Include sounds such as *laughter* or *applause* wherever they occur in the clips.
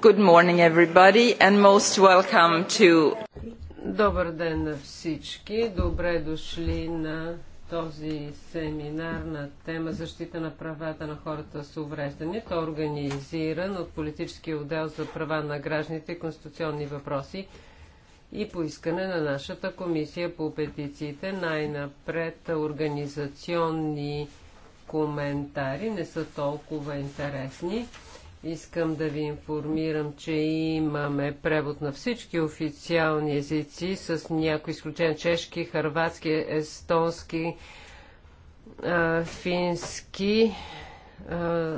Good morning everybody and most welcome to... Добър ден на всички. Добре дошли на този семинар на тема защита на правата на хората с увреждане. Той е организиран от политическия отдел за права на гражданите и конституционни въпроси и поискане на нашата комисия по петициите. Най-напред организационни коментари не са толкова интересни. Искам да ви информирам, че имаме превод на всички официални езици, с някои изключения чешки, хърватски, естонски, фински.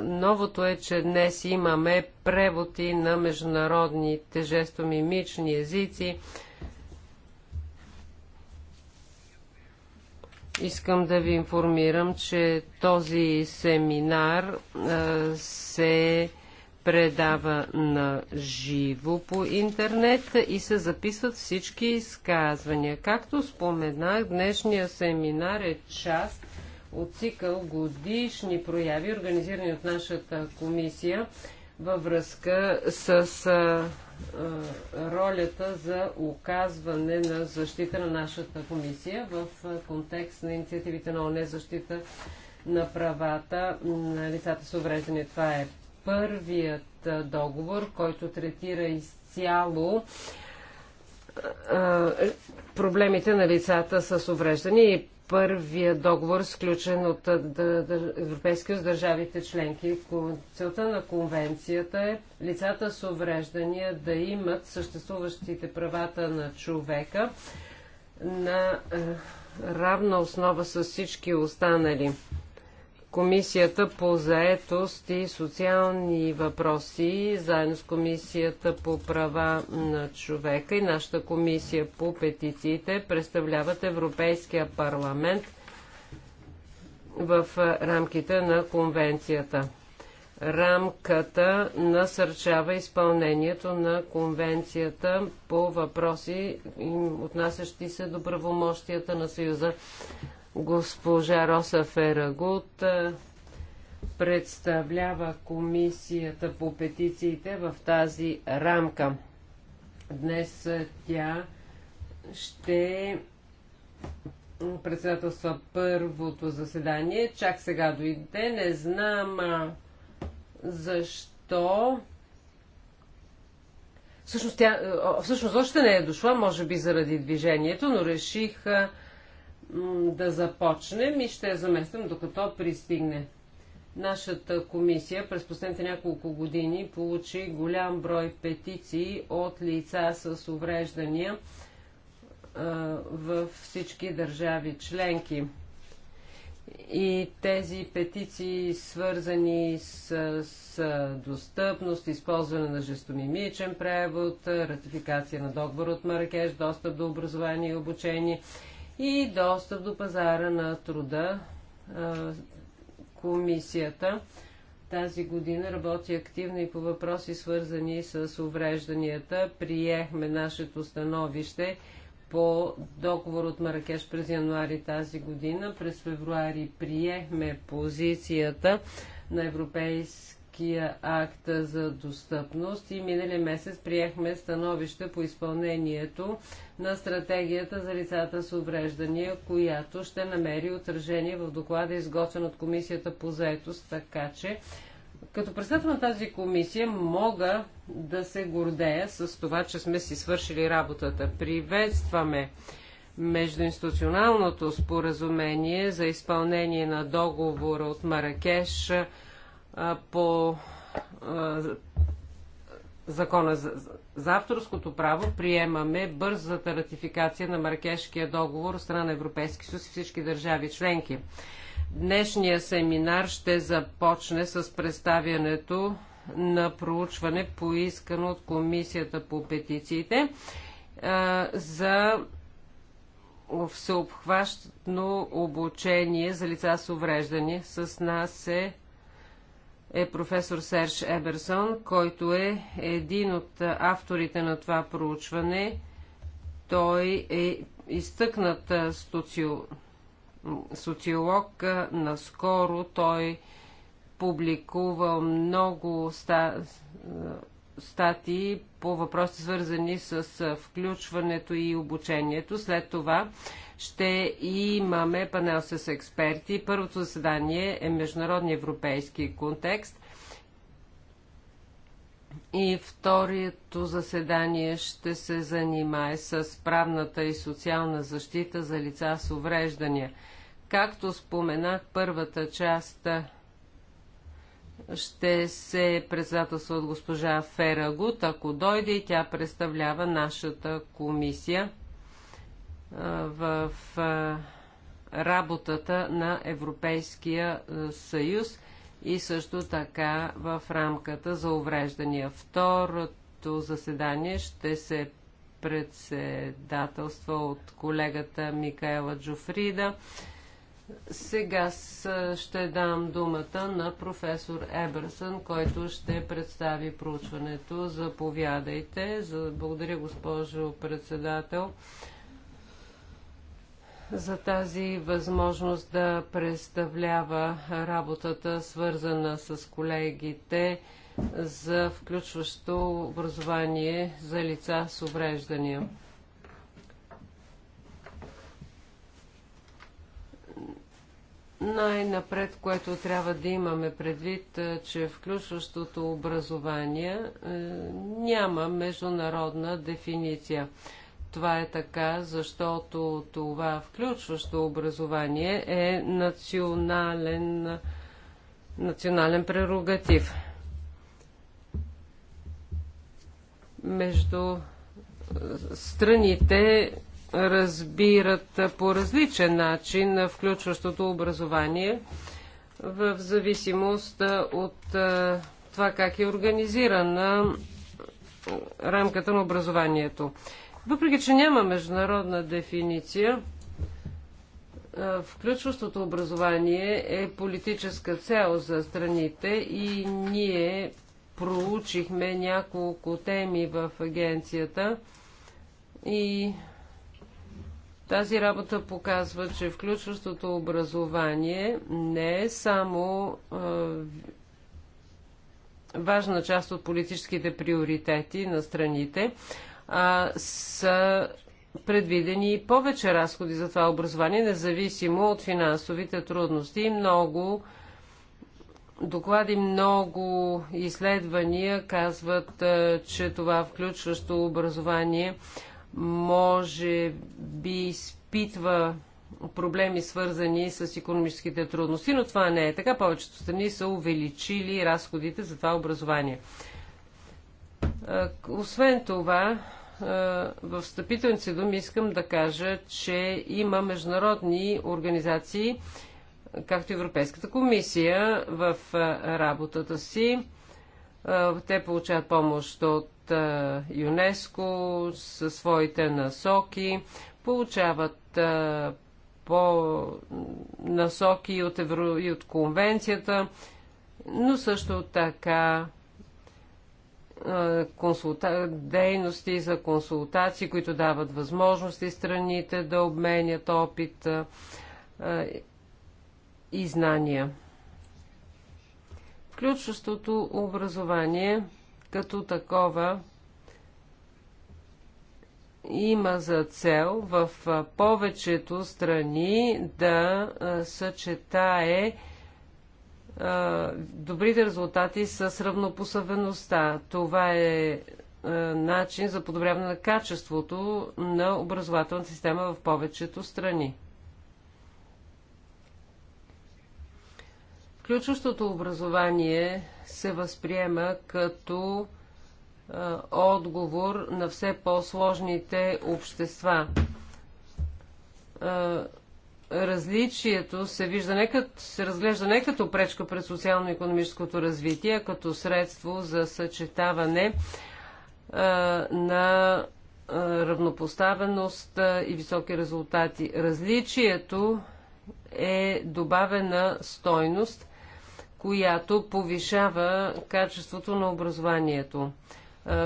Новото е, че днес имаме преводи на международните жестомимични езици. Искам да ви информирам, че този семинар се предава на живо по интернет и се записват всички изказвания. Както споменах, днешния семинар е част от цикъл годишни прояви, организирани от нашата комисия във връзка с а, а, ролята за оказване на защита на нашата комисия в контекст на инициативите на ОНЕ защита на правата на лицата с увреждане. Това е първият договор, който третира изцяло е, проблемите на лицата с увреждания и първия договор, сключен от Европейския с държавите членки. Целта на конвенцията е лицата с увреждания да имат съществуващите правата на човека на е, равна основа с всички останали. Комисията по заетост и социални въпроси, заедно с Комисията по права на човека и нашата Комисия по петициите представляват Европейския парламент в рамките на конвенцията. Рамката насърчава изпълнението на конвенцията по въпроси, отнасящи се до правомощията на Съюза Госпожа Роса Ферагут представлява комисията по петициите в тази рамка. Днес тя ще председателства първото заседание. Чак сега дойде. Не знам защо. Всъщност, тя, всъщност още не е дошла, може би заради движението, но реших да започнем и ще я замествам докато пристигне. Нашата комисия през последните няколко години получи голям брой петиции от лица с увреждания във всички държави членки. И тези петиции, свързани с, с достъпност, използване на жестомимичен превод, ратификация на договор от Маракеш, достъп до образование и обучение – и достъп до пазара на труда. Комисията тази година работи активно и по въпроси свързани с уврежданията. Приехме нашето становище по договор от Маракеш през януари тази година. През февруари приехме позицията на Европейския Европейския акт за достъпност и минали месец приехме становище по изпълнението на стратегията за лицата с увреждания, която ще намери отражение в доклада, изготвен от Комисията по заетост, така че като председател на тази комисия мога да се гордея с това, че сме си свършили работата. Приветстваме междуинституционалното споразумение за изпълнение на договора от Маракеш по закона за, за авторското право приемаме бързата ратификация на Маркешкия договор от страна на Европейски съюз и всички държави членки. Днешният семинар ще започне с представянето на проучване, поискано от Комисията по петициите за всеобхващно обучение за лица с увреждане. С нас е е професор Серж Еберсон, който е един от авторите на това проучване. Той е изтъкнат социо... социолог. Наскоро той публикува много ста статии по въпроси свързани с включването и обучението. След това ще имаме панел с експерти. Първото заседание е международни европейски контекст. И второто заседание ще се занимае с правната и социална защита за лица с увреждания. Както споменах, първата част ще се председателства от госпожа Ферагут. Ако дойде и тя представлява нашата комисия в работата на Европейския съюз и също така в рамката за увреждания. Второто заседание ще се председателства от колегата Микаела Джофрида. Сега ще дам думата на професор Еберсън, който ще представи проучването. Заповядайте. Благодаря, госпожо председател, за тази възможност да представлява работата, свързана с колегите за включващо образование за лица с увреждания. Най-напред, което трябва да имаме предвид, е, че включващото образование е, няма международна дефиниция. Това е така, защото това включващо образование е национален, национален прерогатив. Между е, страните разбират по различен начин на включващото образование в зависимост от това как е организирана рамката на образованието. Въпреки, че няма международна дефиниция, включващото образование е политическа цел за страните и ние проучихме няколко теми в агенцията и тази работа показва, че включващото образование не е само е, важна част от политическите приоритети на страните, а са предвидени и повече разходи за това образование, независимо от финансовите трудности. Много доклади, много изследвания казват, че това включващо образование – може би изпитва проблеми, свързани с економическите трудности, но това не е така. Повечето страни са увеличили разходите за това образование. Освен това, в встъпителните си думи искам да кажа, че има международни организации, както Европейската комисия, в работата си. Те получават помощ от ЮНЕСКО със своите насоки, получават по насоки и от, Евро... и от конвенцията, но също така консулта... дейности за консултации, които дават възможности страните да обменят опит и знания. Включващото образование – като такова има за цел в повечето страни да съчетае добрите резултати с равнопоставеността. Това е начин за подобряване на качеството на образователната система в повечето страни. Ключващото образование се възприема като а, отговор на все по-сложните общества. А, различието се, вижда не като, се разглежда не като пречка пред социално-економическото развитие, а като средство за съчетаване а, на а, равнопоставеност а, и високи резултати. Различието е добавена стойност която повишава качеството на образованието.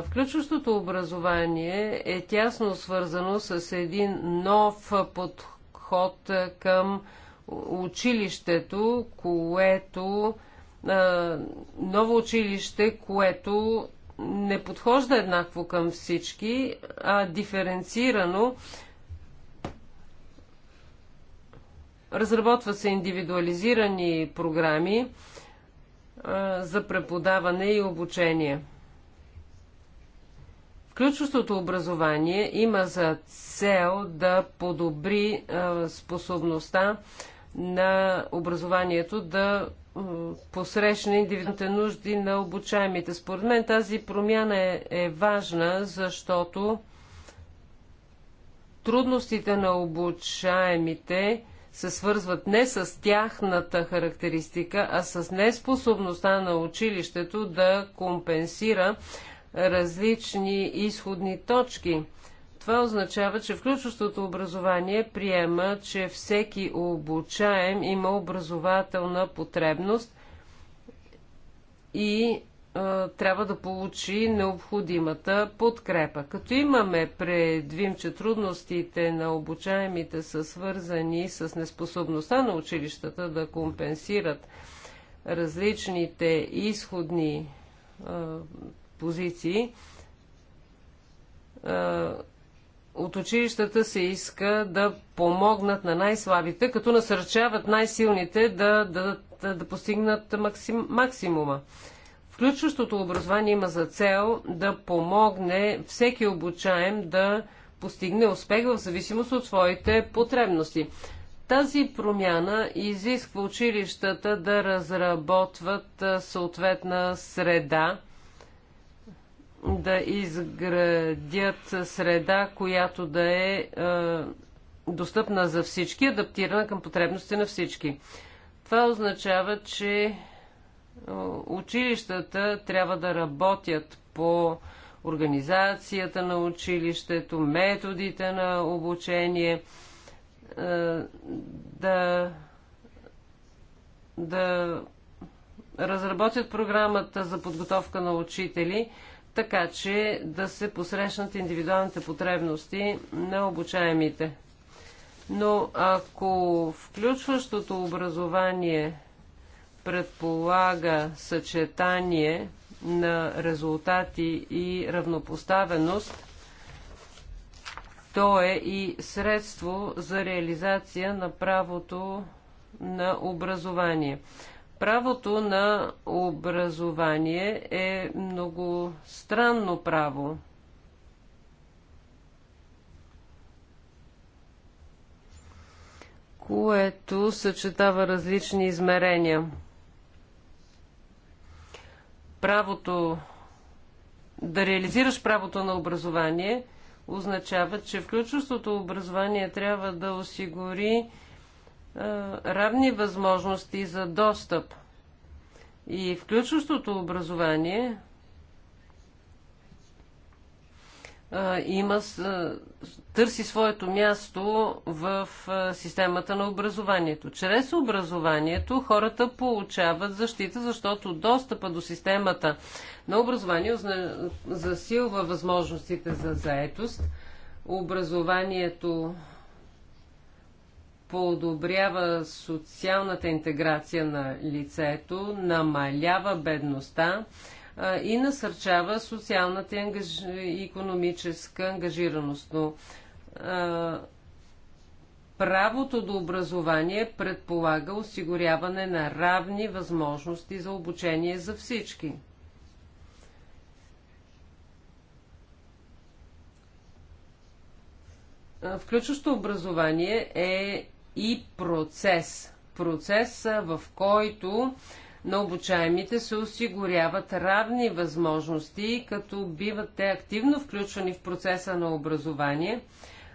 Включващото образование е тясно свързано с един нов подход към училището, което ново училище, което не подхожда еднакво към всички, а диференцирано Разработват се индивидуализирани програми, за преподаване и обучение. Ключовото образование има за цел да подобри способността на образованието да посрещне индивидуалните нужди на обучаемите. Според мен тази промяна е, е важна, защото трудностите на обучаемите се свързват не с тяхната характеристика, а с неспособността на училището да компенсира различни изходни точки. Това означава, че включващото образование приема, че всеки обучаем има образователна потребност и трябва да получи необходимата подкрепа. Като имаме предвид, че трудностите на обучаемите са свързани с неспособността на училищата да компенсират различните изходни а, позиции, а, от училищата се иска да помогнат на най-слабите, като насърчават най-силните да, да, да, да постигнат максим, максимума. Включващото образование има за цел да помогне всеки обучаем да постигне успех в зависимост от своите потребности. Тази промяна изисква училищата да разработват съответна среда, да изградят среда, която да е, е достъпна за всички, адаптирана към потребностите на всички. Това означава, че е, училищата трябва да работят по организацията на училището, методите на обучение, е, да, да разработят програмата за подготовка на учители, така че да се посрещнат индивидуалните потребности на обучаемите. Но ако включващото образование предполага съчетание на резултати и равнопоставеност, то е и средство за реализация на правото на образование. Правото на образование е много странно право. което съчетава различни измерения правото да реализираш правото на образование означава, че включващото образование трябва да осигури е, равни възможности за достъп. И включващото образование има, търси своето място в системата на образованието. Чрез образованието хората получават защита, защото достъпа до системата на образование засилва възможностите за заетост. Образованието подобрява социалната интеграция на лицето, намалява бедността и насърчава социалната и, ангаж... економическа ангажираност. Но а, правото до образование предполага осигуряване на равни възможности за обучение за всички. Включващо образование е и процес. Процес, в който на обучаемите се осигуряват равни възможности, като биват те активно включвани в процеса на образование,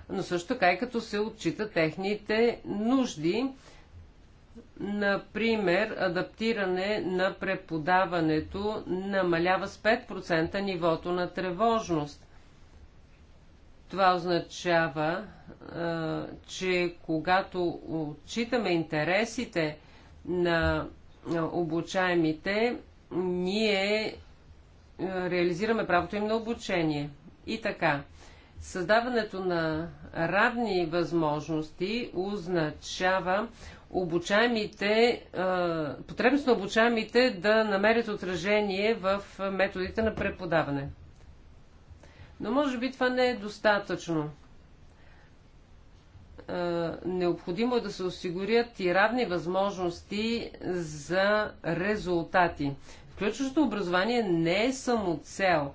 но също така и като се отчита техните нужди, Например, адаптиране на преподаването намалява с 5% нивото на тревожност. Това означава, че когато отчитаме интересите на обучаемите, ние реализираме правото им на обучение. И така, създаването на равни възможности означава обучаемите, потребност на обучаемите да намерят отражение в методите на преподаване. Но може би това не е достатъчно. Е, необходимо е да се осигурят и равни възможности за резултати. Включващото образование не е само цел,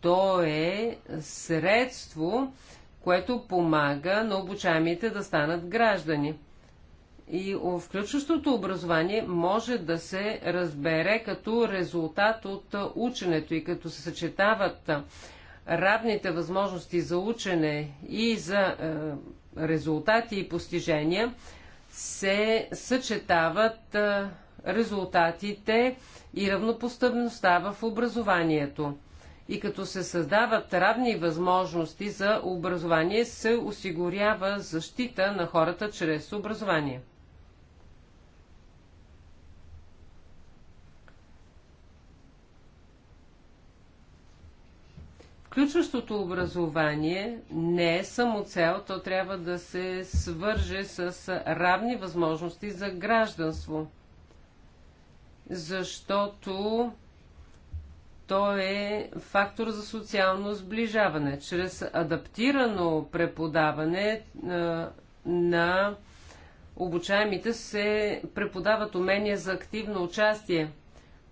то е средство, което помага на обучаемите да станат граждани. И включващото образование може да се разбере като резултат от е, ученето и като се съчетават е, равните възможности за учене и за резултати и постижения се съчетават резултатите и равнопоставеността в образованието. И като се създават равни възможности за образование, се осигурява защита на хората чрез образование. Включващото образование не е само цел, то трябва да се свърже с равни възможности за гражданство, защото то е фактор за социално сближаване. Чрез адаптирано преподаване на, е, на обучаемите се преподават умения за активно участие –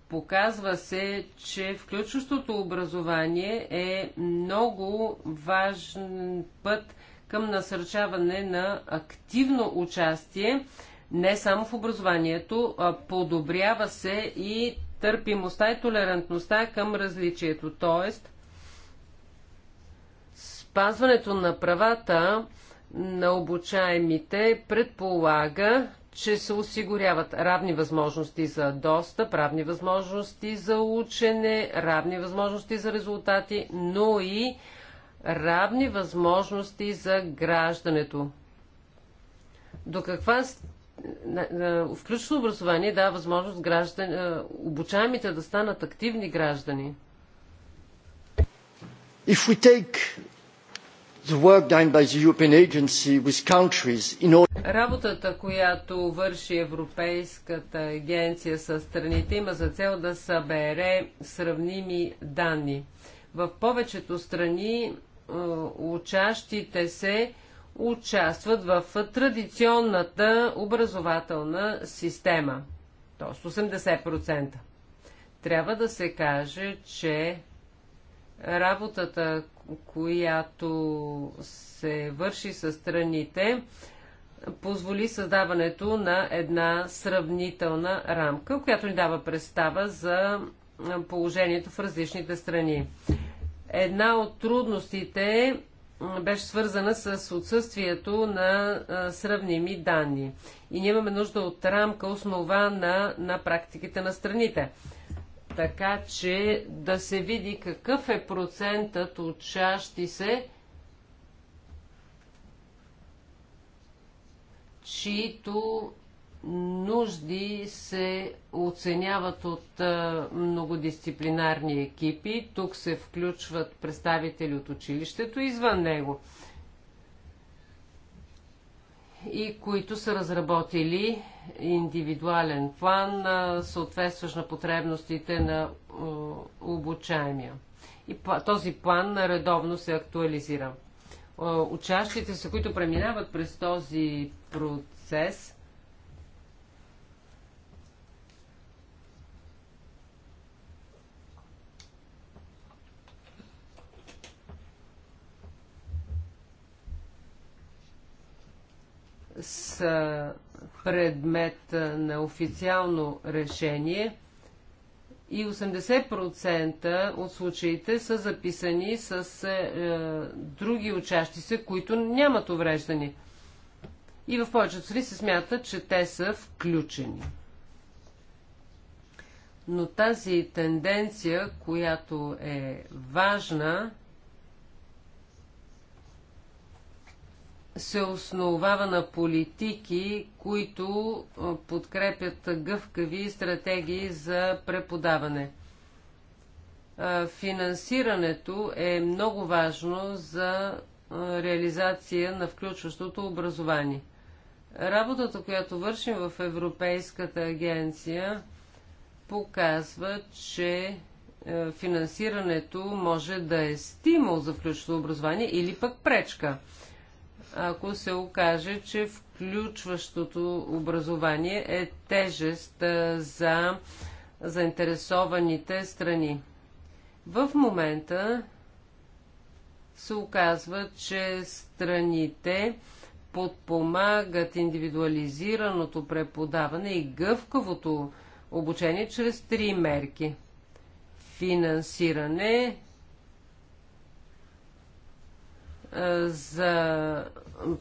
Показва се, че включващото образование е много важен път към насърчаване на активно участие не само в образованието, а подобрява се и търпимостта и толерантността към различието. Тоест, спазването на правата на обучаемите предполага че се осигуряват равни възможности за достъп, равни възможности за учене, равни възможности за резултати, но и равни възможности за граждането. До каква включно образование дава възможност граждан, е, обучаемите да станат активни граждани? If we take the work done by the European Agency with countries in order Работата, която върши Европейската агенция с страните, има за цел да събере сравними данни. В повечето страни е, учащите се участват в традиционната образователна система, т.е. 80%. Трябва да се каже, че работата, която се върши с страните, позволи създаването на една сравнителна рамка, която ни дава представа за положението в различните страни. Една от трудностите беше свързана с отсъствието на сравними данни. И ние имаме нужда от рамка, основана на практиките на страните. Така че да се види какъв е процентът от чащи се чието нужди се оценяват от многодисциплинарни екипи. Тук се включват представители от училището извън него и които са разработили индивидуален план, съответстващ на потребностите на обучаемия. И този план редовно се актуализира. Учащите се, които преминават през този процес – С предмет на официално решение и 80% от случаите са записани с е, други учащи се, които нямат увреждани и в повечето страни се смята, че те са включени. Но тази тенденция, която е важна, се основава на политики, които подкрепят гъвкави стратегии за преподаване. Финансирането е много важно за реализация на включващото образование – Работата, която вършим в Европейската агенция, показва, че е, финансирането може да е стимул за включващо образование или пък пречка. Ако се окаже, че включващото образование е тежест е, за заинтересованите страни. В момента се оказва, че страните подпомагат индивидуализираното преподаване и гъвкавото обучение чрез три мерки. Финансиране за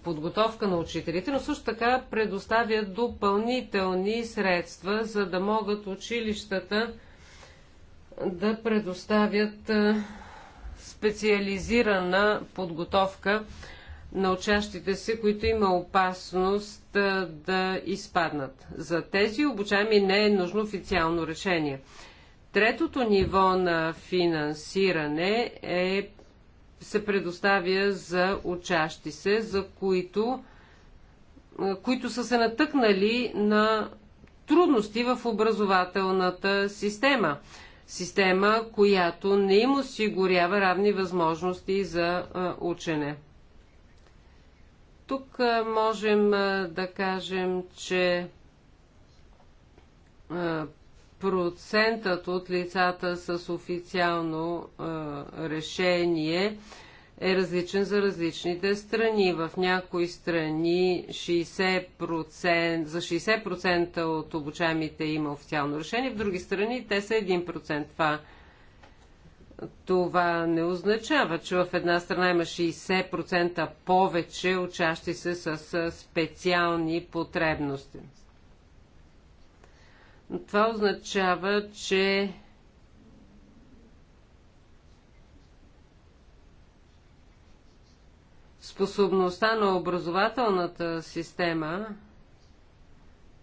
подготовка на учителите, но също така предоставят допълнителни средства, за да могат училищата да предоставят специализирана подготовка на учащите се, които има опасност да изпаднат. За тези обучаеми не е нужно официално решение. Третото ниво на финансиране е, се предоставя за учащи се, за които, които са се натъкнали на трудности в образователната система. Система, която не им осигурява равни възможности за учене. Тук можем да кажем, че процентът от лицата с официално решение е различен за различните страни. В някои страни 60%, за 60% от обучаемите има официално решение, в други страни те са 1%. Това това не означава, че в една страна има 60% повече учащи се с специални потребности. Това означава, че способността на образователната система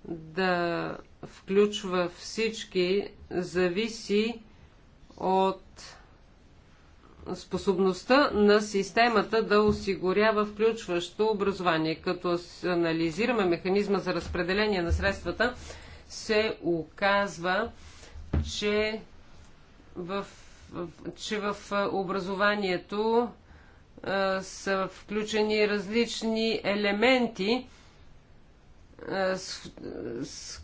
да включва всички зависи от способността на системата да осигурява включващо образование. Като анализираме механизма за разпределение на средствата, се оказва, че в, че в образованието а, са включени различни елементи, а, с, с,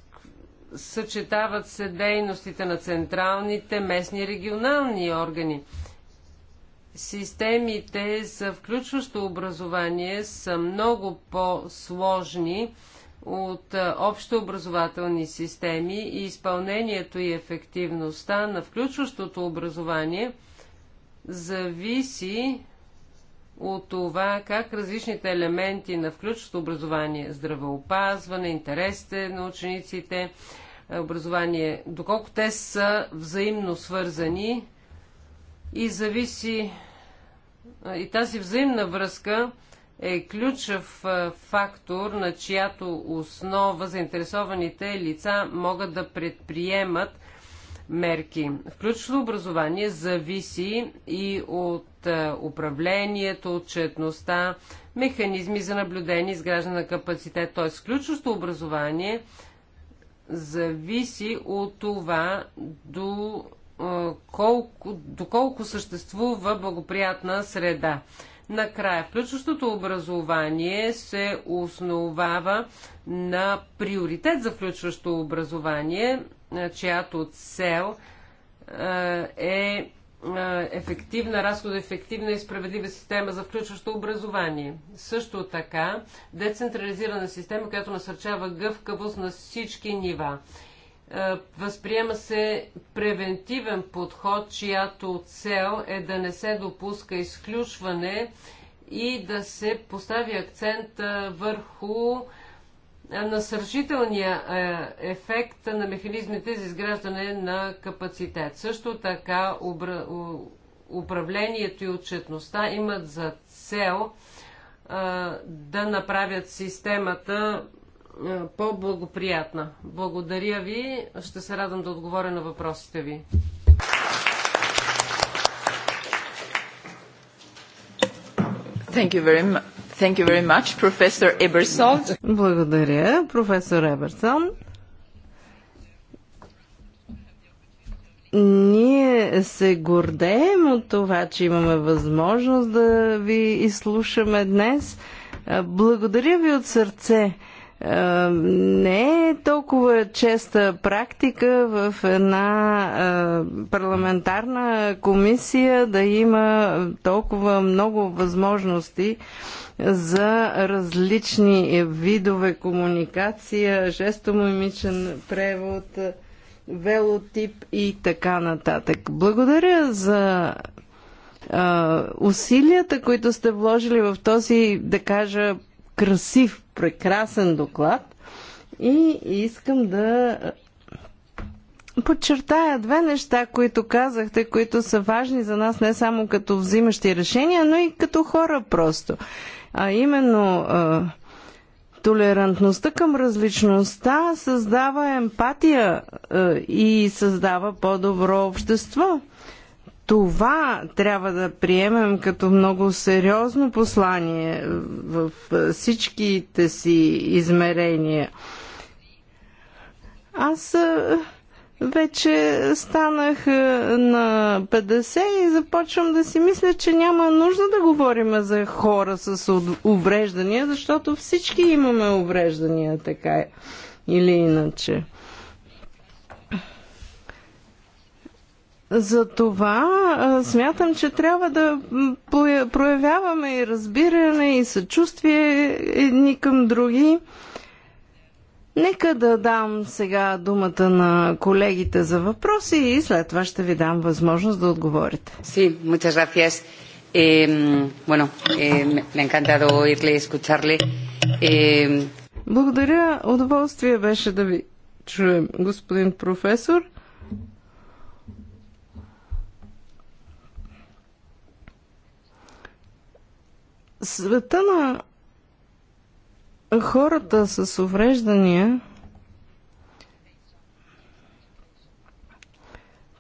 съчетават се дейностите на централните, местни и регионални органи. Системите за включващо образование са много по-сложни от общообразователни системи и изпълнението и ефективността на включващото образование зависи от това как различните елементи на включващо образование, здравеопазване, интересите на учениците, образование, доколко те са взаимно свързани и зависи и тази взаимна връзка е ключов фактор, на чиято основа заинтересованите лица могат да предприемат мерки. Включващото образование зависи и от управлението, отчетността, механизми за наблюдение, изграждане на капацитет. Т.е. включващото образование зависи от това до е, колко, доколко съществува благоприятна среда. Накрая, включващото образование се основава на приоритет за включващо образование, е, чиято цел е, е ефективна, разходоефективна и справедлива система за включващо образование. Също така, децентрализирана система, която насърчава гъвкавост на всички нива е, възприема се превентивен подход, чиято цел е да не се допуска изключване и да се постави акцент е, върху е, насържителния ефект на механизмите за изграждане на капацитет. Също така управлението и отчетността имат за цел да направят системата е, по-благоприятна. Благодаря ви. Ще се радвам да отговоря на въпросите ви. Thank you very much. Thank you very much, Благодаря, професор Еберсон. Ние се гордеем от това, че имаме възможност да ви изслушаме днес. Благодаря ви от сърце. Е, не е толкова честа практика в една е, парламентарна комисия да има толкова много възможности за различни видове комуникация, жестомимичен превод, велотип и така нататък. Благодаря за е, усилията, които сте вложили в този, да кажа, красив, прекрасен доклад и искам да подчертая две неща, които казахте, които са важни за нас не само като взимащи решения, но и като хора просто. А именно толерантността към различността създава емпатия и създава по-добро общество. Това трябва да приемем като много сериозно послание в е, всичките си измерения. Аз е, вече станах е, на 50 и започвам да си мисля, че няма нужда да говорим за хора с увреждания, защото всички имаме увреждания, така или иначе. За това смятам, че трябва да проявяваме и разбиране, и съчувствие едни към други. Нека да дам сега думата на колегите за въпроси и след това ще ви дам възможност да отговорите. Си, muchas gracias. Eh, bueno, eh, me ha encantado oírle, escucharle. Eh... Благодаря. Удоволствие беше да ви чуем, господин професор. света на хората с увреждания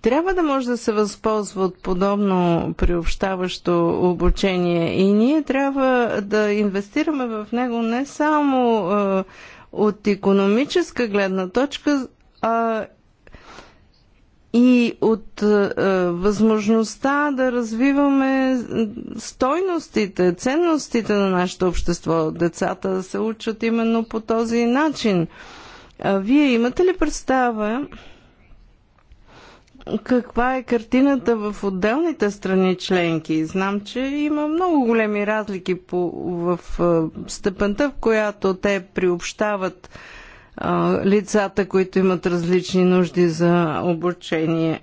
трябва да може да се възползва от подобно приобщаващо обучение и ние трябва да инвестираме в него не само е, от економическа гледна точка, а и от е, възможността да развиваме стойностите, ценностите на нашето общество. Децата се учат именно по този начин. А вие имате ли представа каква е картината в отделните страни членки? Знам, че има много големи разлики по, в е, степента, в която те приобщават лицата, които имат различни нужди за обучение.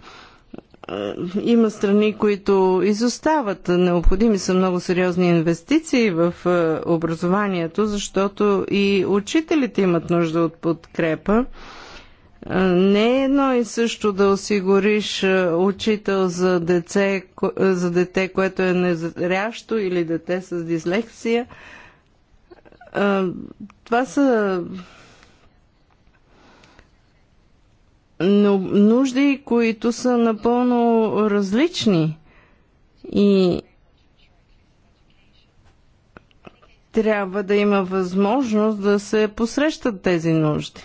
Има страни, които изостават. Необходими са много сериозни инвестиции в образованието, защото и учителите имат нужда от подкрепа. Не е едно и също да осигуриш учител за, деце, за дете, което е незрящо или дете с дислексия. Това са нужди, които са напълно различни. И трябва да има възможност да се посрещат тези нужди.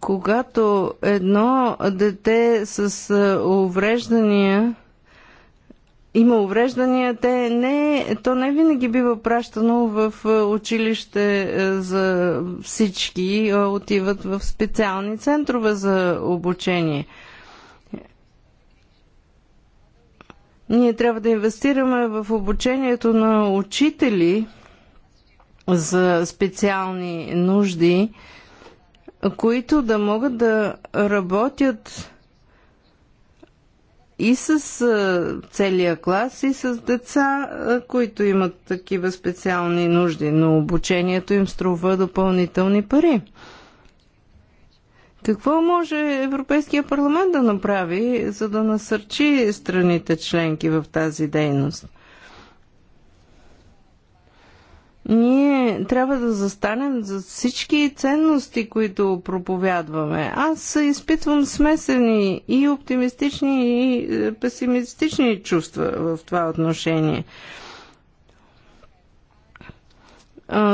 Когато едно дете с увреждания има увреждания, те не, то не винаги бива пращано в е, училище е, за всички, отиват в специални центрове за обучение. Ние трябва да инвестираме в обучението на учители за специални нужди, които да могат да работят и с целия клас, и с деца, които имат такива специални нужди, но обучението им струва допълнителни пари. Какво може Европейския парламент да направи, за да насърчи страните членки в тази дейност? Ние трябва да застанем за всички ценности, които проповядваме. Аз изпитвам смесени и оптимистични, и е, песимистични чувства в това отношение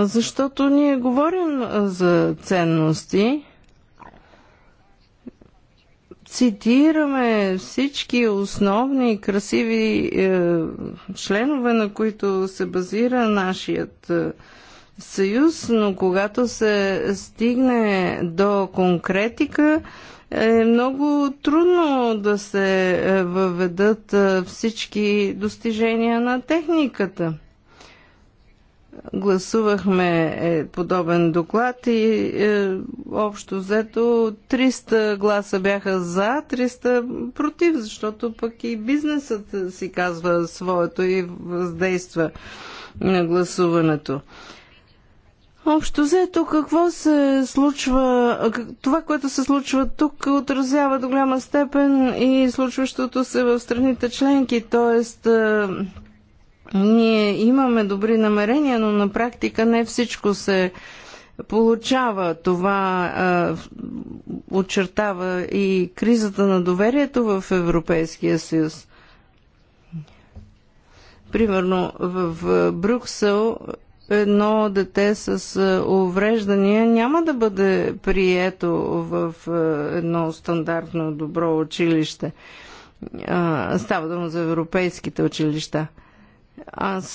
защото ние говорим за ценности, цитираме всички основни красиви е, членове, на които се базира нашият е, съюз, но когато се стигне до конкретика, е много трудно да се е, въведат е, всички достижения на техниката гласувахме е, подобен доклад и е, общо взето 300 гласа бяха за, 300 против, защото пък и бизнесът си казва своето и въздейства на гласуването. Общо взето, какво се случва, това, което се случва тук, отразява до голяма степен и случващото се в страните членки, т.е е, ние имаме добри намерения, но на практика не всичко се получава. Това а, очертава и кризата на доверието в Европейския съюз. Примерно в Брюксел едно дете с увреждания няма да бъде прието в едно стандартно добро училище. Става дума за европейските училища. Аз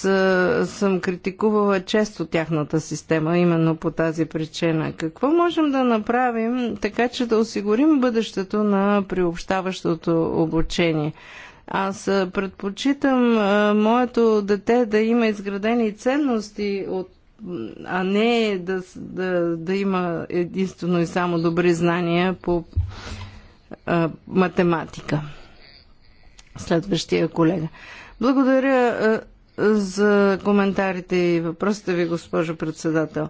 съм критикувала често тяхната система, именно по тази причина. Какво можем да направим така, че да осигурим бъдещето на приобщаващото обучение? Аз предпочитам а, моето дете да има изградени ценности, от, а не да, да, да има единствено и само добри знания по а, математика. Следващия колега. Благодаря за коментарите и въпросите ви, госпожо председател.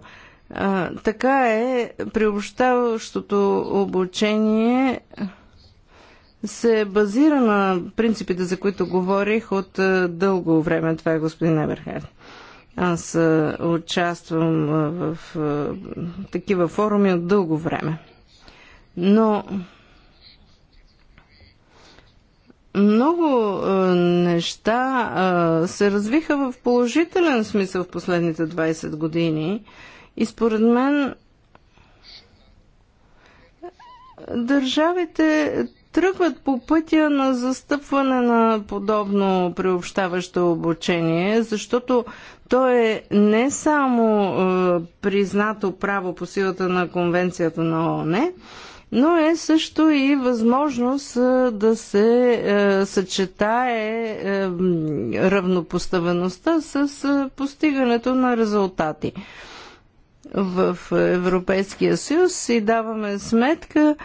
А, така е, приобщаващото обучение се базира на принципите, за които говорих от дълго време. Това е господин Еберхард. Аз участвам в такива форуми от дълго време. Но много е, неща е, се развиха в положителен смисъл в последните 20 години и според мен държавите тръгват по пътя на застъпване на подобно приобщаващо обучение, защото то е не само е, признато право по силата на Конвенцията на ООН, но е също и възможност да се съчетае равнопоставеността с постигането на резултати. В Европейския съюз си даваме сметка,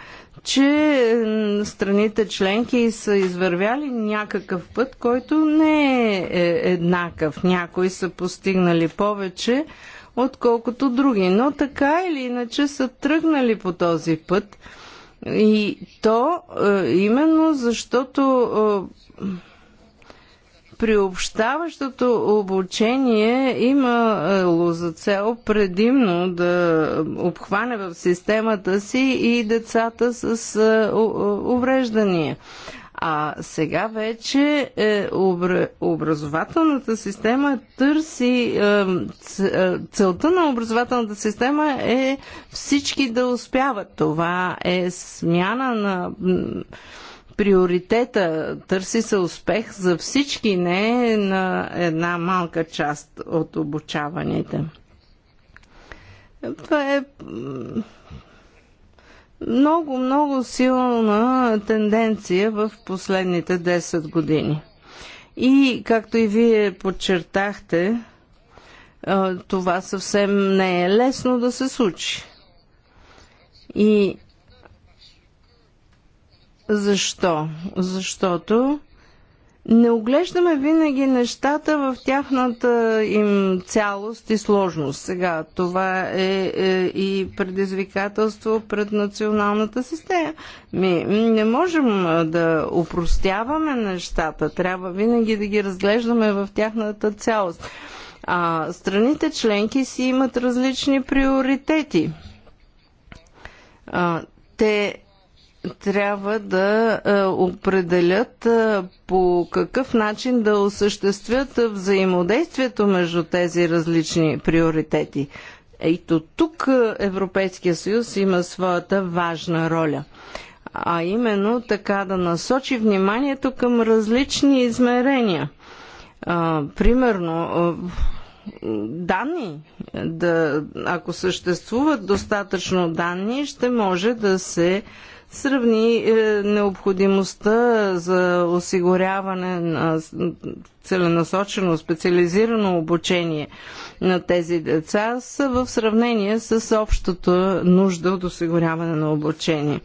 че страните членки са извървяли някакъв път, който не е, е еднакъв. Някои са постигнали повече, отколкото други. Но така или иначе са тръгнали по този път. И то е, именно защото е, приобщаващото обучение имало е, за цел предимно да обхване в системата си и децата с увреждания. А сега вече е, обр... образователната система търси. Е, е, целта на образователната система е всички да успяват. Това е смяна на приоритета. Търси се успех за всички, не на една малка част от обучаваните. Това е много, много силна тенденция в последните 10 години. И, както и вие подчертахте, това съвсем не е лесно да се случи. И защо? Защото не оглеждаме винаги нещата в тяхната им цялост и сложност. Сега това е, е и предизвикателство пред националната система. Ми, не можем да упростяваме нещата. Трябва винаги да ги разглеждаме в тяхната цялост. А страните членки си имат различни приоритети. А, те трябва да е, определят е, по какъв начин да осъществят взаимодействието между тези различни приоритети. Ето тук е, Европейския съюз има своята важна роля. А именно така да насочи вниманието към различни измерения. А, примерно, данни. Да, ако съществуват достатъчно данни, ще може да се а, сравни е, необходимостта за осигуряване на целенасочено специализирано обучение на тези деца са в сравнение с общата нужда от осигуряване на обучение.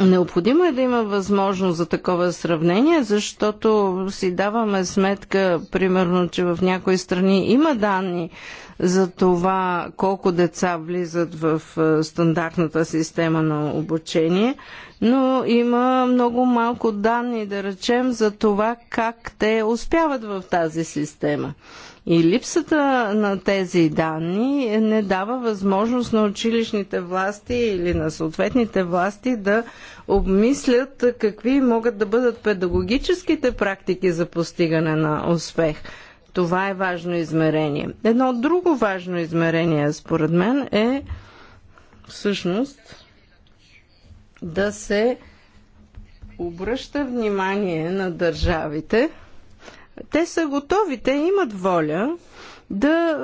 Необходимо е да има възможност за такова сравнение, защото си даваме сметка, примерно, че в някои страни има данни за това колко деца влизат в стандартната система на обучение, но има много малко данни, да речем, за това как те успяват в тази система. И липсата на тези данни не дава възможност на училищните власти или на съответните власти да обмислят какви могат да бъдат педагогическите практики за постигане на успех. Това е важно измерение. Едно друго важно измерение, според мен, е всъщност да се обръща внимание на държавите – те са готови, те имат воля да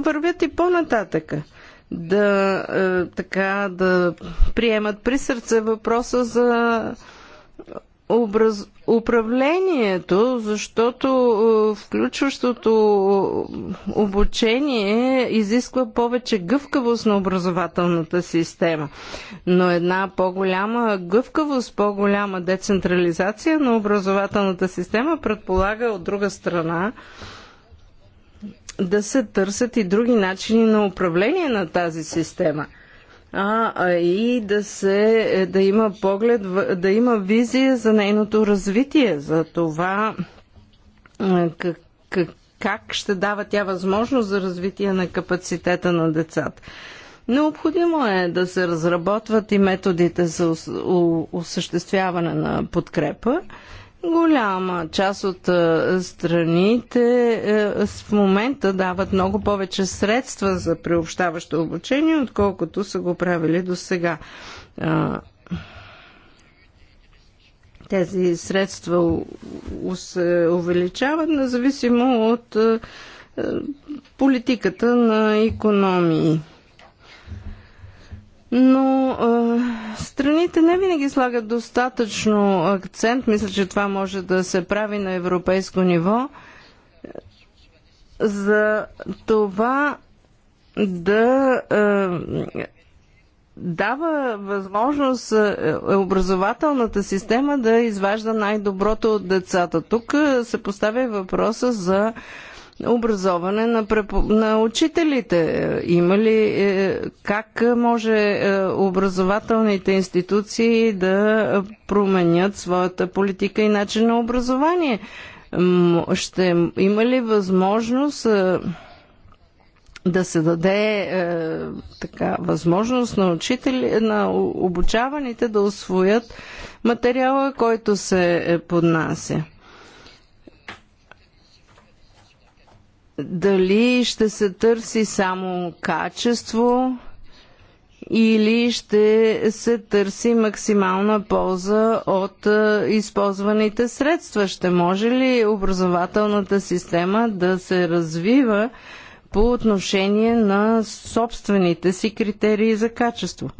вървят и по-нататъка. Да, е, така, да приемат при сърце въпроса за образ... управлението, защото е, включващото е, обучение изисква повече гъвкавост на образователната система. Но една по-голяма гъвкавост, по-голяма децентрализация на образователната система предполага от друга страна да се търсят и други начини на управление на тази система – а и да, се, е, да има поглед, да има визия за нейното развитие, за това е, как, как, как ще дава тя възможност за развитие на капацитета на децата. Необходимо е да се разработват и методите за осъществяване на подкрепа Голяма част от страните е, в момента дават много повече средства за приобщаващо обучение, отколкото са го правили до сега. Тези средства се увеличават, независимо от политиката на економии но а, страните не винаги слагат достатъчно акцент. Мисля, че това може да се прави на европейско ниво за това да а, дава възможност е, образователната система да изважда най-доброто от децата. Тук се поставя въпроса за образоване на, препо... на учителите? Има ли е, как може е, образователните институции да променят своята политика и начин на образование? Ще има ли възможност е, да се даде е, така, възможност на, учители, на обучаваните да освоят материала, който се поднася. дали ще се търси само качество или ще се търси максимална полза от е, използваните средства? Ще може ли образователната система да се развива по отношение на собствените си критерии за качество?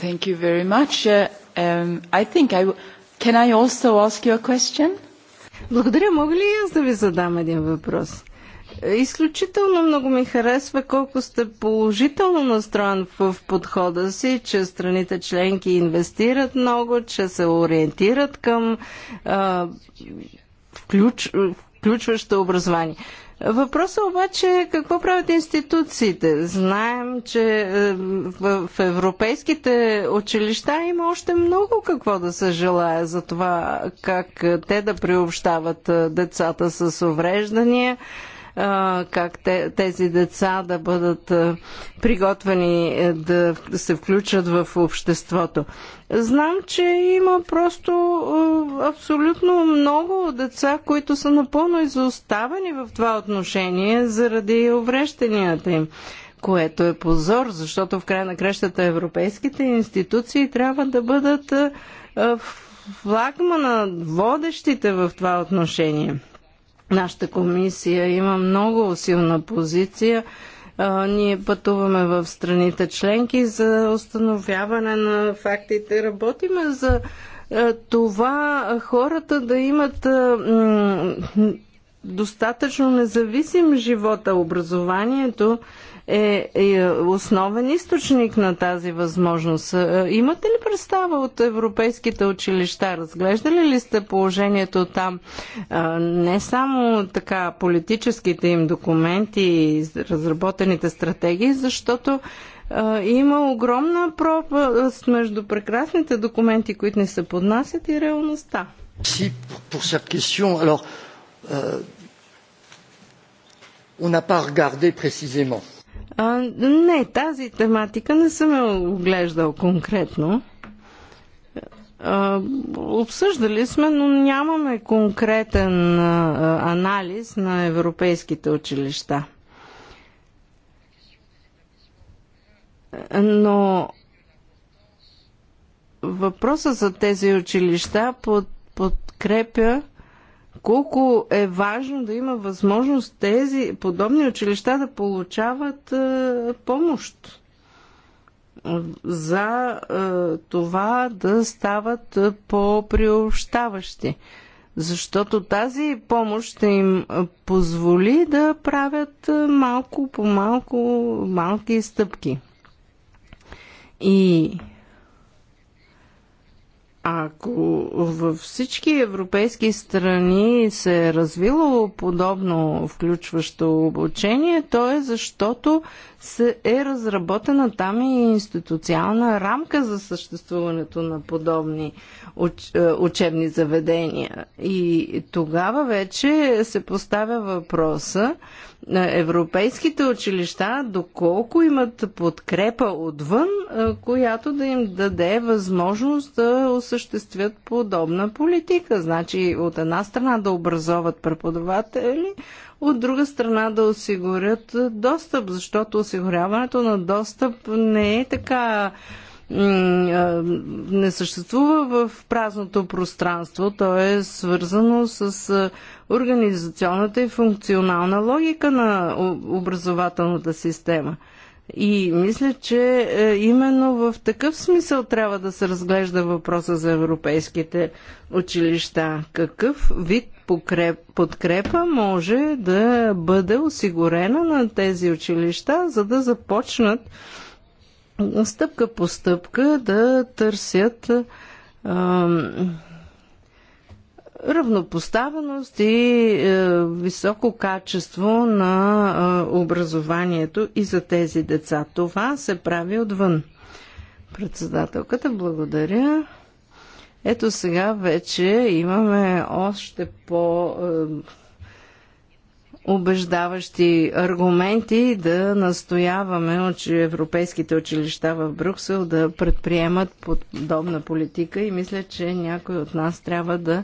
Thank you very much. Uh, um, I think I can I also ask you a question? Благодаря. Мога ли аз да ви задам един въпрос? Изключително много ми харесва колко сте положително настроен в подхода си, че страните членки инвестират много, че се ориентират към а, включ, включващо образование. Въпросът обаче е какво правят институциите. Знаем, че е, в европейските училища има още много какво да се желая за това как е, те да приобщават е, децата с увреждания как тези деца да бъдат приготвени е, да се включат в обществото. Знам, че има просто абсолютно много деца, които са напълно изоставени в това отношение заради увреждането им което е позор, защото в край на крещата европейските институции трябва да бъдат флагмана, водещите в това отношение. Нашата комисия има много силна позиция. Ние пътуваме в страните членки за установяване на фактите. Работиме за това хората да имат достатъчно независим живота, образованието е, е основен източник на тази възможност. Е, имате ли представа от европейските училища? Разглеждали ли сте положението там? Е, не само така политическите им документи и разработените стратегии, защото има огромна пропаст между прекрасните документи, които ни се поднасят и реалността. Си, по cette question. Alors, euh, on n'a pas regardé précisément. А, не, тази тематика не съм я оглеждал конкретно. Обсъждали сме, но нямаме конкретен анализ на европейските училища. Но въпросът за тези училища под, подкрепя колко е важно да има възможност тези подобни училища да получават е, помощ е, за е, това да стават по-приобщаващи. Защото тази помощ ще им позволи да правят е, малко по малко малки стъпки. И ако във всички европейски страни се е развило подобно включващо обучение, то е защото се е разработена там и институциална рамка за съществуването на подобни уч, е, учебни заведения. И тогава вече се поставя въпроса европейските училища доколко имат подкрепа отвън, която да им даде възможност да осъществят подобна политика. Значи от една страна да образоват преподаватели, от друга страна да осигурят достъп, защото осигуряването на достъп не е така не съществува в празното пространство. То е свързано с организационната и функционална логика на образователната система. И мисля, че е, именно в такъв смисъл трябва да се разглежда въпроса за европейските училища. Какъв вид подкрепа може да бъде осигурена на тези училища, за да започнат стъпка по стъпка да търсят равнопоставеност и е, високо качество на образованието и за тези деца. Това се прави отвън. Председателката, благодаря. Ето сега вече имаме още по е, убеждаващи аргументи да настояваме от европейските училища в Брюксел да предприемат подобна политика и мисля, че някой от нас трябва да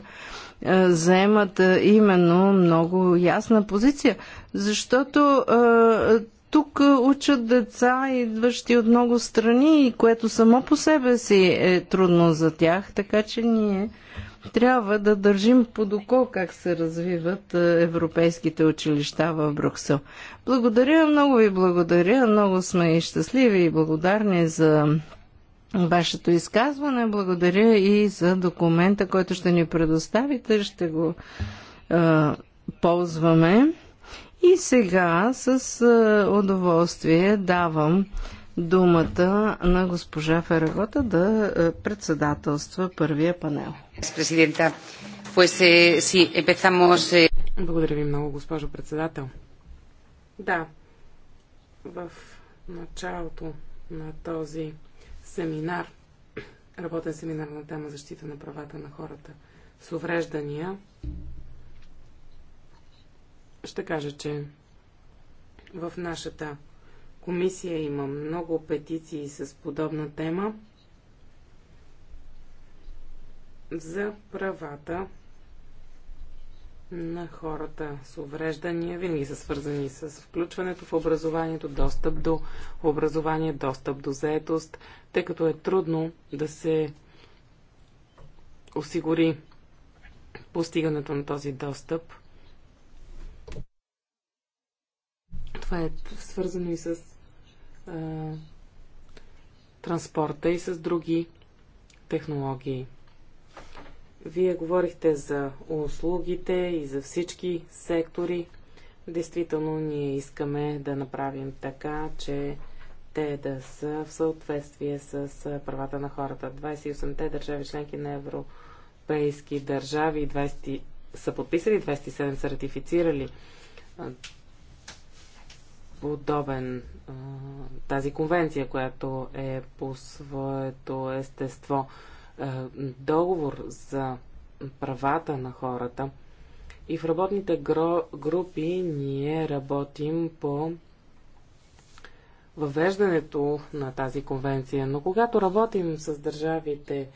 е, заемат е, именно много ясна позиция, защото е, тук учат деца, идващи от много страни, което само по себе си е трудно за тях, така че ние трябва да държим под око как се развиват е, европейските училища в Брюксел. Благодаря, много ви благодаря. Много сме и щастливи и благодарни за вашето изказване. Благодаря и за документа, който ще ни предоставите. Ще го е, ползваме. И сега с удоволствие давам думата на госпожа Ферагота да е, председателства първия панел. Е, е, Благодаря ви много, госпожо председател. Да, в началото на този семинар, работен семинар на тема защита на правата на хората с увреждания, ще кажа, че в нашата комисия има много петиции с подобна тема за правата на хората с увреждания. Винаги са свързани с включването в образованието, достъп до образование, достъп до заетост, тъй като е трудно да се осигури постигането на този достъп. Това е свързано и с транспорта и с други технологии. Вие говорихте за услугите и за всички сектори. Действително ние искаме да направим така, че те да са в съответствие с правата на хората. 28-те държави членки на европейски държави 20, са подписали, 27 са ратифицирали подобен тази конвенция, която е по своето естество договор за правата на хората. И в работните групи ние работим по въвеждането на тази конвенция. Но когато работим с държавите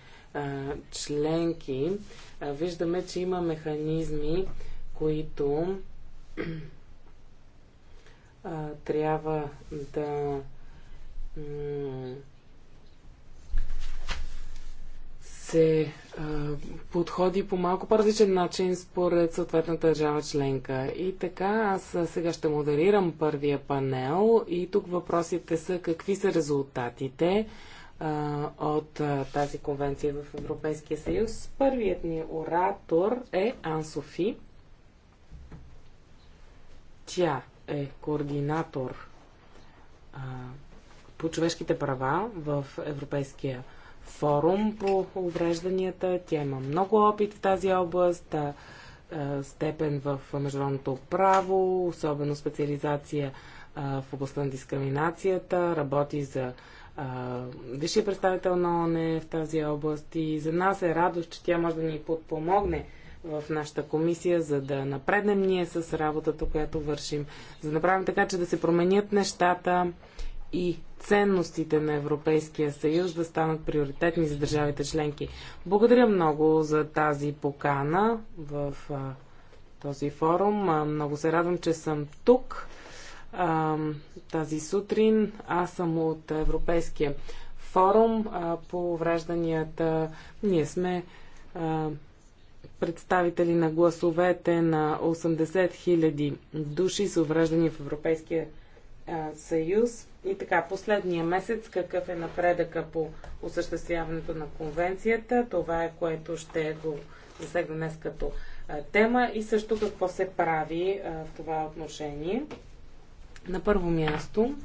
членки, виждаме, че има механизми, които а, трябва да се а, подходи по малко по-различен начин според съответната държава членка. И така, аз сега ще модерирам първия панел и тук въпросите са какви са резултатите а, от а, тази конвенция в Европейския съюз. Първият ни оратор е Ансофи. Тя е координатор а, по човешките права в Европейския форум по уврежданията. Тя има много опит в тази област, а, а, степен в международното право, особено специализация а, в областта на дискриминацията, работи за висшия представител на ОНЕ в тази област и за нас е радост, че тя може да ни подпомогне в нашата комисия, за да напреднем ние с работата, която вършим, за да направим така, че да се променят нещата и ценностите на Европейския съюз да станат приоритетни за държавите членки. Благодаря много за тази покана в а, този форум. А, много се радвам, че съм тук а, тази сутрин. Аз съм от Европейския форум а, по вражданията. Ние сме а, представители на гласовете на 80 000 души с увреждани в Европейския съюз. И така, последния месец, какъв е напредъка по осъществяването на конвенцията? Това е което ще го засегна днес като тема и също какво се прави в това отношение. На първо място,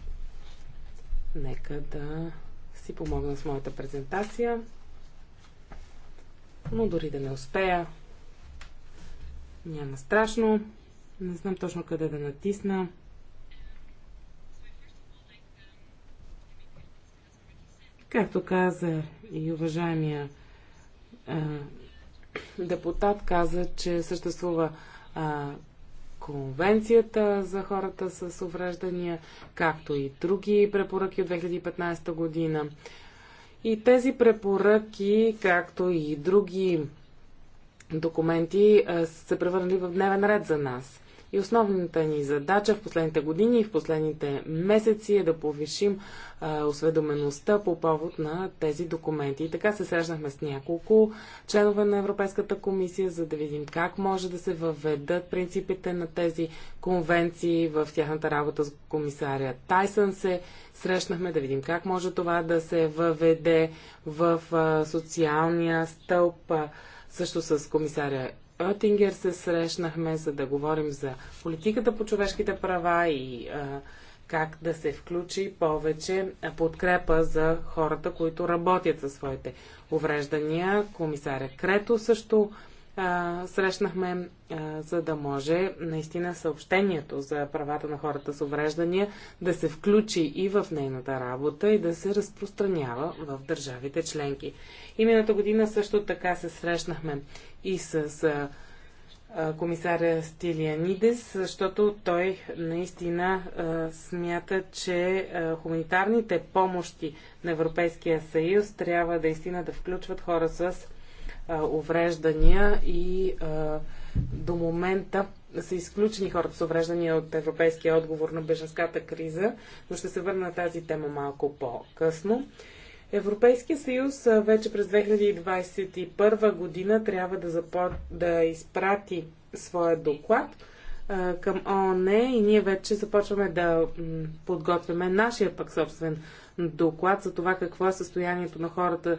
нека да си помогна с моята презентация. Но дори да не успея, няма страшно. Не знам точно къде да натисна. Както каза и уважаемия е, депутат, каза, че съществува е, Конвенцията за хората с увреждания, както и други препоръки от 2015 година. И тези препоръки, както и други документи са превърнали в дневен ред за нас. И основната ни задача в последните години и в последните месеци е да повишим а, осведомеността по повод на тези документи. И така се срещнахме с няколко членове на Европейската комисия, за да видим как може да се въведат принципите на тези конвенции в тяхната работа с комисаря Тайсън се срещнахме, да видим как може това да се въведе в а, социалния стълб. А, също с комисаря Оттингер се срещнахме, за да говорим за политиката по човешките права и а, как да се включи повече подкрепа за хората, които работят със своите увреждания. Комисаря Крето също срещнахме, за да може наистина съобщението за правата на хората с увреждания да се включи и в нейната работа и да се разпространява в държавите членки. И миналата година също така се срещнахме и с комисаря Стилианидес, защото той наистина смята, че хуманитарните помощи на Европейския съюз трябва наистина да включват хора с увреждания и до момента са изключени хората с увреждания от европейския отговор на беженската криза, но ще се върна на тази тема малко по-късно. Европейския съюз вече през 2021 година трябва да, запо... да изпрати своя доклад а, към ООН и ние вече започваме да подготвяме нашия пък собствен доклад за това какво е състоянието на хората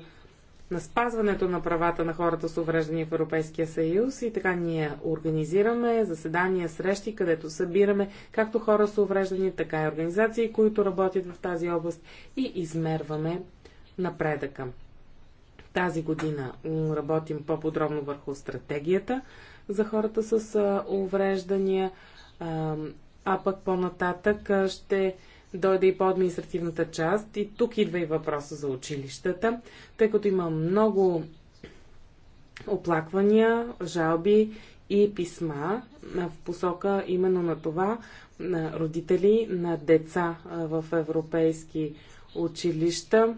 на спазването на правата на хората с увреждания в Европейския съюз и така ние организираме заседания, срещи, където събираме както хора с увреждания, така и организации, които работят в тази област и измерваме напредъка. Тази година работим по-подробно върху стратегията за хората с увреждания, а пък по-нататък ще дойде и по административната част. И тук идва и въпроса за училищата, тъй като има много оплаквания, жалби и писма в посока именно на това на родители на деца в европейски училища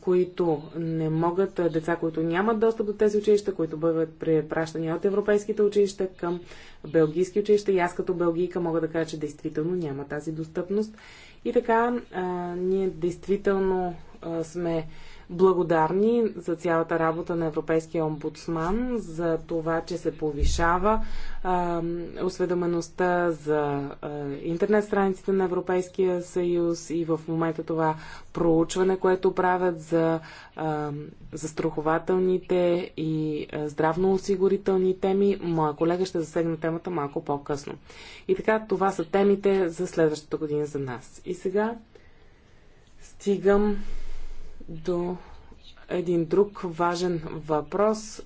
които не могат, деца, които нямат достъп до тези училища, които бъдат препращани от европейските училища към белгийски училища. И аз като белгийка мога да кажа, че действително няма тази достъпност. И така, ние действително сме благодарни за цялата работа на Европейския омбудсман, за това, че се повишава а, осведомеността за а, интернет страниците на Европейския съюз и в момента това проучване, което правят за застрахователните и здравноосигурителни теми. Моя колега ще засегне темата малко по-късно. И така, това са темите за следващата година за нас. И сега стигам до един друг важен въпрос,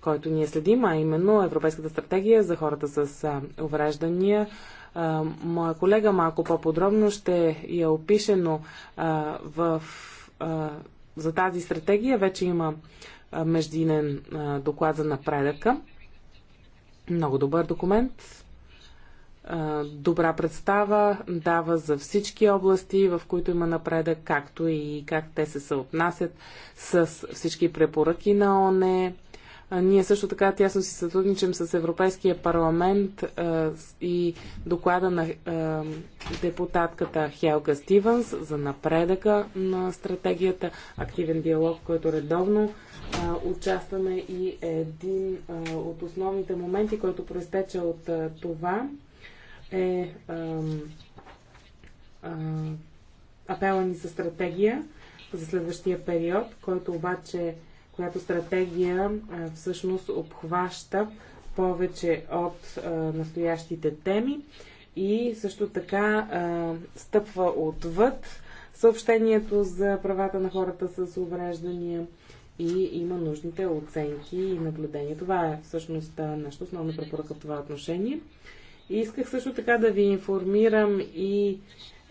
който ние следим, а именно Европейската стратегия за хората с увреждания. Моя колега малко по-подробно ще я опише, но в, за тази стратегия вече има междинен доклад за напредъка. Много добър документ, добра представа дава за всички области, в които има напредък, както и как те се съотнасят с всички препоръки на ОНЕ. Ние също така тясно си сътрудничим с Европейския парламент и доклада на депутатката Хелга Стивенс за напредъка на стратегията, активен диалог, в който редовно участваме и един от основните моменти, който проистече от това е апела ни за стратегия за следващия период, който обаче, която стратегия всъщност обхваща повече от настоящите теми и също така стъпва отвъд съобщението за правата на хората с увреждания и има нужните оценки и наблюдения. Това е всъщност нашата основна препоръка в това отношение. Исках също така да ви информирам и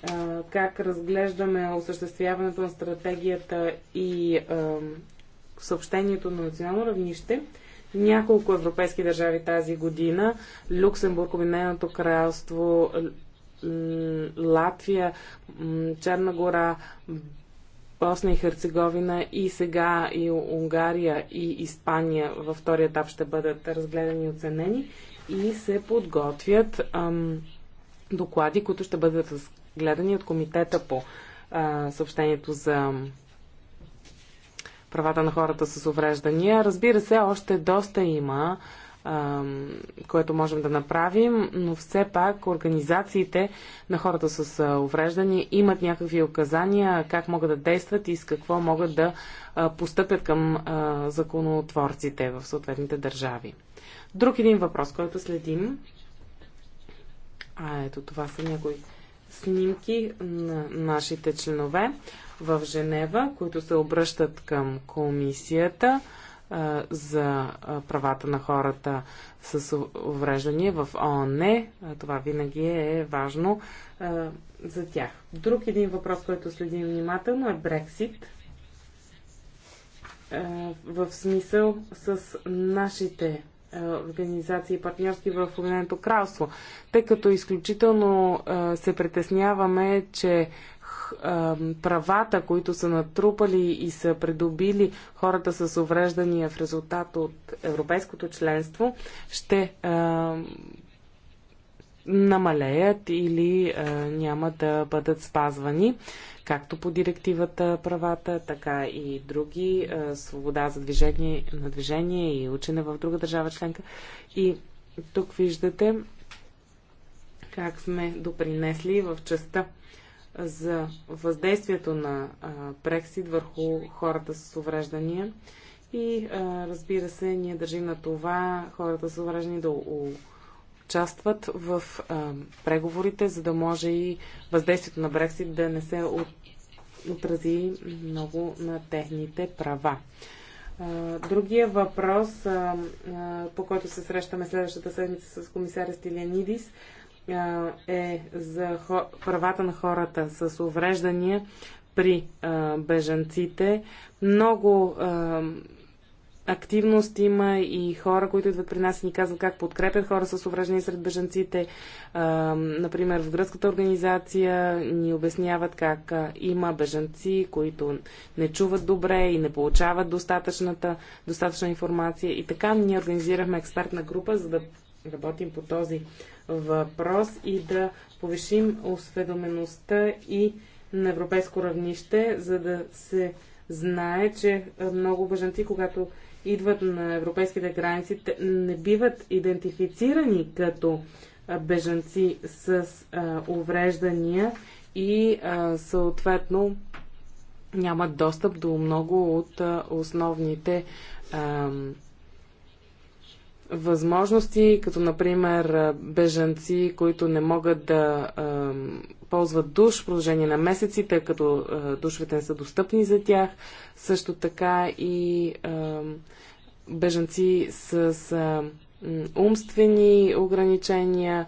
а, как разглеждаме осъществяването на стратегията и а, съобщението на национално равнище. Няколко европейски държави тази година, Люксембург, Обединеното кралство, Латвия, Черна гора, Босна и Херцеговина и сега и Унгария и Испания във втори етап ще бъдат разгледани и оценени и се подготвят ам, доклади, които ще бъдат разгледани от комитета по а, съобщението за правата на хората с увреждания. Разбира се, още доста има, ам, което можем да направим, но все пак организациите на хората с увреждания имат някакви указания как могат да действат и с какво могат да постъпят към а, законотворците в съответните държави. Друг един въпрос, който следим. А ето, това са някои снимки на нашите членове в Женева, които се обръщат към комисията а, за правата на хората с увреждане в ООН. Това винаги е важно а, за тях. Друг един въпрос, който следим внимателно е Брексит. А, в смисъл с нашите е, организации и партньорски в Обединеното кралство, тъй като изключително е, се притесняваме, че е, правата, които са натрупали и са придобили хората с увреждания в резултат от европейското членство, ще намалеят или а, е, няма да бъдат спазвани, както по директивата правата, така и други, а, е, свобода за движение, на движение и учене в друга държава членка. И тук виждате как сме допринесли в частта за въздействието на а, е, Брексит върху хората с увреждания. И а, разбира се, ние държим на това хората с увреждания да участват в а, преговорите, за да може и въздействието на Брексит да не се от, отрази много на техните права. А, другия въпрос, а, а, по който се срещаме следващата седмица с комисаря Стилянидис, е за хо, правата на хората с увреждания при а, бежанците. Много а, активност има и хора, които идват при нас и ни казват как подкрепят хора с увреждания сред бежанците. Например, в гръцката организация ни обясняват как има бежанци, които не чуват добре и не получават достатъчната, достатъчна информация. И така ние организирахме експертна група, за да работим по този въпрос и да повишим осведомеността и на европейско равнище, за да се знае, че много бежанци, когато идват на европейските граници, не биват идентифицирани като бежанци с а, увреждания и а, съответно нямат достъп до много от а, основните възможности, като например бежанци, които не могат да а, ползват душ в продължение на месеци, тъй като а, душовете не са достъпни за тях. Също така и а, бежанци с, а, умствени ограничения,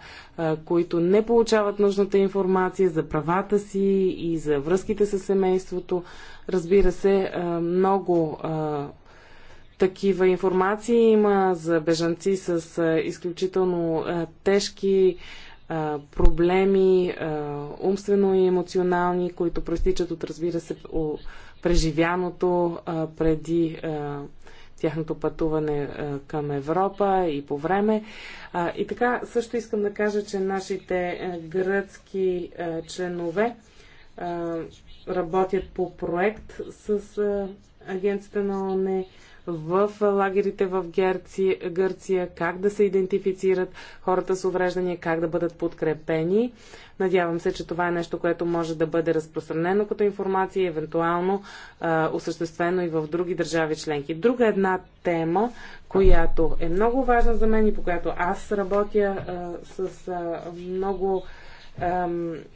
които не получават нужната информация за правата си и за връзките с семейството. Разбира се, много такива информации. Има за бежанци с изключително тежки проблеми, умствено и емоционални, които проистичат от, разбира се, преживяното преди тяхното пътуване към Европа и по време. И така, също искам да кажа, че нашите гръцки членове работят по проект с агенцията на ОНЕ в лагерите в Герци, Гърция, как да се идентифицират хората с увреждания, как да бъдат подкрепени. Надявам се, че това е нещо, което може да бъде разпространено като информация и евентуално а, осъществено и в други държави членки. Друга една тема, която е много важна за мен и по която аз работя а, с а, много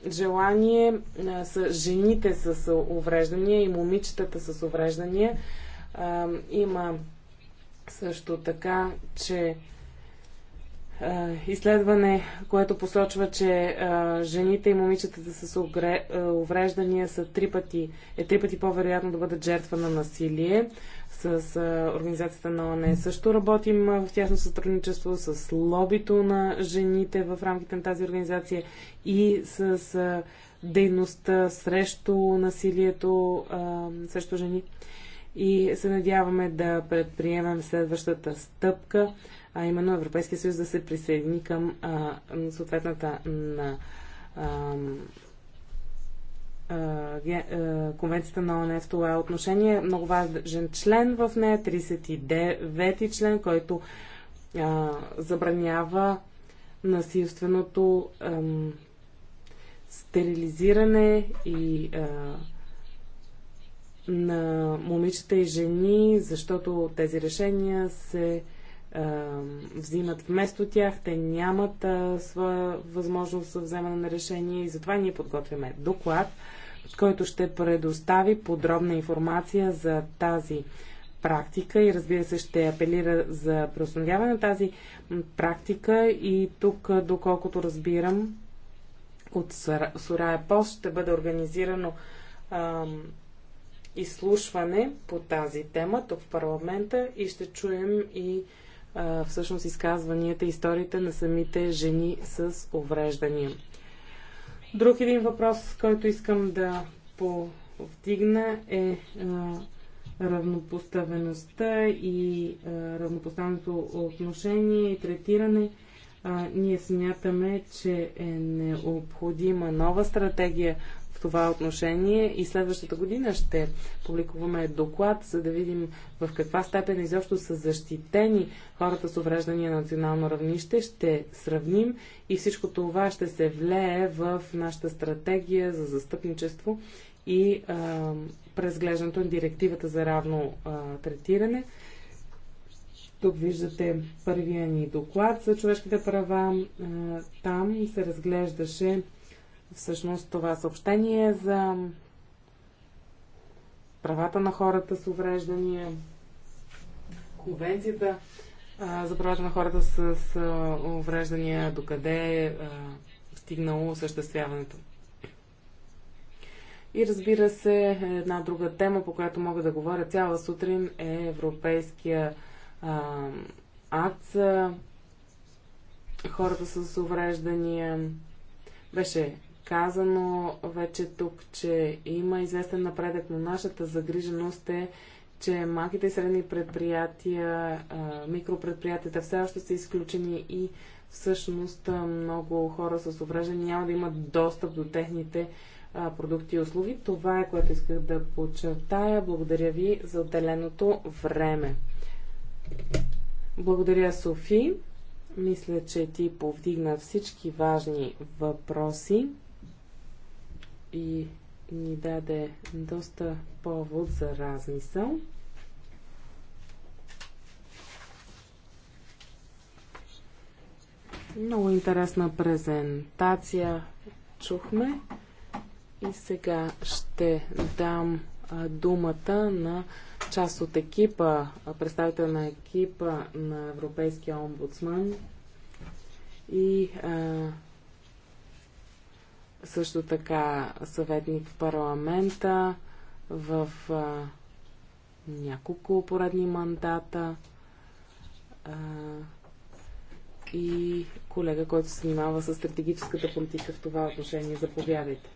желание са жените с увреждания и момичетата с увреждания. А, има също така, че а, изследване, което посочва, че а, жените и момичетата с огре, а, увреждания са три пъти, е три пъти по-вероятно да бъдат жертва на насилие. С а, организацията на ОНЕ също работим в тясно сътрудничество с лобито на жените в рамките на тази организация и с а, дейността срещу насилието а, срещу жени и се надяваме да предприемем следващата стъпка, а именно Европейския съюз да се присъедини към а, съответната на а, Конвенцията на ОНЕ в това е отношение. Много важен член в нея, 39-ти член, който а, забранява насилственото а, стерилизиране и а, на момичета и жени, защото тези решения се а, взимат вместо тях, те нямат а, своя възможност за вземане на решение и затова ние подготвяме доклад, който ще предостави подробна информация за тази практика и разбира се ще апелира за преосновяване на тази практика и тук, доколкото разбирам, от Сурая Пост ще бъде организирано изслушване по тази тема тук в парламента и ще чуем и а, всъщност изказванията, историите на самите жени с увреждания. Друг един въпрос, който искам да повдигна е а, равнопоставеността и а, равнопоставеното отношение и третиране. А, ние смятаме, че е необходима нова стратегия това отношение и следващата година ще публикуваме доклад, за да видим в каква степен изобщо са защитени хората с увреждания на национално равнище. Ще сравним и всичко това ще се влее в нашата стратегия за застъпничество и а, презглеждането на директивата за равно а, третиране. Тук виждате първия ни доклад за човешките права. А, там се разглеждаше всъщност това съобщение за правата на хората с увреждания, конвенцията а, за правата на хората с, с увреждания, докъде е стигнало осъществяването. И разбира се, една друга тема, по която мога да говоря цяла сутрин е Европейския а, акт за хората с увреждания. Беше казано вече тук, че има известен напредък, но нашата загриженост е, че малките и средни предприятия, микропредприятията все още са изключени и всъщност много хора с увреждания няма да имат достъп до техните продукти и услуги. Това е което исках да подчертая. Благодаря ви за отделеното време. Благодаря, Софи. Мисля, че ти повдигна всички важни въпроси и ни даде доста повод за размисъл. Много интересна презентация чухме и сега ще дам думата на част от екипа, представител на екипа на Европейския омбудсман и също така съветник в парламента в а, няколко поредни мандата а, и колега, който се занимава с стратегическата политика в това отношение. Заповядайте.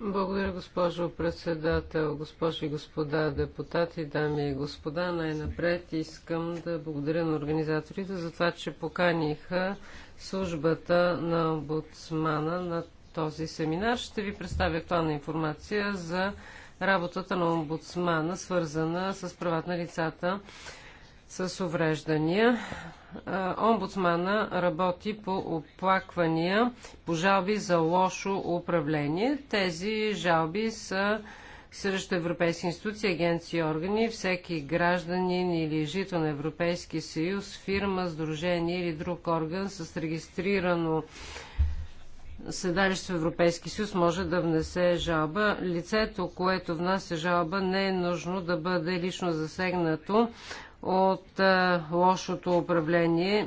Благодаря, госпожо председател, госпожи и господа депутати, дами и господа. Най-напред искам да благодаря на организаторите за това, че поканиха службата на омбудсмана на този семинар. Ще ви представя актуална информация за работата на омбудсмана, свързана с правата на лицата с увреждания. Омбудсмана работи по оплаквания, по жалби за лошо управление. Тези жалби са срещу европейски институции, агенции и органи, всеки гражданин или жител на Европейски съюз, фирма, сдружение или друг орган с регистрирано седалище в Европейски съюз може да внесе жалба. Лицето, което внася жалба, не е нужно да бъде лично засегнато от е, лошото управление. Е,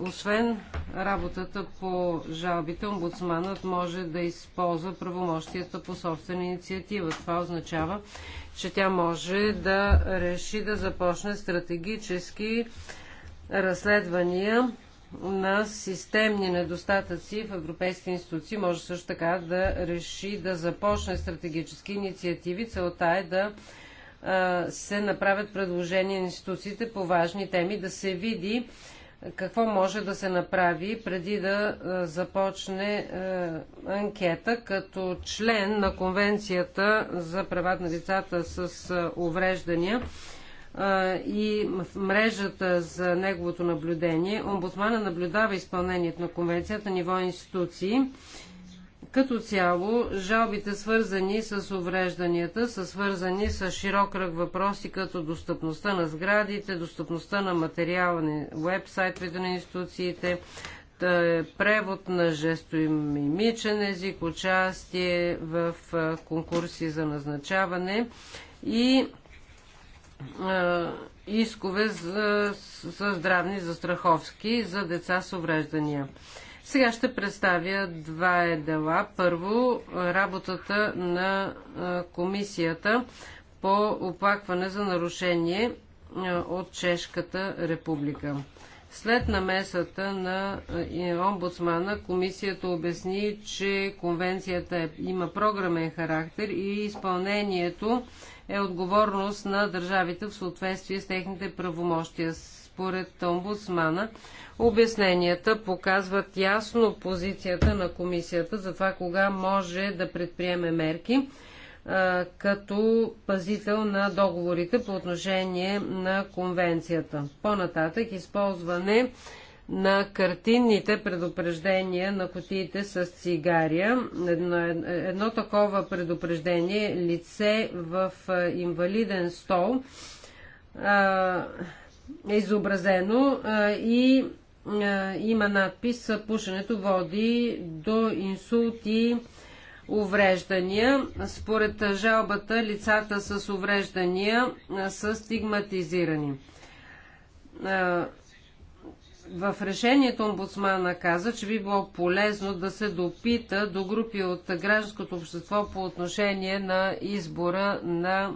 освен работата по жалбите, омбудсманът може да използва правомощията по собствена инициатива. Това означава, че тя може да реши да започне стратегически разследвания на системни недостатъци в европейски институции. Може също така да реши да започне стратегически инициативи. Целта е да се направят предложения на институциите по важни теми, да се види какво може да се направи преди да започне анкета като член на Конвенцията за правата на децата с увреждания и мрежата за неговото наблюдение. Омбудсмана наблюдава изпълнението на конвенцията на ниво институции като цяло, жалбите свързани с уврежданията са свързани с широк кръг въпроси, като достъпността на сградите, достъпността на материални вебсайтовете на институциите, е превод на жестомимичен език, участие в конкурси за назначаване и искове за, за здравни застраховки за деца с увреждания. Сега ще представя два е дела. Първо, работата на комисията по оплакване за нарушение от Чешката република. След намесата на омбудсмана, комисията обясни, че конвенцията е, има програмен характер и изпълнението е отговорност на държавите в съответствие с техните правомощия. Според омбудсмана, обясненията показват ясно позицията на комисията за това кога може да предприеме мерки като пазител на договорите по отношение на конвенцията. По-нататък използване на картинните предупреждения на котиите с цигария. Едно, едно такова предупреждение е лице в инвалиден стол е изобразено и има надпис Пушенето води до инсулти увреждания. Според жалбата лицата с увреждания са стигматизирани. В решението омбудсмана каза, че би било полезно да се допита до групи от гражданското общество по отношение на избора на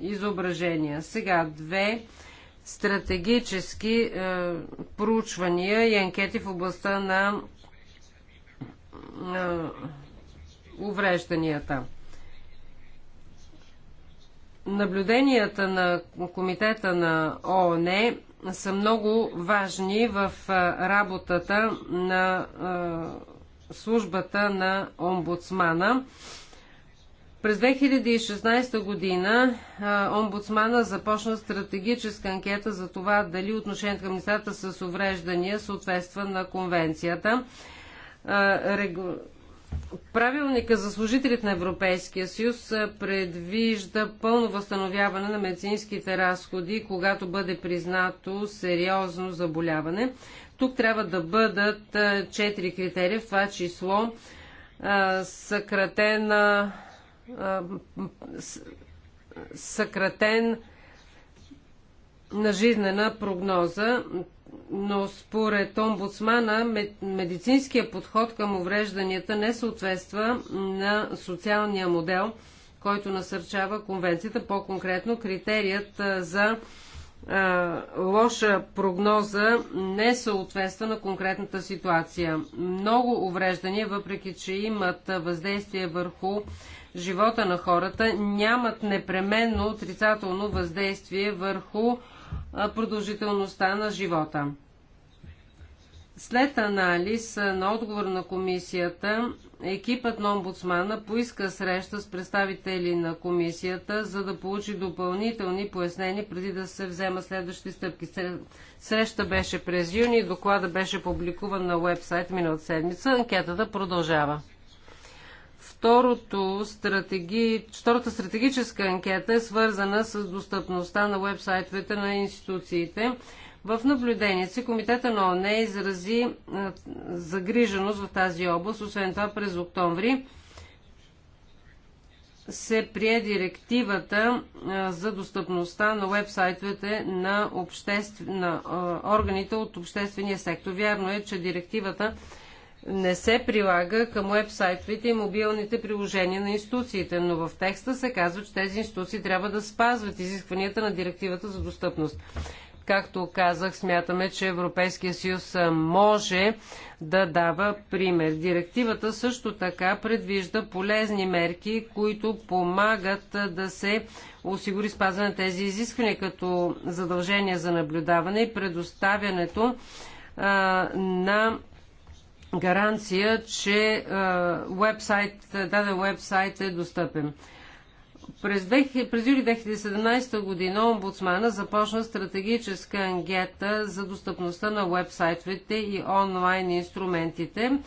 изображения. Сега две стратегически е, проучвания и анкети в областта на е, уврежданията. Наблюденията на Комитета на ООН са много важни в е, работата на е, службата на омбудсмана. Е, през 2016 година омбудсмана започна стратегическа анкета за това дали отношението към лицата с увреждания съответства на конвенцията. Правилника за служителите на Европейския съюз предвижда пълно възстановяване на медицинските разходи, когато бъде признато сериозно заболяване. Тук трябва да бъдат четири критерия, в това число съкратена съкратен на жизнена прогноза, но според омбудсмана медицинския подход към уврежданията не съответства на социалния модел, който насърчава конвенцията, по-конкретно критерият за а, лоша прогноза не съответства на конкретната ситуация. Много увреждания, въпреки че имат въздействие върху живота на хората, нямат непременно отрицателно въздействие върху продължителността на живота. След анализ на отговор на комисията, екипът на омбудсмана поиска среща с представители на комисията, за да получи допълнителни пояснения преди да се взема следващи стъпки. Среща беше през юни, доклада беше публикуван на уебсайт миналата седмица. Анкетата продължава. Второто стратеги... Втората стратегическа анкета е свързана с достъпността на вебсайтовете на институциите. В наблюдението си Комитета на ОНЕ изрази загриженост в тази област. Освен това, през октомври се прие директивата за достъпността на вебсайтовете на, обществ... на органите от обществения сектор. Вярно е, че директивата не се прилага към уебсайтовете и мобилните приложения на институциите, но в текста се казва, че тези институции трябва да спазват изискванията на директивата за достъпност. Както казах, смятаме, че Европейския съюз може да дава пример. Директивата също така предвижда полезни мерки, които помагат да се осигури спазване на тези изисквания, като задължение за наблюдаване и предоставянето а, на гаранция, че вебсайт, даден вебсайт е достъпен. През, през юли 2017 година омбудсмана започна стратегическа ангета за достъпността на вебсайтовете и онлайн инструментите.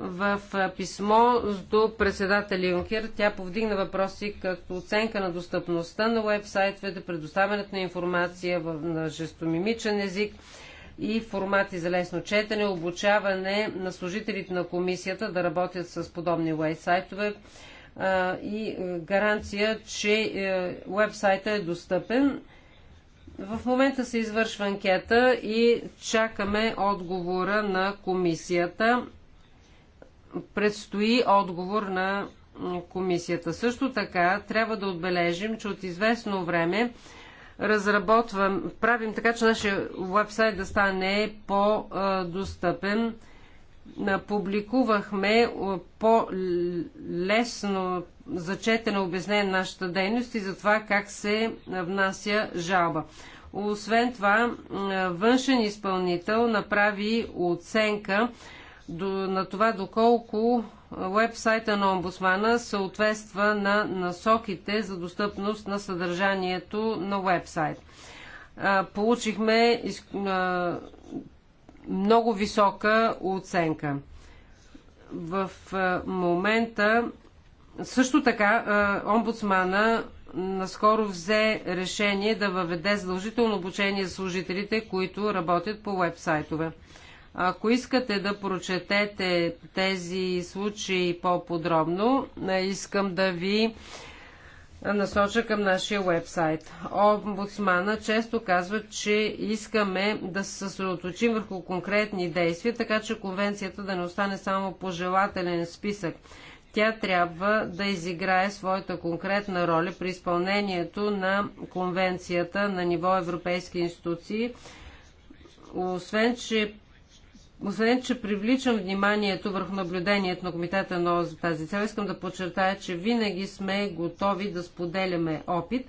В писмо до председател. Юнкер тя повдигна въпроси като оценка на достъпността на вебсайтовете, предоставянето на информация на жестомимичен език, и формати за лесно четене, обучаване на служителите на комисията да работят с подобни уебсайтове и е, гаранция, че е, уебсайта е достъпен. В момента се извършва анкета и чакаме отговора на комисията. Предстои отговор на комисията. Също така трябва да отбележим, че от известно време разработвам, правим така, че нашия вебсайт да стане по-достъпен. Публикувахме е, по-лесно зачетено обяснение на нашата дейност и за това как се внася жалба. Освен това, е, външен изпълнител направи оценка на това доколко Уебсайта на омбудсмана съответства на насоките за достъпност на съдържанието на уебсайт. Получихме много висока оценка. В момента също така омбудсмана наскоро взе решение да въведе задължително обучение за служителите, които работят по вебсайтове. сайтове ако искате да прочетете тези случаи по-подробно, е, искам да ви насоча към нашия вебсайт. Омбудсмана често казва, че искаме да се съсредоточим върху конкретни действия, така че конвенцията да не остане само пожелателен списък. Тя трябва да изиграе своята конкретна роля при изпълнението на конвенцията на ниво европейски институции, освен че освен, че привличам вниманието върху наблюдението на комитета на ООС за тази цел, искам да подчертая, че винаги сме готови да споделяме опит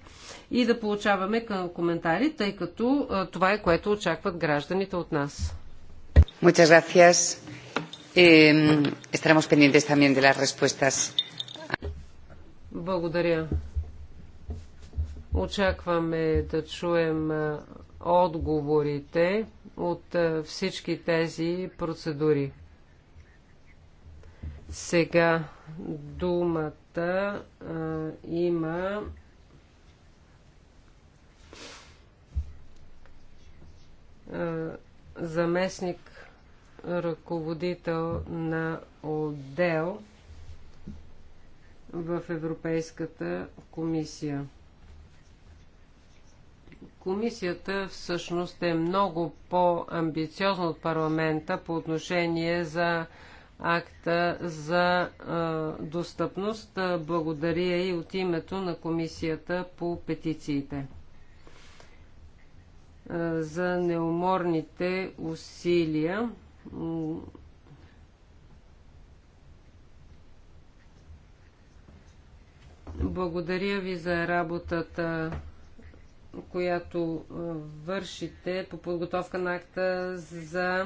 и да получаваме към коментари, тъй като това е което очакват гражданите от нас. Muchas gracias. Eh, estaremos pendientes también de las respuestas. Благодаря. Очакваме да чуем отговорите от всички тези процедури. Сега думата а, има а, заместник ръководител на отдел в Европейската комисия комисията всъщност е много по-амбициозна от парламента по отношение за акта за а, достъпност. Благодаря и от името на комисията по петициите а, за неуморните усилия. Благодаря ви за работата която вършите по подготовка на акта за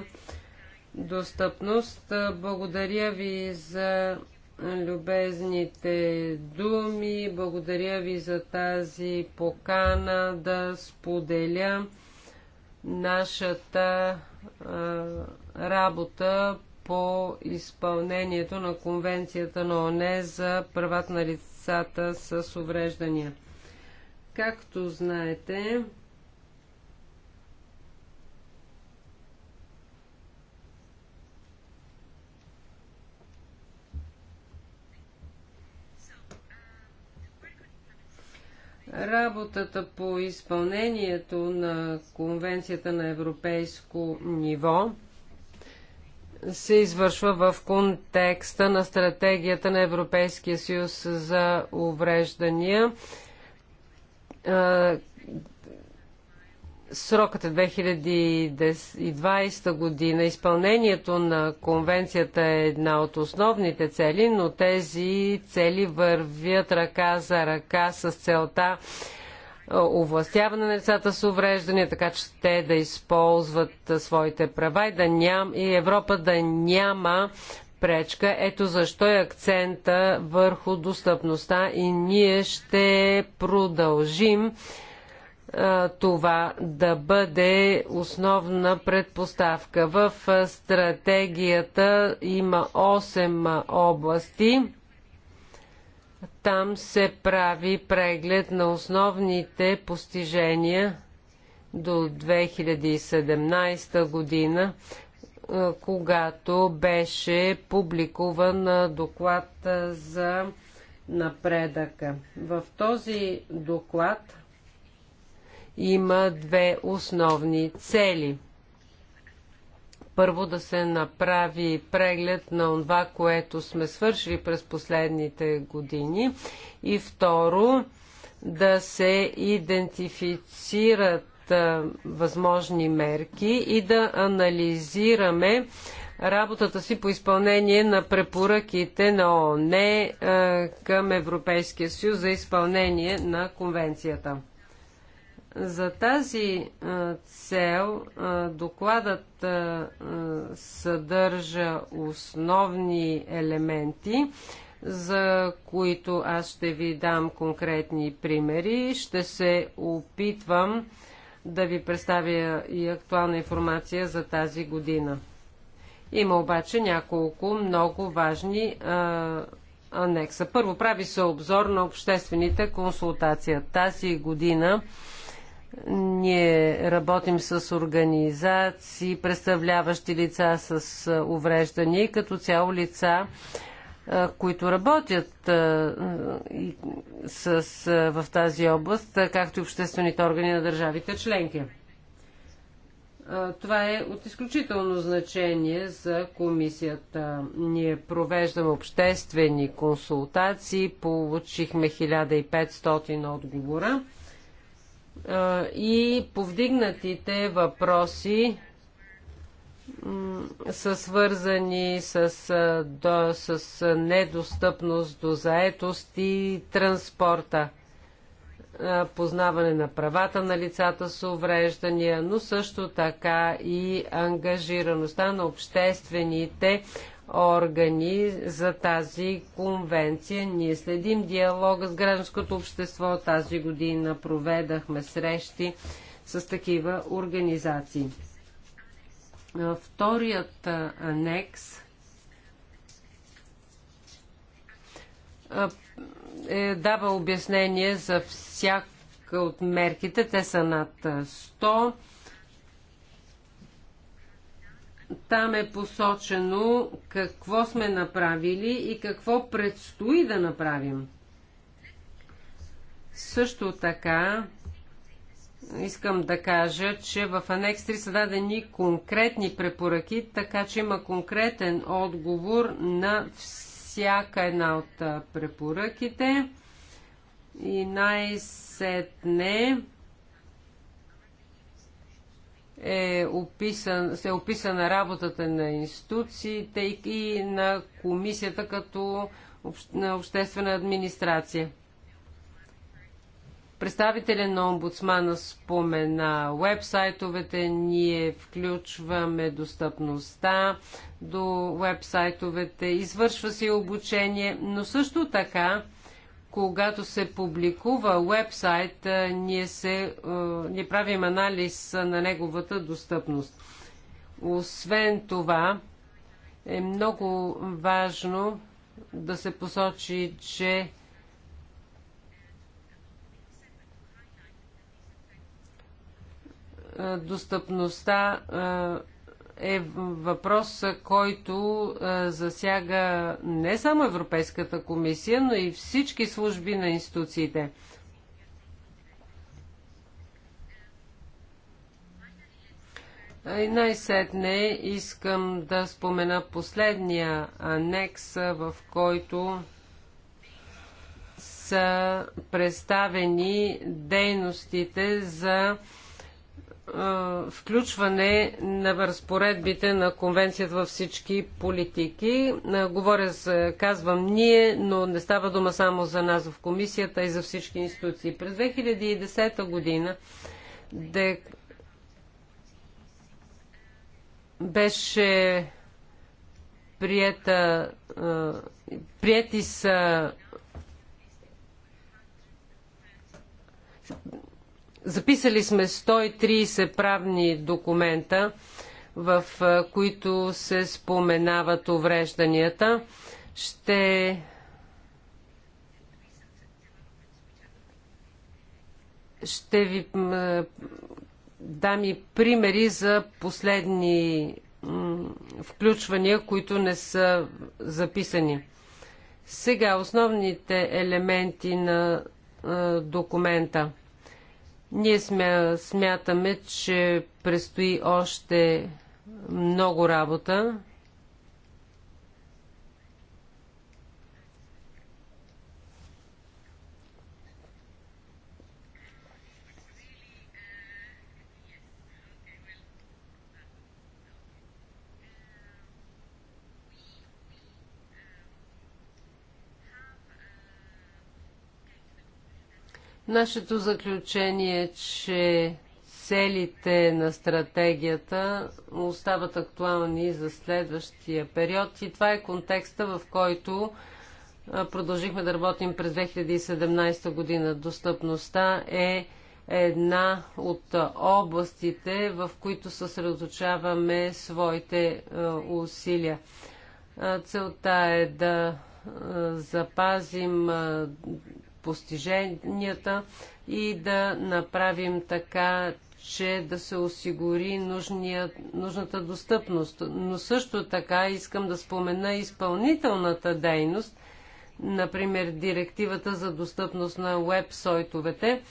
достъпност. Благодаря ви за любезните думи, благодаря ви за тази покана да споделя нашата а, работа по изпълнението на Конвенцията на ОНЕ за правата на лицата с увреждания. Както знаете, Работата по изпълнението на Конвенцията на европейско ниво се извършва в контекста на стратегията на Европейския съюз за увреждания срокът е 2020 година. Изпълнението на конвенцията е една от основните цели, но тези цели вървят ръка за ръка с целта овластяване на децата с увреждания, така че те да използват своите права и, да ням, и Европа да няма пречка. Ето защо е акцента върху достъпността и ние ще продължим това да бъде основна предпоставка. В стратегията има 8 области. Там се прави преглед на основните постижения до 2017 година. Е, когато беше публикуван е, доклад е, за напредъка. В този доклад има две основни цели. Първо да се направи преглед на това, което сме свършили през последните години и второ да се идентифицират възможни мерки и да анализираме работата си по изпълнение на препоръките на ООН към Европейския съюз за изпълнение на конвенцията. За тази цел докладът съдържа основни елементи, за които аз ще ви дам конкретни примери. Ще се опитвам да ви представя и актуална информация за тази година. Има обаче няколко много важни а, анекса. Първо прави се обзор на обществените консултации. Тази година ние работим с организации, представляващи лица с увреждания и като цяло лица които работят с, в тази област, както и обществените органи на държавите членки. Това е от изключително значение за комисията. Ние провеждаме обществени консултации, получихме 1500 отговора и повдигнатите въпроси са свързани с, до, с недостъпност до заетост и транспорта, познаване на правата на лицата с увреждания, но също така и ангажираността на обществените органи за тази конвенция. Ние следим диалога с гражданското общество. Тази година проведахме срещи с такива организации. Вторият анекс е, дава обяснение за всяка от мерките. Те са над 100. Там е посочено какво сме направили и какво предстои да направим. Също така искам да кажа, че в анекс 3 са дадени конкретни препоръки, така че има конкретен отговор на всяка една от препоръките. И най-сетне е описан, се е описана работата на институциите и на комисията като на обществена администрация. Представителя на омбудсмана спомена вебсайтовете. Ние включваме достъпността до вебсайтовете. Извършва се и обучение, но също така когато се публикува вебсайт, ние, се, ние правим анализ на неговата достъпност. Освен това, е много важно да се посочи, че достъпността е въпрос, който засяга не само Европейската комисия, но и всички служби на институциите. И най-сетне искам да спомена последния анекс, в който са представени дейностите за включване на разпоредбите на конвенцията във всички политики. Говоря за, казвам ние, но не става дума само за нас в комисията и за всички институции. През 2010 година де... беше приета, прияти са Записали сме 130 правни документа, в които се споменават уврежданията. Ще ще ви дам и примери за последни включвания, които не са записани. Сега основните елементи на документа – ние сме, смятаме, че предстои още много работа. Нашето заключение е, че целите на стратегията остават актуални за следващия период и това е контекста, в който продължихме да работим през 2017 година. Достъпността е една от областите, в които съсредоточаваме своите усилия. Целта е да запазим постиженията и да направим така, че да се осигури нужния, нужната достъпност. Но също така искам да спомена изпълнителната дейност, например директивата за достъпност на веб сойтовете,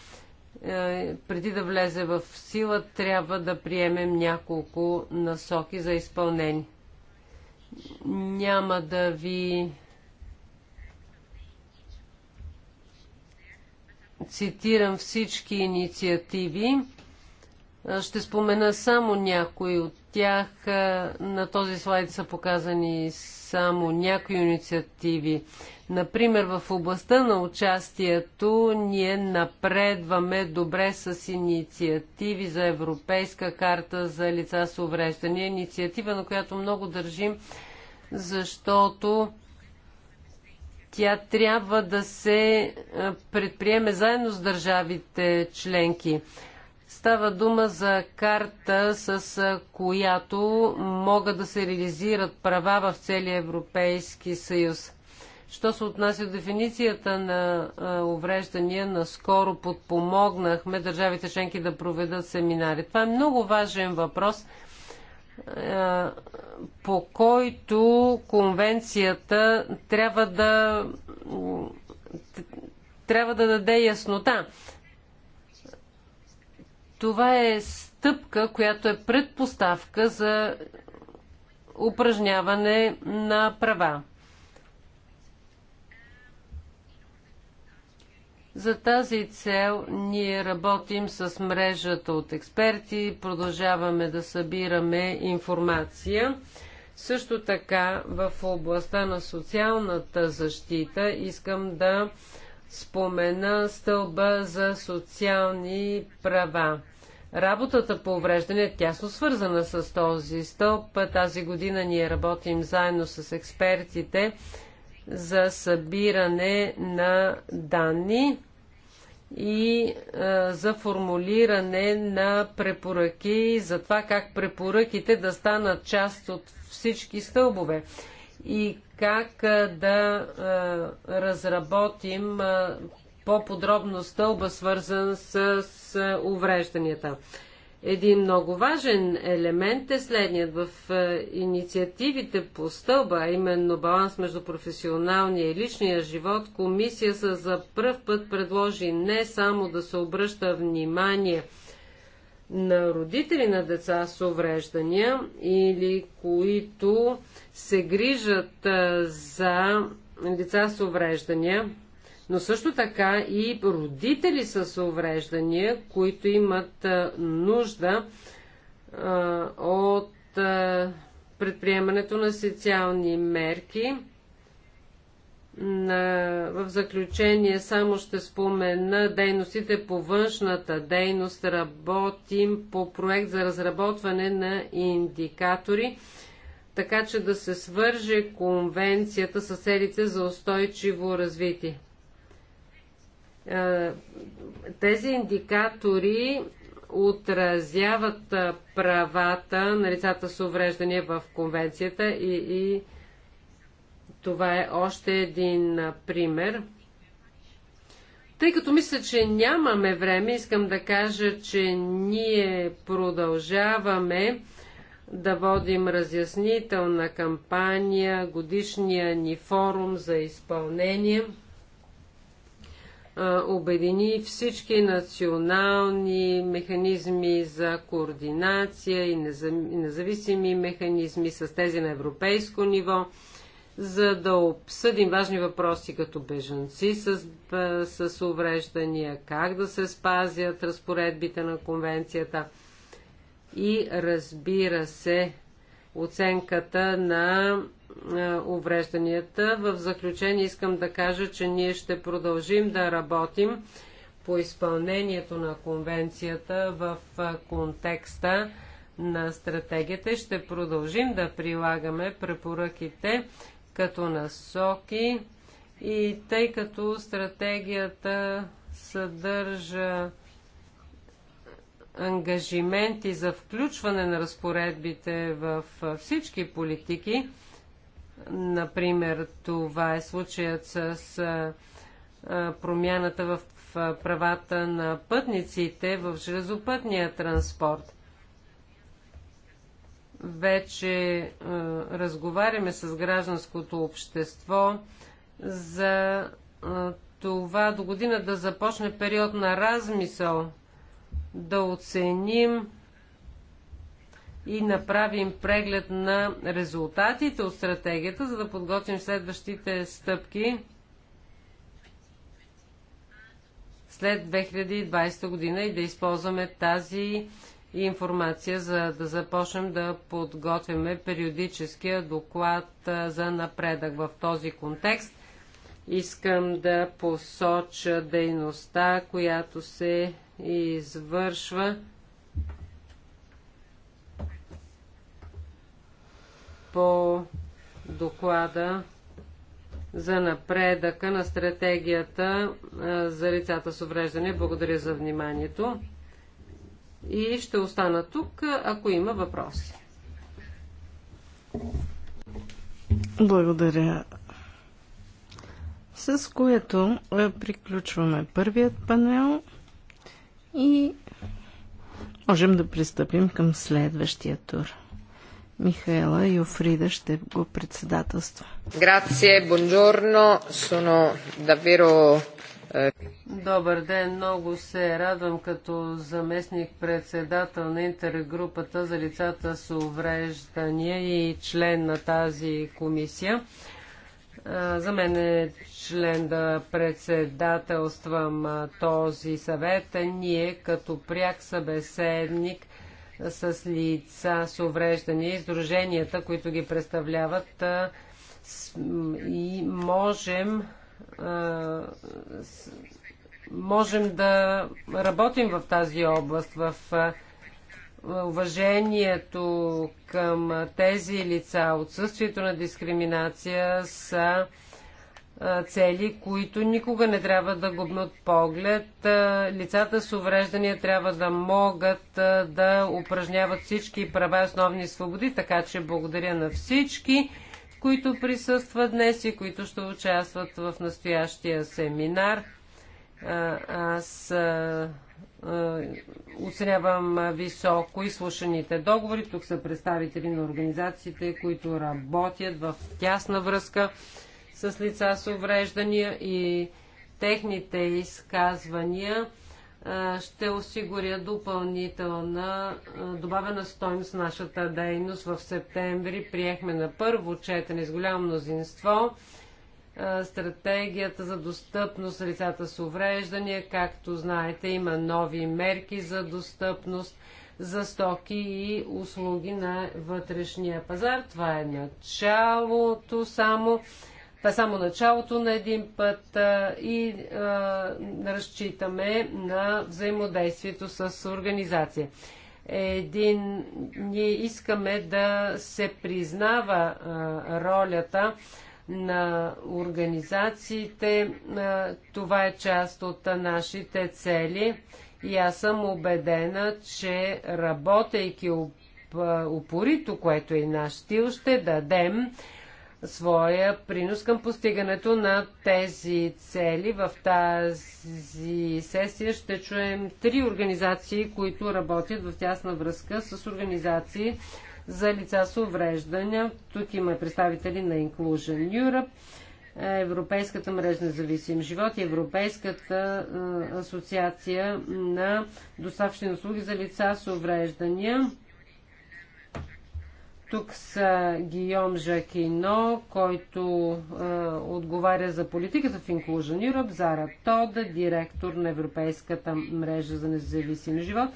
е, преди да влезе в сила, трябва да приемем няколко насоки за изпълнение. Няма да ви цитирам всички инициативи. Ще спомена само някои от тях. На този слайд са показани само някои инициативи. Например, в областта на участието ние напредваме добре с инициативи за Европейска карта за лица с увреждания. Инициатива, на която много държим, защото тя трябва да се предприеме заедно с държавите членки. Става дума за карта, с която могат да се реализират права в целия Европейски съюз. Що се отнася до дефиницията на а, увреждания, наскоро подпомогнахме държавите членки да проведат семинари. Това е много важен въпрос – е, по който конвенцията трябва да трябва да даде яснота. Това е стъпка, която е предпоставка за упражняване на права. За тази цел ние работим с мрежата от експерти, продължаваме да събираме информация. Също така в областта на социалната защита искам да спомена стълба за социални права. Работата по увреждане е тясно свързана с този стълб. Тази година ние работим заедно с експертите за събиране на данни и а, за формулиране на препоръки за това как препоръките да станат част от всички стълбове и как а, да а, разработим по-подробно стълба, свързан с, с уврежданията. Един много важен елемент е следният в е, инициативите по стълба, именно баланс между професионалния и личния живот. Комисията за пръв път предложи не само да се обръща внимание на родители на деца с увреждания или които се грижат е, за деца с увреждания, но също така и родители с увреждания, които имат нужда от предприемането на социални мерки. в заключение само ще спомена дейностите по външната дейност. Работим по проект за разработване на индикатори, така че да се свърже конвенцията с целите за устойчиво развитие. Е, тези индикатори отразяват е, правата на лицата с увреждания в конвенцията и, и това е още един е, пример. Тъй като мисля, че нямаме време, искам да кажа, че ние продължаваме да водим разяснителна кампания, годишния ни форум за изпълнение – обедини всички национални механизми за координация и независими механизми с тези на европейско ниво, за да обсъдим важни въпроси като бежанци с, с увреждания, как да се спазят разпоредбите на конвенцията и разбира се оценката на е, уврежданията. В заключение искам да кажа, че ние ще продължим да работим по изпълнението на конвенцията в е, контекста на стратегията. Ще продължим да прилагаме препоръките като насоки и тъй като стратегията съдържа ангажименти за включване на разпоредбите в е, всички политики, Например, това е случаят с промяната в правата на пътниците в железопътния транспорт. Вече разговаряме с гражданското общество за това до година да започне период на размисъл, да оценим и направим преглед на резултатите от стратегията, за да подготвим следващите стъпки след 2020 година и да използваме тази информация, за да започнем да подготвяме периодическия доклад за напредък. В този контекст искам да посоча дейността, която се извършва по доклада за напредъка на стратегията за лицата с увреждане. Благодаря за вниманието. И ще остана тук, ако има въпроси. Благодаря. С което е, приключваме първият панел и можем да пристъпим към следващия тур. Михаела Йофрида ще го председателства. Грация, бонжорно, даверо... Е. Добър ден, много се радвам като заместник председател на интергрупата за лицата с увреждания и член на тази комисия. За мен е член да председателствам този съвет. Ние като пряк събеседник с лица с увреждания и сдруженията, които ги представляват. И можем, можем да работим в тази област, в уважението към тези лица, отсъствието на дискриминация са цели, които никога не трябва да губнат поглед. Лицата с увреждания трябва да могат да упражняват всички права и основни свободи, така че благодаря на всички, които присъстват днес и които ще участват в настоящия семинар. Аз оценявам високо изслушаните договори. Тук са представители на организациите, които работят в тясна връзка с лица с увреждания и техните изказвания ще осигуря допълнителна добавена стойност нашата дейност. В септември приехме на първо четене с голямо мнозинство стратегията за достъпност на лицата с увреждания. Както знаете, има нови мерки за достъпност за стоки и услуги на вътрешния пазар. Това е началото само. Това е само началото на един път а, и а, разчитаме на взаимодействието с организация. Един, ние искаме да се признава а, ролята на организациите. А, това е част от а, нашите цели и аз съм убедена, че работейки упорито, което е наш стил, ще дадем своя принос към постигането на тези цели. В тази сесия ще чуем три организации, които работят в тясна връзка с организации за лица с увреждания. Тук има представители на Inclusion Europe, Европейската мрежа на зависим живот и Европейската асоциация на доставчни услуги за лица с увреждания. Тук са Гийом Жакино, който е, отговаря за политиката в Inclusion Europe, Зара Тода, директор на Европейската мрежа за независим живот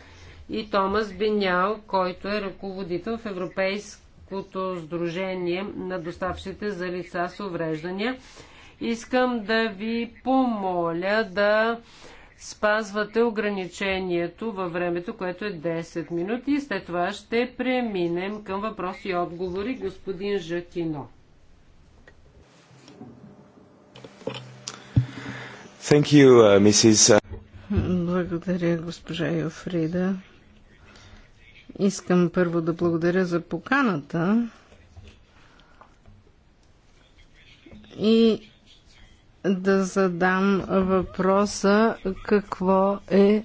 и Томас Бенял, който е ръководител в Европейското сдружение на доставчите за лица с увреждания. Искам да ви помоля да е, спазвате ограничението във времето, което е 10 минути. След това ще преминем към въпроси и отговори. Господин Жакино. Thank you, uh, Mrs. Благодаря, госпожа Йофрида. Искам първо да благодаря за поканата и да задам въпроса какво е,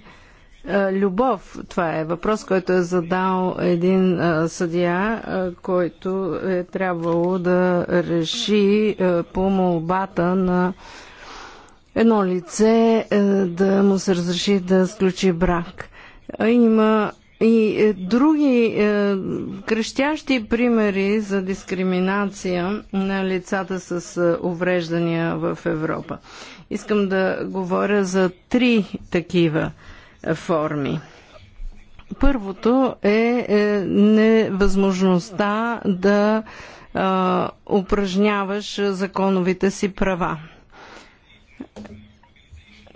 е любов. Това е въпрос, който е задал един е, съдия, е, който е трябвало да реши по молбата на едно лице да му се разреши да сключи брак. Има и е, други е, крещящи примери за дискриминация на лицата с е, увреждания в Европа. Искам да говоря за три такива е, форми. Първото е, е невъзможността да е, упражняваш законовите си права.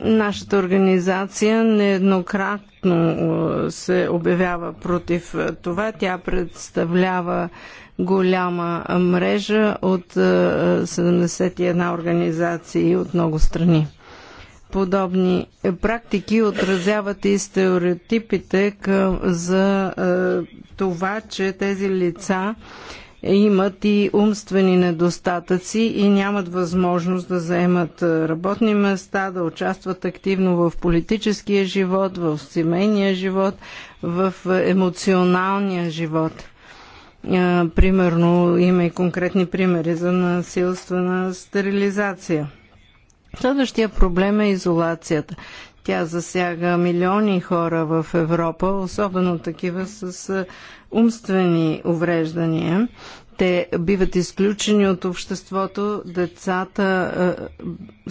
Нашата организация нееднократно директно се обявява против това. Тя представлява голяма мрежа от 71 организации от много страни. Подобни практики отразяват и стереотипите за това, че тези лица имат и умствени недостатъци и нямат възможност да заемат работни места, да участват активно в политическия живот, в семейния живот, в емоционалния живот. Примерно има и конкретни примери за насилствена стерилизация. Следващия проблем е изолацията. Тя засяга милиони хора в Европа, особено такива с умствени увреждания. Те биват изключени от обществото, децата е,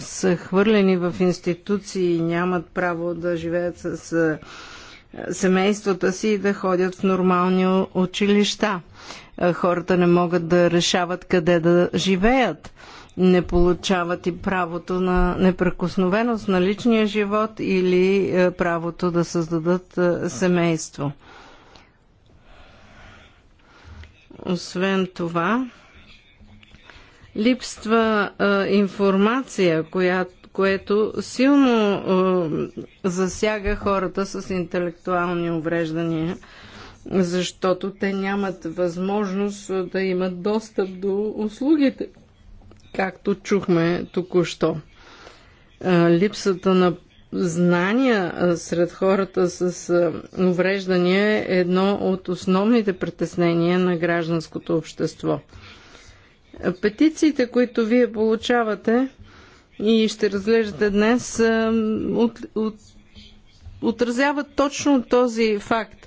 са хвърлени в институции и нямат право да живеят с е, семействата си и да ходят в нормални училища. хората не могат да решават къде да живеят не получават и правото на непрекосновеност на личния живот или е, правото да създадат е, семейство. Освен това, липства а, е, информация, коя, което силно а, засяга хората с интелектуални увреждания, защото те нямат възможност да имат достъп до услугите както чухме току-що. Липсата на знания сред хората с увреждания е едно от основните притеснения на гражданското общество. Петициите, които вие получавате и ще разглеждате днес, от, от, отразяват точно този факт.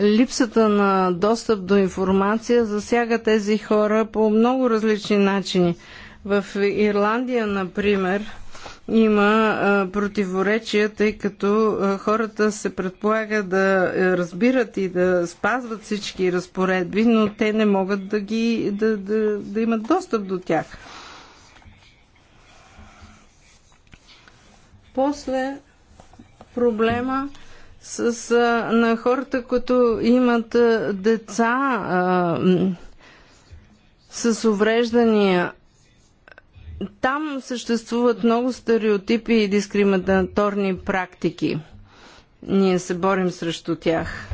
липсата на достъп до информация засяга тези хора по много различни начини. В Ирландия, например, има а, противоречия, тъй като а, хората се предполага да разбират и да спазват всички разпоредби, но те не могат да, ги, да, да, да имат достъп до тях. После проблема с, а, на хората, които имат а, деца а, с увреждания. Там съществуват много стереотипи и дискриминаторни практики. Ние се борим срещу тях.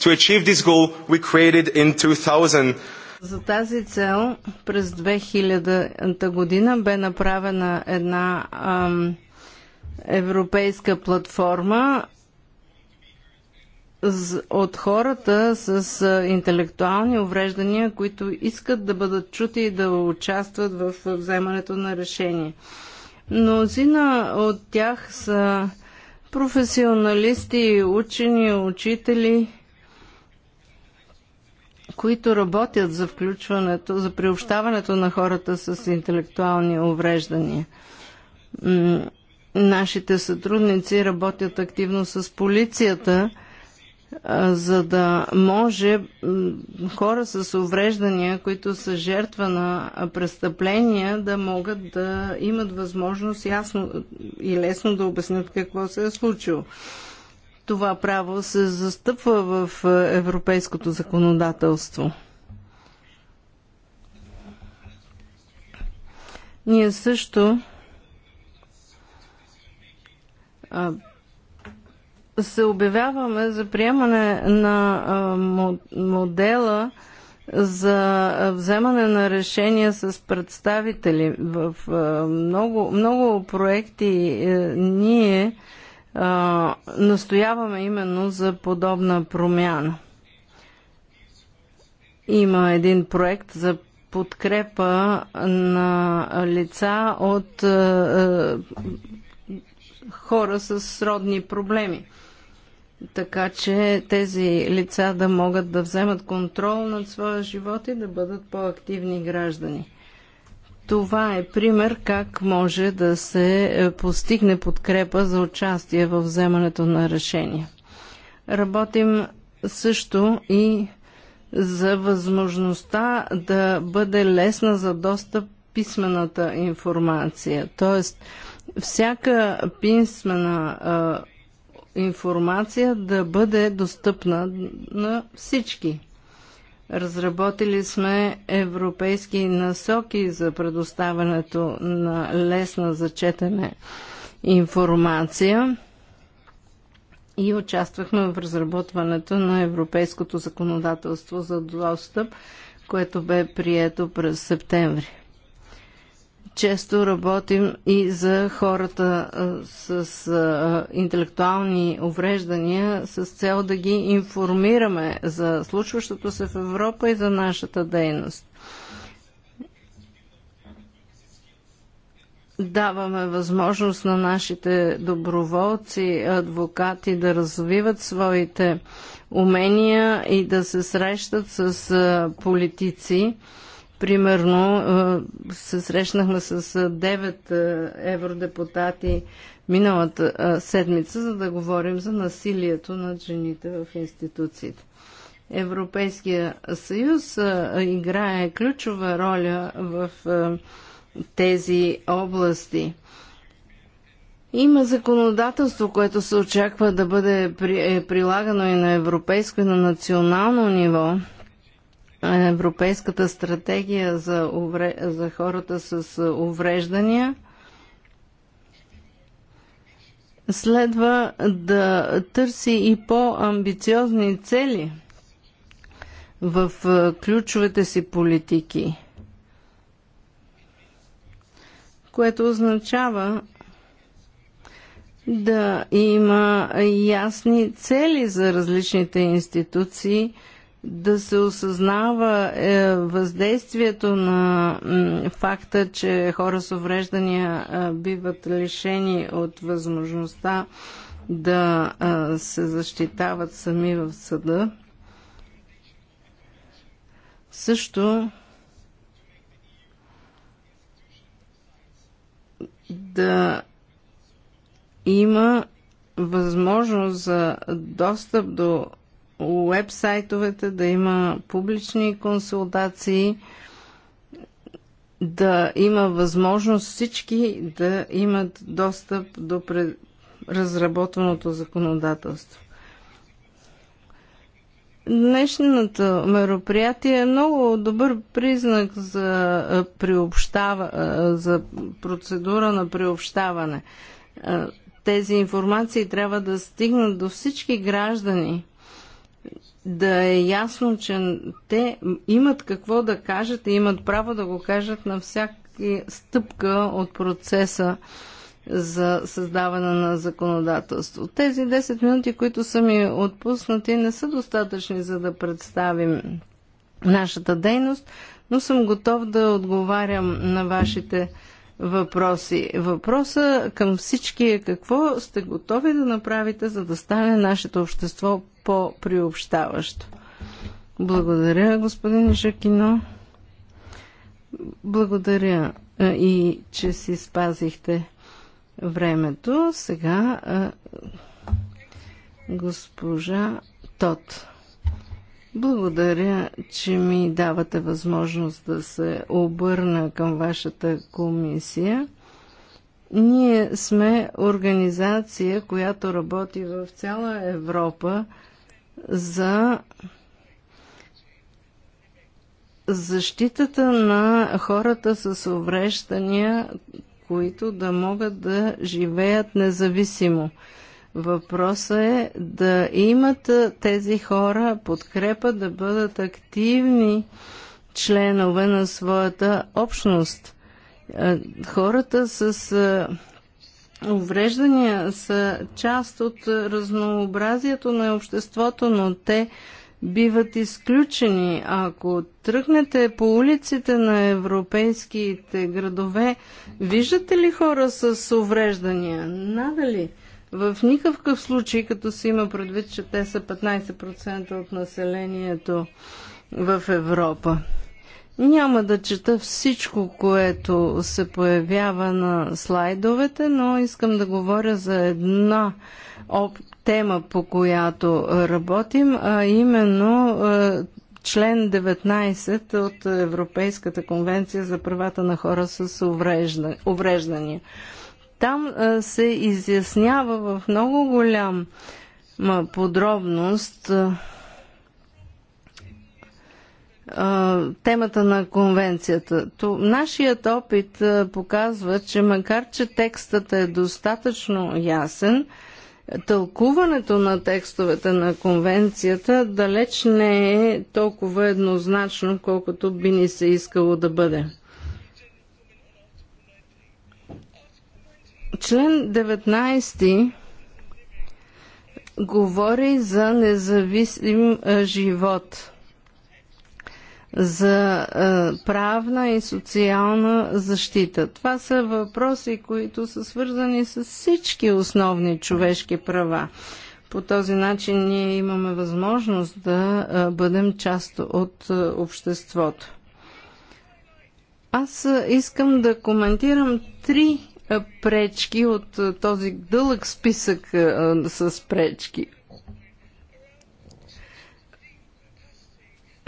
To achieve this goal, we created in 2000 за тази цел през 2000 година бе направена една ам, европейска платформа от хората с интелектуални увреждания, които искат да бъдат чути и да участват в вземането на решение. Мнозина от тях са професионалисти, учени, учители, които работят за включването, за приобщаването на хората с интелектуални увреждания. Нашите сътрудници работят активно с полицията, за да може хора с увреждания, които са жертва на престъпления, да могат да имат възможност ясно и лесно да обяснят какво се е случило. Това право се застъпва в европейското законодателство. Ние също се обявяваме за приемане на модела за вземане на решения с представители. В много, много проекти е, ние настояваме именно за подобна промяна. Има един проект за подкрепа на лица от е, е, хора с родни проблеми така че тези лица да могат да вземат контрол над своя живот и да бъдат по-активни граждани. Това е пример как може да се е, постигне подкрепа за участие в вземането на решения. Работим също и за възможността да бъде лесна за достъп писмената информация. Тоест, всяка писмена информация да бъде достъпна на всички. Разработили сме европейски насоки за предоставянето на лесна за четене информация и участвахме в разработването на европейското законодателство за достъп, което бе прието през септември често работим и за хората с интелектуални увреждания с цел да ги информираме за случващото се в Европа и за нашата дейност. Даваме възможност на нашите доброволци, адвокати да развиват своите умения и да се срещат с политици Примерно се срещнахме с 9 евродепутати миналата седмица, за да говорим за насилието над жените в институциите. Европейския съюз играе ключова роля в тези области. Има законодателство, което се очаква да бъде е прилагано и на европейско и на национално ниво Европейската стратегия за, увре... за хората с увреждания следва да търси и по-амбициозни цели в ключовете си политики, което означава да има ясни цели за различните институции – да се осъзнава е, въздействието на факта, че хора с увреждания е, биват лишени от възможността да е, се защитават сами в съда. Също да има възможност за достъп до уебсайтовете, да има публични консултации, да има възможност всички да имат достъп до разработеното законодателство. Днешното мероприятие е много добър признак за, приобщава, за процедура на приобщаване. Тези информации трябва да стигнат до всички граждани да е ясно, че те имат какво да кажат и имат право да го кажат на всяка стъпка от процеса за създаване на законодателство. Тези 10 минути, които са ми отпуснати, не са достатъчни за да представим нашата дейност, но съм готов да отговарям на вашите въпроси въпроси. Въпроса към всички е какво сте готови да направите, за да стане нашето общество по-приобщаващо. Благодаря, господин Жакино. Благодаря е, и че си спазихте времето. Сега е, госпожа Тот. Благодаря, че ми давате възможност да се обърна към вашата комисия. Ние сме организация, която работи в цяла Европа за защитата на хората с увреждания, които да могат да живеят независимо. Въпросът е да имат тези хора подкрепа да бъдат активни членове на своята общност. Хората с увреждания са част от разнообразието на обществото, но те биват изключени. Ако тръгнете по улиците на европейските градове, виждате ли хора с увреждания? Надали. В никакъв случай, като се има предвид, че те са 15% от населението в Европа. Няма да чета всичко, което се появява на слайдовете, но искам да говоря за една тема, по която работим, а именно член 19 от Европейската конвенция за правата на хора с увреждания. Там се изяснява в много голям подробност темата на конвенцията. То, нашият опит показва, че макар, че текстът е достатъчно ясен, тълкуването на текстовете на конвенцията далеч не е толкова еднозначно, колкото би ни се искало да бъде. Член 19 говори за независим живот, за правна и социална защита. Това са въпроси, които са свързани с всички основни човешки права. По този начин ние имаме възможност да бъдем част от обществото. Аз искам да коментирам три пречки от този дълъг списък с пречки.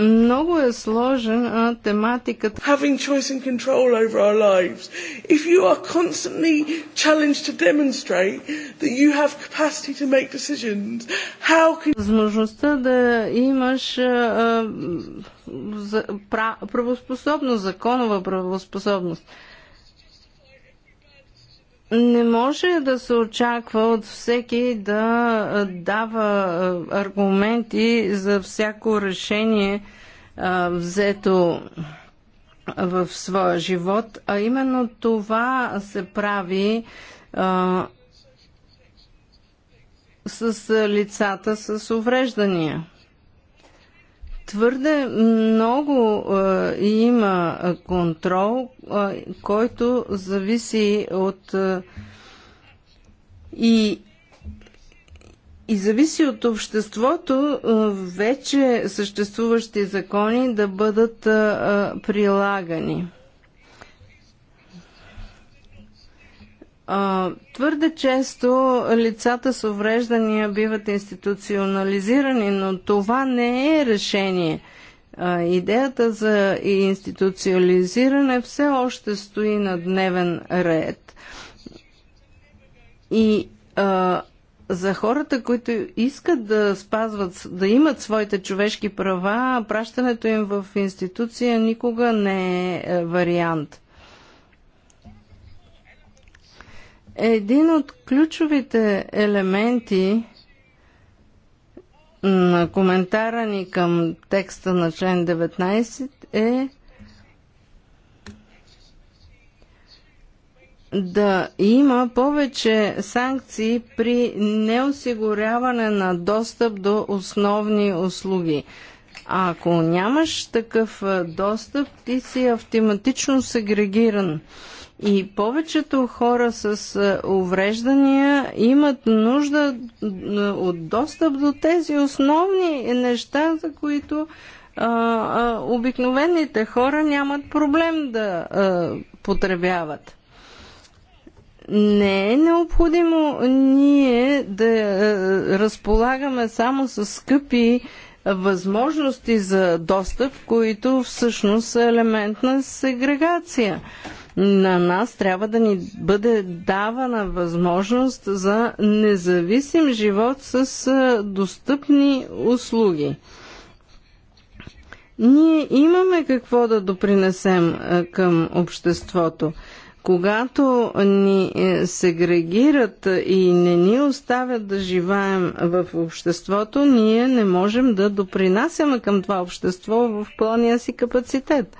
Много е сложен тематиката. Having choice and control over our lives. If you are constantly challenged to demonstrate that you have capacity to make decisions, how can... Възможността да имаш а, а, правоспособност, законова правоспособност. Не може да се очаква от всеки да дава аргументи за всяко решение, взето в своя живот, а именно това се прави а, с лицата с увреждания. Твърде много а, е, има контрол, а, е, който зависи от а, е, и и зависи от обществото вече съществуващи закони да бъдат прилагани. твърде често лицата с увреждания биват институционализирани, но това не е решение. идеята за институциализиране все още стои на дневен ред. И а, за хората, които искат да спазват, да имат своите човешки права, пращането им в институция никога не е, е вариант. Един от ключовите елементи на коментара ни към текста на член 19 е да има повече санкции при неосигуряване на достъп до основни услуги. А ако нямаш такъв достъп, ти си автоматично сегрегиран. И повечето хора с е, увреждания имат нужда е, от достъп до тези основни неща, за които а, е, а, обикновените хора нямат проблем да а, потребяват. Не е необходимо ние да разполагаме само с скъпи възможности за достъп, които всъщност са елемент на сегрегация на нас трябва да ни бъде давана възможност за независим живот с достъпни услуги. Ние имаме какво да допринесем към обществото когато ни е, сегрегират и не ни оставят да живеем в обществото, ние не можем да допринасяме към това общество в пълния си капацитет.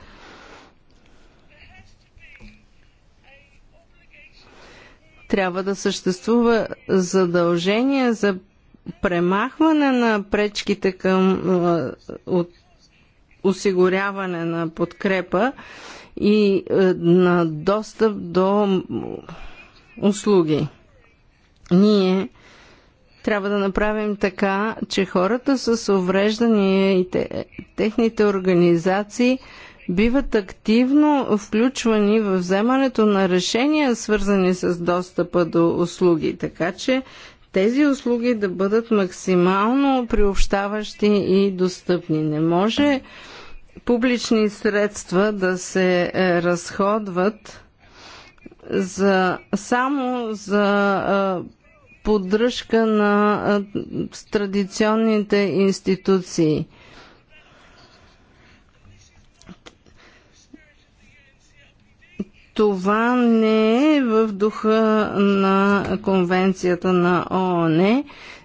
трябва да съществува задължение за премахване на пречките към е, от осигуряване на подкрепа и е, на достъп до услуги. Ние трябва да направим така, че хората с увреждания и техните организации – биват активно включвани в вземането на решения, свързани с достъпа до услуги. Така че тези услуги да бъдат максимално приобщаващи и достъпни. Не може публични средства да се е, разходват за, само за е, поддръжка на е, традиционните институции – това не е в духа на конвенцията на ООН,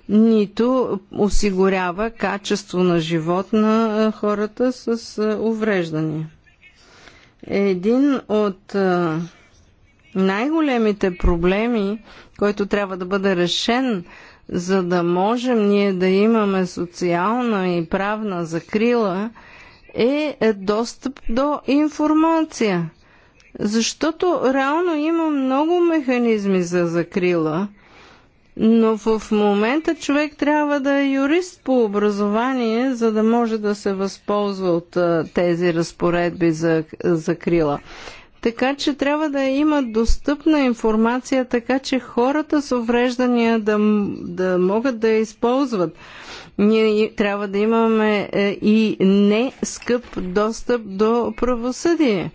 нито осигурява качество на живот на хората с увреждания. Един от най-големите проблеми, който трябва да бъде решен, за да можем ние да имаме социална и правна закрила, е, е достъп до информация. Защото реално има много механизми за закрила, но в момента човек трябва да е юрист по образование, за да може да се възползва от тези разпоредби за закрила. Така че трябва да има достъпна информация, така че хората с увреждания да, да могат да я използват. Ние трябва да имаме е, и не скъп достъп до правосъдие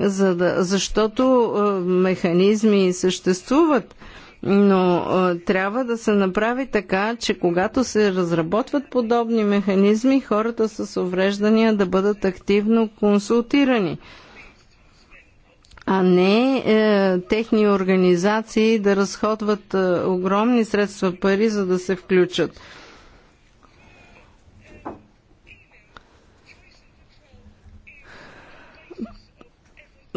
за да, защото механизми съществуват, но трябва да се направи така, че когато се разработват подобни механизми, хората с увреждания да бъдат активно консултирани а не е, техни организации да разходват е, огромни средства пари, за да се включат.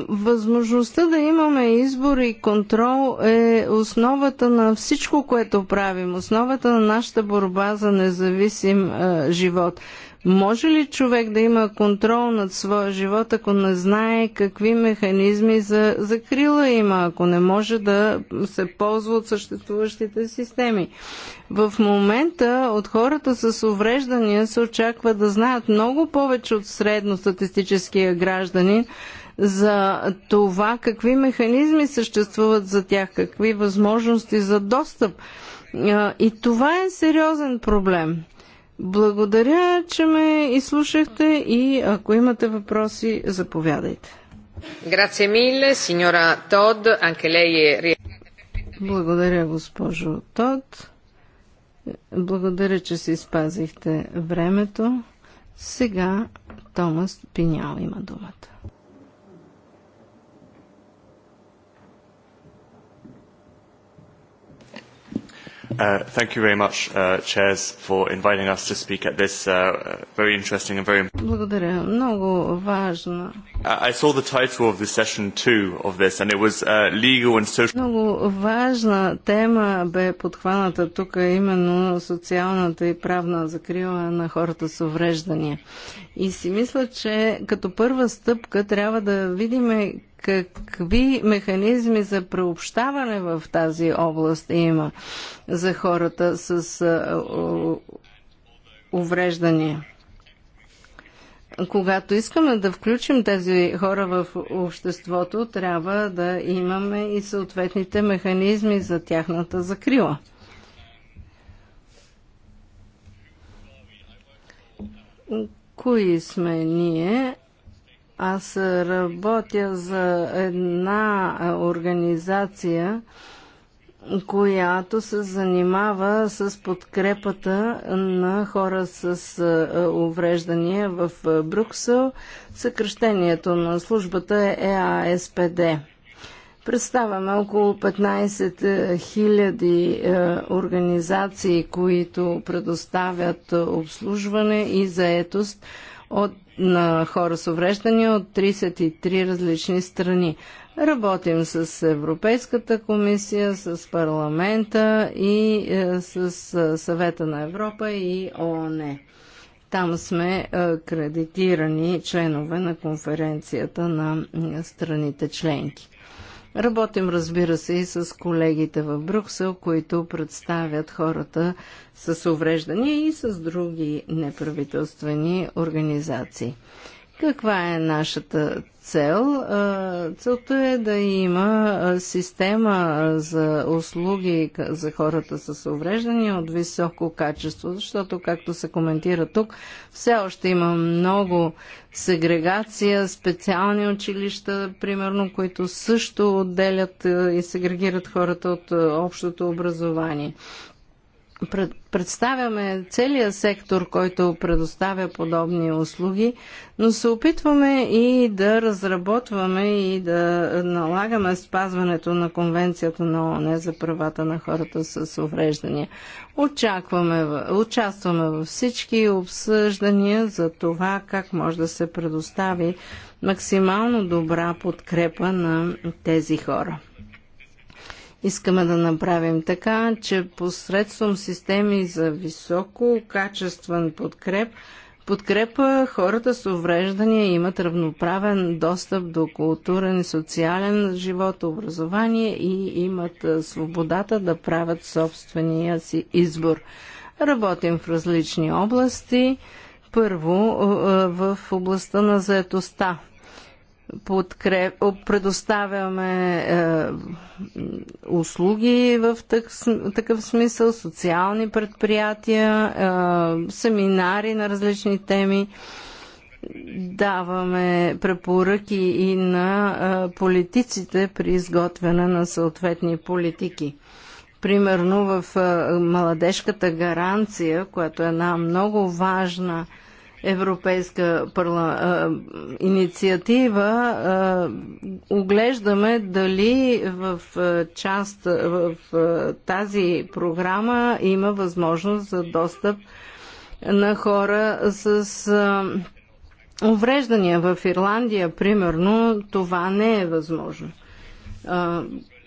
Възможността да имаме избор и контрол е основата на всичко, което правим, основата на нашата борба за независим е, живот. Може ли човек да има контрол над своя живот, ако не знае какви механизми за закрила има, ако не може да се ползва от съществуващите системи? В момента от хората с увреждания се очаква да знаят много повече от средностатистическия гражданин, за това какви механизми съществуват за тях, какви възможности за достъп. И това е сериозен проблем. Благодаря, че ме изслушахте и ако имате въпроси, заповядайте. Е Благодаря, госпожо Тод. Благодаря, че си спазихте времето. Сега Томас Пинял има думата. Uh, thank you very much, uh, chairs, for inviting us to speak at this uh, very interesting and very Благодаря. Много важно. I saw the title of the session two of this and it was legal and social. Много важна тема бе подхваната тук, именно социалната и правна закрила на хората с увреждания. И си мисля, че като първа стъпка трябва да видим какви механизми за преобщаване в тази област има за хората с увреждания. Когато искаме да включим тези хора в обществото, трябва да имаме и съответните механизми за тяхната закрила. Кои сме ние? Аз работя за една организация, която се занимава с подкрепата на хора с увреждания в Брюксел. Съкръщението на службата е ЕАСПД. Представяме около 15 000 организации, които предоставят обслужване и заетост – от, на хора с увреждания от 33 различни страни. Работим с Европейската комисия, с парламента и е, с е, съвета на Европа и ООН. Там сме е, кредитирани членове на конференцията на е, страните членки. Работим, разбира се, и с колегите в Брюксел, които представят хората с увреждания и с други неправителствени организации. Каква е нашата цел? Целта е да има система за услуги за хората с увреждания от високо качество, защото, както се коментира тук, все още има много сегрегация, специални училища, примерно, които също отделят и сегрегират хората от общото образование представяме целият сектор, който предоставя подобни услуги, но се опитваме и да разработваме и да налагаме спазването на Конвенцията на ООН за правата на хората с увреждания. Очакваме, участваме във всички обсъждания за това как може да се предостави максимално добра подкрепа на тези хора. Искаме да направим така, че посредством системи за високо качествен подкреп, подкрепа хората с увреждания имат равноправен достъп до културен и социален живот, образование и имат свободата да правят собствения си избор. Работим в различни области. Първо в областта на заетостта подкреп, предоставяме е, услуги в такъв, смисъл, социални предприятия, е, семинари на различни теми. Даваме препоръки и на е, политиците при изготвяне на съответни политики. Примерно в е, младежката гаранция, която е една много важна европейска парла... инициатива оглеждаме дали в част в тази програма има възможност за достъп на хора с увреждания. В Ирландия, примерно, това не е възможно.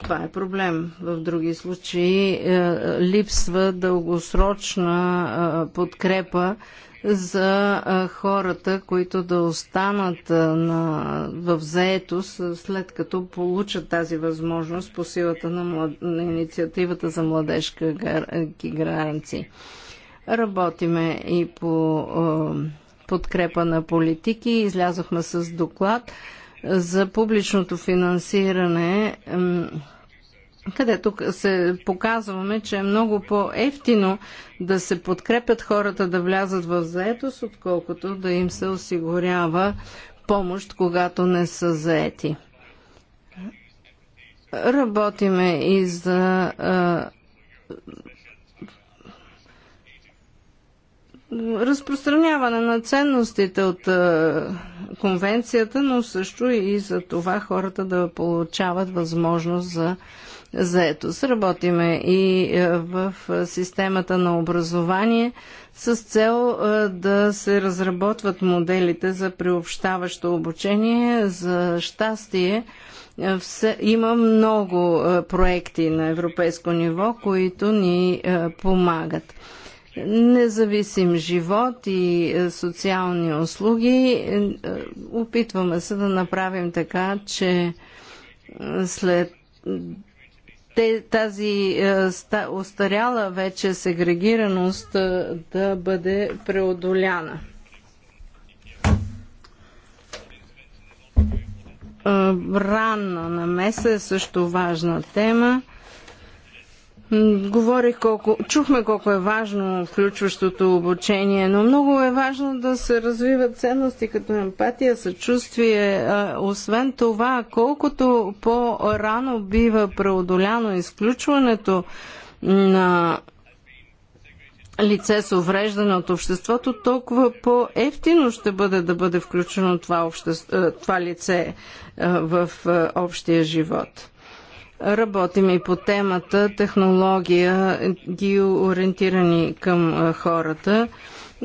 това е проблем. В други случаи е, липсва дългосрочна подкрепа за хората, които да останат на, в заетост, след като получат тази възможност по силата на, млад... на инициативата за младежка гар... гаранция. Работиме и по а, подкрепа на политики. Излязохме с доклад за публичното финансиране където се показваме, че е много по-ефтино да се подкрепят хората да влязат в заетост, отколкото да им се осигурява помощ, когато не са заети. Работиме и за разпространяване на ценностите от е, конвенцията, но също и за това хората да получават възможност за заетост. Работиме и е, в системата на образование с цел е, да се разработват моделите за приобщаващо обучение. За щастие все, има много проекти на европейско ниво, които ни помагат независим живот и е, социални услуги. Е, е, опитваме се да направим така, че след тази устаряла вече сегрегираност да бъде преодоляна. Ранна намеса е също важна тема. Говорих колко, чухме колко е важно включващото обучение, но много е важно да се развиват ценности като емпатия, съчувствие. Освен това, колкото по-рано бива преодоляно изключването на лице с увреждане от обществото, толкова по-ефтино ще бъде да бъде включено това, обще... Е, това лице е, в е, общия живот. Работим и по темата технология, ги ориентирани към хората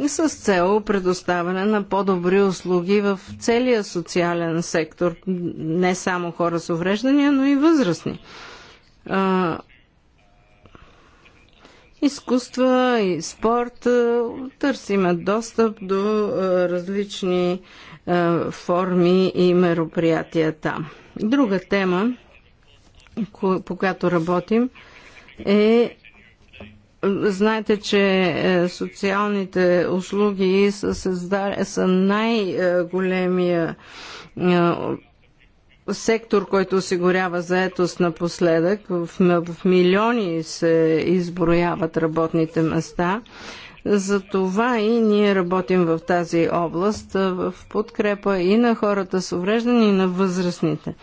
с цел предоставяне на по-добри услуги в целия социален сектор, не само хора с увреждания, но и възрастни. изкуства и спорт търсиме достъп до различни форми и мероприятия там. Друга тема по която работим, е Знаете, че е, социалните услуги са, създа... са най-големия е, сектор, който осигурява заетост напоследък. В, в милиони се изброяват работните места. за това и ние работим в тази област е, в подкрепа и на хората с увреждане, и на възрастните.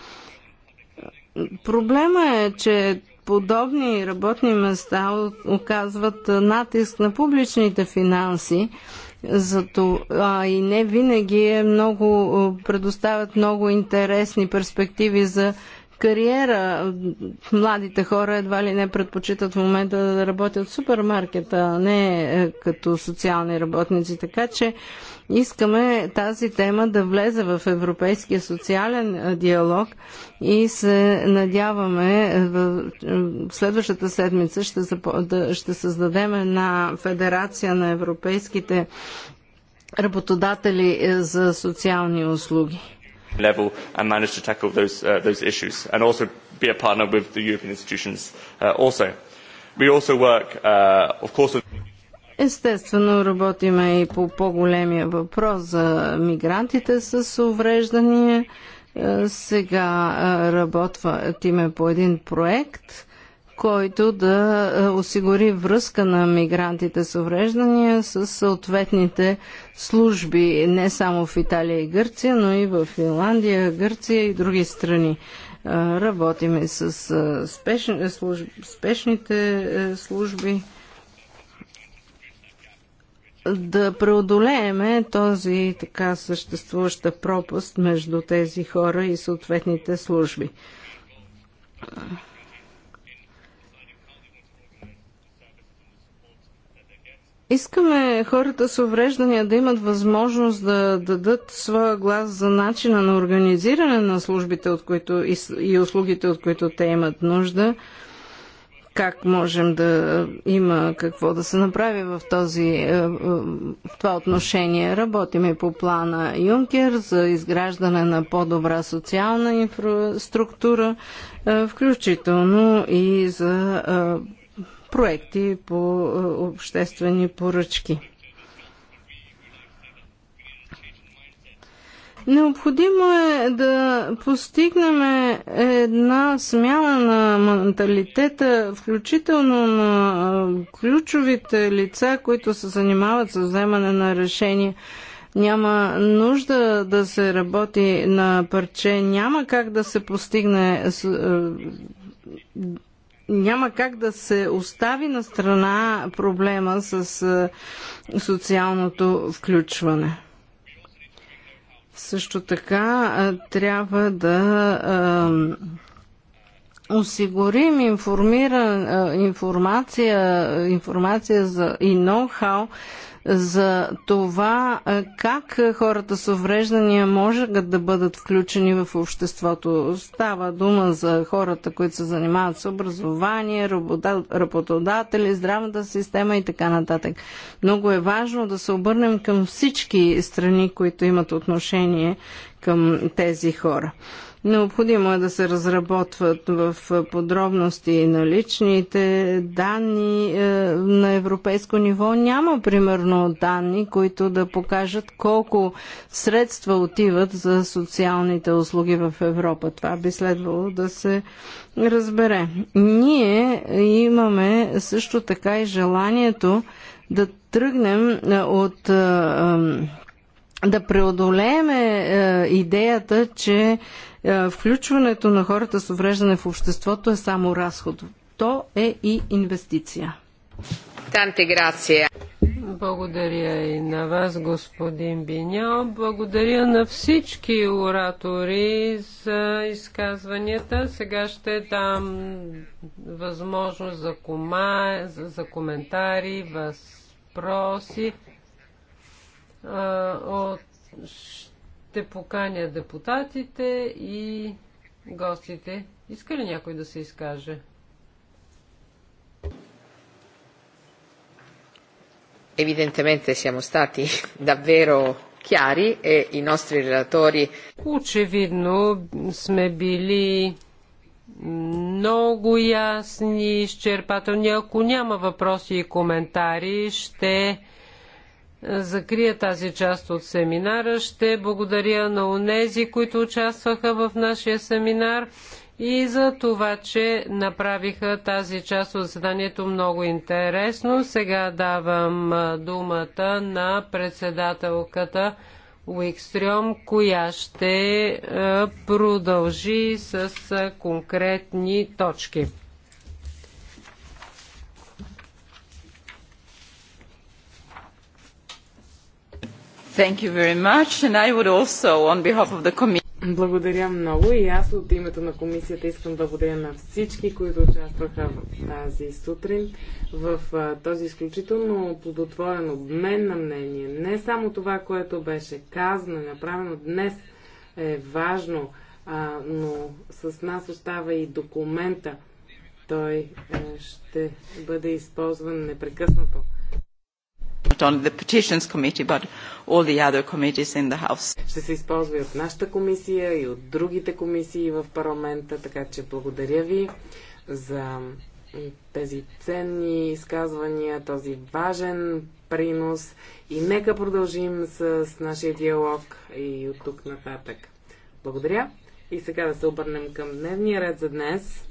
Проблема е, че подобни работни места оказват натиск на публичните финанси, зато, а и не винаги е много, предоставят много интересни перспективи за кариера. Младите хора едва ли не предпочитат в момента да работят в супермаркета, а не е, като социални работници. Така че Искаме тази тема да влезе в европейския социален диалог и се надяваме в следващата седмица ще, ще създадем една федерация на европейските работодатели за социални услуги level and manage to tackle those, uh, those issues and also be a partner with the European institutions uh, also. We also work, uh, of course, with Естествено, работиме и по по-големия въпрос за мигрантите с увреждания. Е, сега е, работиме по един проект, който да е, осигури връзка на мигрантите с увреждания с съответните служби, не само в Италия и Гърция, но и в Финландия, Гърция и други страни. Работиме с спешни, служб, спешните служби да преодолееме този така съществуваща пропаст между тези хора и съответните служби. Искаме хората с увреждания да имат възможност да дадат своя глас за начина на организиране на службите от които, и услугите, от които те имат нужда как можем да има какво да се направи в, този, е, е, в това отношение. Работим и по плана Юнкер за изграждане на по-добра социална инфраструктура, е, включително и за проекти по обществени поръчки. Необходимо е да постигнем една смяна на менталитета, включително на ключовите лица, които се занимават с вземане на решения. Няма нужда да се работи на парче, няма как да се постигне няма как да се остави на страна проблема с социалното включване. Също така трябва да осигурим информиран, информация, информация за и ноу-хау за това е, как е, хората с увреждания могат да бъдат включени в обществото. Става дума за хората, които се занимават с образование, работодатели, здравната система и така нататък. Много е важно да се обърнем към всички страни, които имат отношение към тези хора. Необходимо е да се разработват в подробности наличните данни е, на европейско ниво. Няма примерно данни, които да покажат колко средства отиват за социалните услуги в Европа. Това би следвало да се разбере. Ние имаме също така и желанието да тръгнем е, от е, да преодолееме идеята, че е, включването на хората с увреждане в обществото е само разход. То е и инвестиция. Танте грация. Благодаря и на вас, господин Биньо. Благодаря на всички оратори за изказванията. Сега ще дам възможност за, кома, за, за коментари, въпроси. А, от, ще поканя депутатите и гостите. Иска ли някой да се изкаже? Evidentemente siamo stati *laughs* davvero chiari e i nostri relatori. Очевидно сме били много ясни, изчерпателни. Ако няма въпроси и коментари, ще закрия тази част от семинара. Ще благодаря на онези, които участваха в нашия семинар и за това, че направиха тази част от заседанието много интересно. Сега давам думата на председателката Уикстрем, коя ще продължи с конкретни точки. Also, благодаря много и аз от името на комисията искам да благодаря на всички, които участваха в тази сутрин в този изключително плодотворен обмен на мнение. Не само това, което беше казано и направено днес е важно, а, но с нас остава и документа. Той е, ще бъде използван непрекъснато. Ще се използва и от нашата комисия, и от другите комисии в парламента, така че благодаря ви за тези ценни изказвания, този важен принос и нека продължим с нашия диалог и от тук нататък. Благодаря и сега да се обърнем към дневния ред за днес.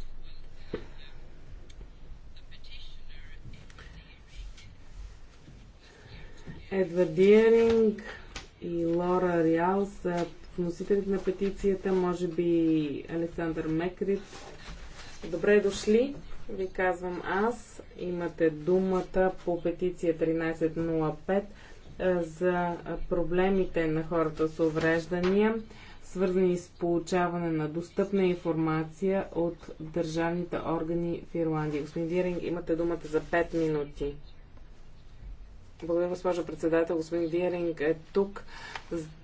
Едвард Диеринг и Лора Риал са вносителите на петицията, може би Александър Мекрит. Добре дошли, ви казвам аз. Имате думата по петиция 1305 за проблемите на хората с увреждания, свързани с получаване на достъпна информация от държавните органи в Ирландия. Господин Диеринг, имате думата за 5 минути. Благодаря, госпожо председател. Господин Виеринг е тук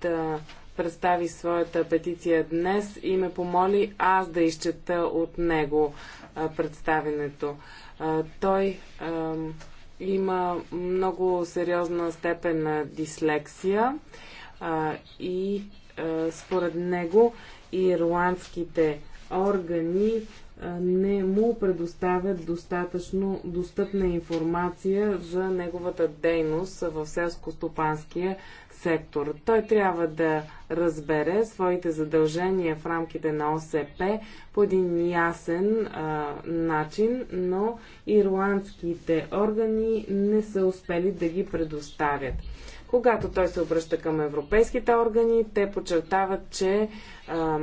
да представи своята петиция днес и ме помоли аз да изчета от него представенето. той има много сериозна степен на дислексия и според него ирландските органи не му предоставят достатъчно достъпна информация за неговата дейност в селско-стопанския сектор. Той трябва да разбере своите задължения в рамките на ОСП по един ясен а, начин, но ирландските органи не са успели да ги предоставят. Когато той се обръща към европейските органи, те подчертават, че а,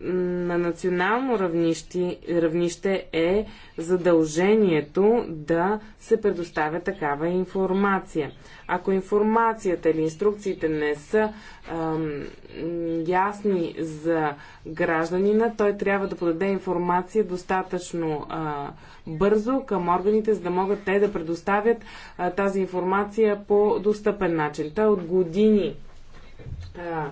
на национално равнище, равнище е задължението да се предоставя такава информация. Ако информацията или инструкциите не са ам, ясни за гражданина, той трябва да подаде информация достатъчно а, бързо към органите, за да могат те да предоставят а, тази информация по достъпен начин. Той от години а,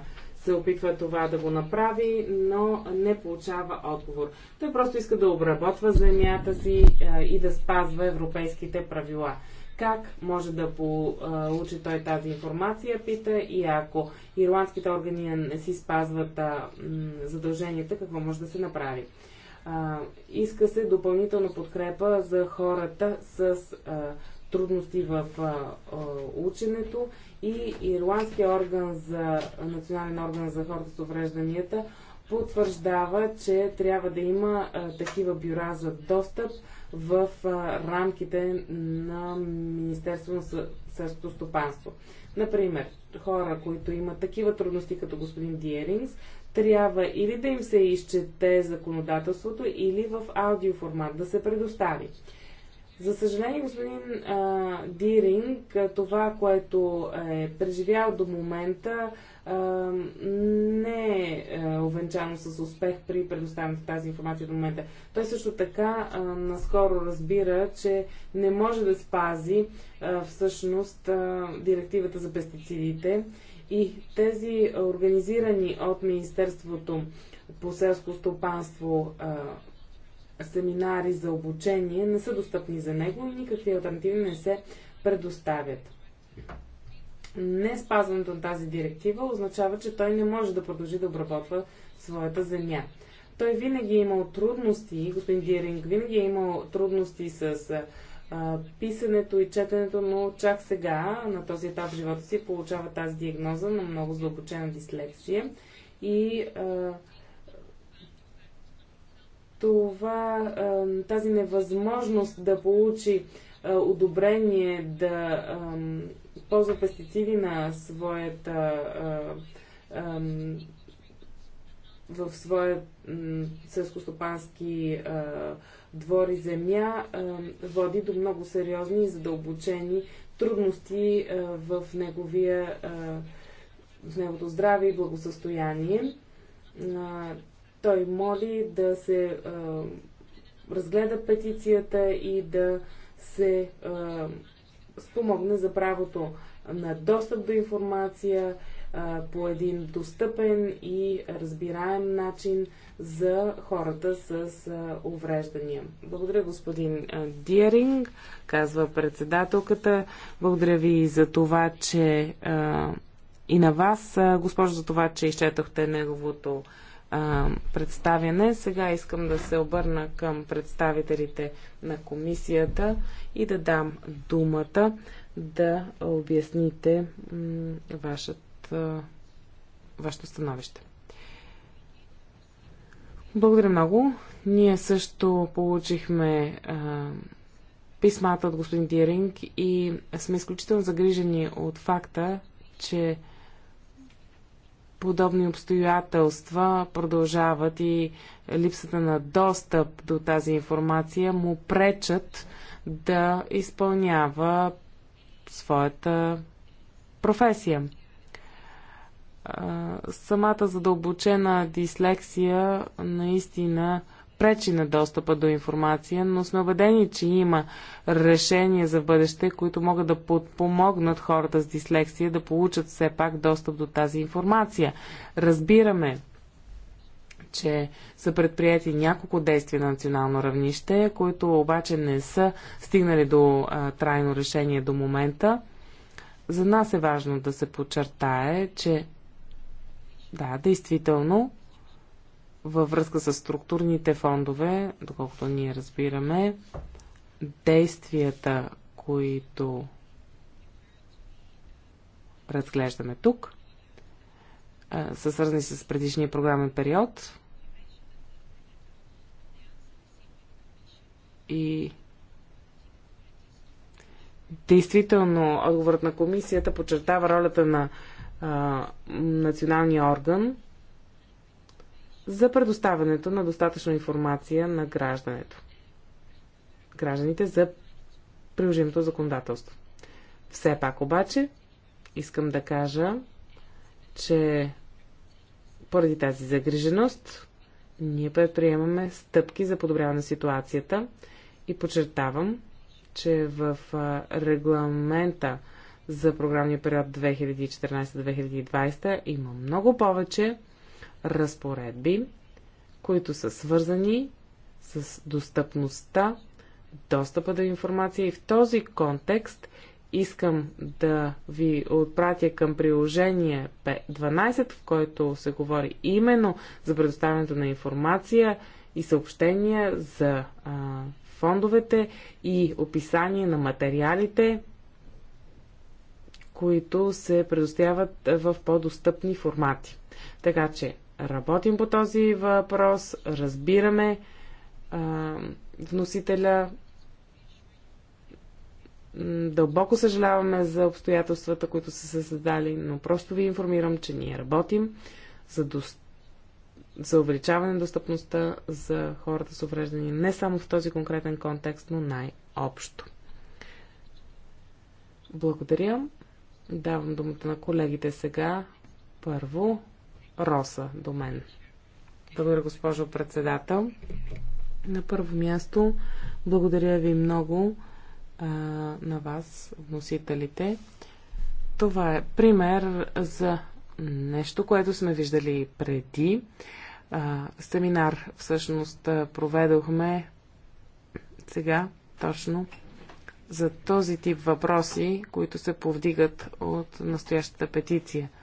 се опитва това да го направи, но не получава отговор. Той просто иска да обработва земята си е, и да спазва европейските правила. Как може да получи той тази информация, пита и ако ирландските органи не си спазват задълженията, какво може да се направи? иска се допълнителна подкрепа за хората с трудности в ученето и Ирландския орган за национален орган за хората с уврежданията потвърждава, че трябва да има а, такива бюра за достъп в а, рамките на Министерство на селското стопанство. Например, хора, които имат такива трудности като господин Диерингс, трябва или да им се изчете законодателството, или в аудиоформат да се предостави. За съжаление, господин а, Диринг, това, което е преживял до момента, а, не е овенчано с успех при предоставянето тази информация до момента. Той също така а, наскоро разбира, че не може да спази а, всъщност а, директивата за пестицидите и тези организирани от Министерството по селско стопанство а, семинари за обучение не са достъпни за него и никакви альтернативи не се предоставят. Не спазването на тази директива означава, че той не може да продължи да обработва своята земя. Той винаги е имал трудности, господин Диринг, винаги е имал трудности с а, писането и четенето, но чак сега, на този етап в живота си, получава тази диагноза на много злобочена дислексия и а, това, тази невъзможност да получи одобрение да ползва пестициди на своята в своя селскостопански двор и земя води до много сериозни и задълбочени трудности в неговия в неговото здраве и благосъстояние той моли да се а, разгледа петицията и да се а, спомогне за правото на достъп до информация а, по един достъпен и разбираем начин за хората с а, увреждания. Благодаря, господин Диринг, казва председателката. Благодаря ви за това, че а, и на вас, госпожо, за това, че изчетохте неговото а, представяне. Сега искам да се обърна към представителите на комисията и да дам думата да обясните вашето становище. Благодаря много. Ние също получихме а, писмата от господин Диринг и сме изключително загрижени от факта, че подобни обстоятелства продължават и липсата на достъп до тази информация му пречат да изпълнява своята професия. Самата задълбочена дислексия наистина пречи на достъпа до информация, но сме убедени, че има решения за бъдеще, които могат да подпомогнат хората с дислексия да получат все пак достъп до тази информация. Разбираме, че са предприяти няколко действия на национално равнище, които обаче не са стигнали до а, трайно решение до момента. За нас е важно да се подчертае, че да, действително, във връзка с структурните фондове, доколкото ние разбираме, действията, които разглеждаме тук, са свързани с предишния програмен период. И действително отговорът на комисията подчертава ролята на а, националния орган за предоставянето на достатъчно информация на граждането. Гражданите за приложимото законодателство. Все пак обаче, искам да кажа, че поради тази загриженост, ние предприемаме стъпки за подобряване на ситуацията и подчертавам, че в регламента за програмния период 2014-2020 има много повече разпоредби, които са свързани с достъпността, достъпа до информация и в този контекст искам да ви отпратя към приложение 12, в който се говори именно за предоставянето на информация и съобщения за а, фондовете и описание на материалите, които се предоставят в по-достъпни формати. Така че работим по този въпрос, разбираме а, вносителя. Дълбоко съжаляваме за обстоятелствата, които са се създали, но просто ви информирам, че ние работим за, до... за увеличаване на достъпността за хората с увреждания, не само в този конкретен контекст, но най-общо. Благодаря. Давам думата на колегите сега. Първо, Роса до мен. Благодаря, госпожо председател. На първо място, благодаря ви много а, на вас, вносителите. Това е пример за нещо, което сме виждали преди. А, семинар всъщност проведохме сега точно за този тип въпроси, които се повдигат от настоящата петиция –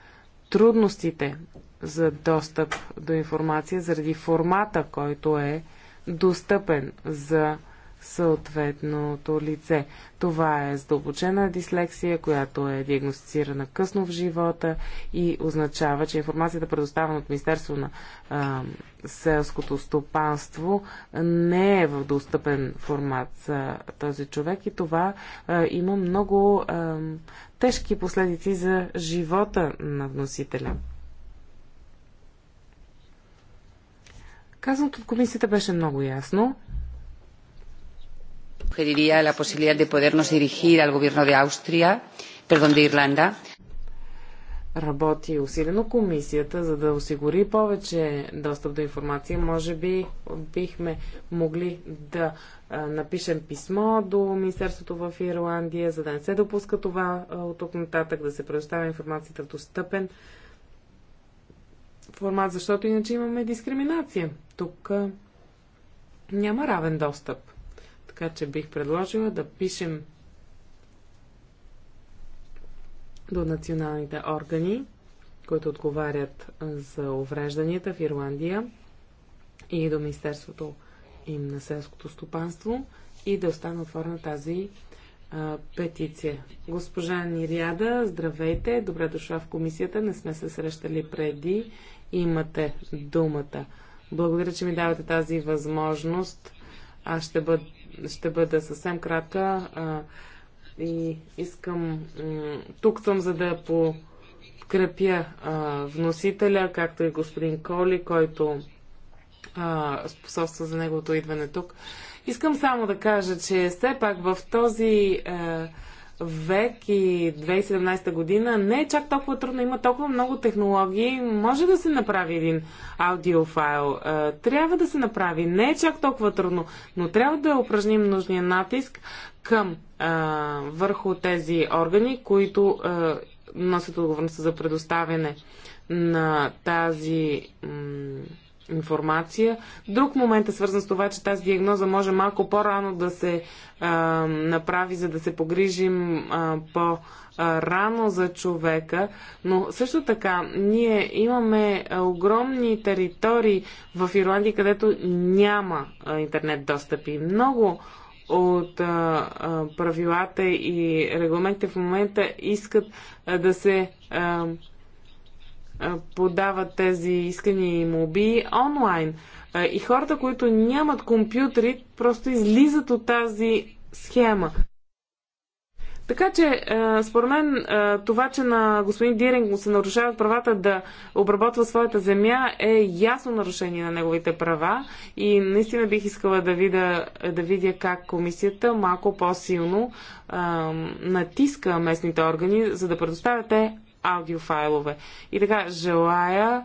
трудностите за достъп до информация заради формата, който е достъпен за съответното лице. Това е задълбочена дислексия, която е диагностицирана късно в живота и означава, че информацията, предоставена от Министерство на а, селското стопанство, не е в достъпен формат за този човек и това а, има много а, тежки последици за живота на вносителя. Казаното от комисията беше много ясно. Sugeriría la posibilidad de podernos dirigir al gobierno de Austria, perdón, de Irlanda. Работи усилено комисията, за да осигури повече достъп до информация. Може би бихме могли да напишем писмо до Министерството в Ирландия, за да не се допуска това от тук нататък, да се предоставя информацията в достъпен формат, защото иначе имаме дискриминация. Тук няма равен достъп. Така че бих предложила да пишем до националните органи, които отговарят за уврежданията в Ирландия и до Министерството им на селското стопанство и да остане отворена тази а, петиция. Госпожа Ниряда, здравейте, добре дошла в комисията, не сме се срещали преди, имате думата. Благодаря, че ми давате тази възможност. Аз ще бъда ще бъда съвсем кратка и искам. Тук съм, за да подкрепя вносителя, както и господин Коли, който способства за неговото идване тук. Искам само да кажа, че все пак в този век и 2017 година не е чак толкова трудно. Има толкова много технологии. Може да се направи един аудиофайл. Е, трябва да се направи. Не е чак толкова трудно. Но трябва да упражним нужния натиск към е, върху тези органи, които е, носят отговорност за предоставяне на тази информация. Друг момент е свързан с това, че тази диагноза може малко по-рано да се а, направи, за да се погрижим по-рано за човека. Но също така, ние имаме огромни територии в Ирландия, където няма а, интернет достъпи. Много от а, правилата и регламентите в момента искат да се подават тези искани моби онлайн. И хората, които нямат компютри, просто излизат от тази схема. Така че, според мен, това, че на господин Диринг му се нарушават правата да обработва своята земя, е ясно нарушение на неговите права и наистина бих искала да видя, да видя как комисията малко по-силно натиска местните органи, за да предоставят те аудиофайлове. И така, желая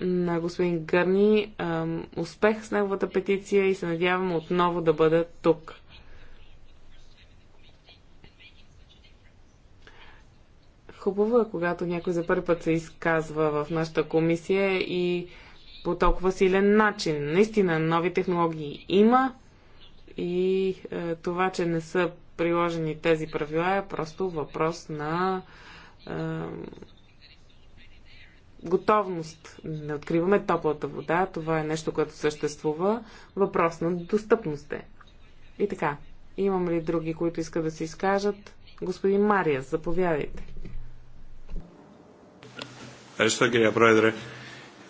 на господин Гърни успех с неговата петиция и се надявам отново да бъда тук. Хубаво е, когато някой за първи път се изказва в нашата комисия и по толкова силен начин. Наистина, нови технологии има и е, това, че не са приложени тези правила е просто въпрос на е, готовност. Не откриваме топлата вода, това е нещо, което съществува. Въпрос на достъпност е. И така, имам ли други, които искат да се изкажат? Господин Мария, заповядайте.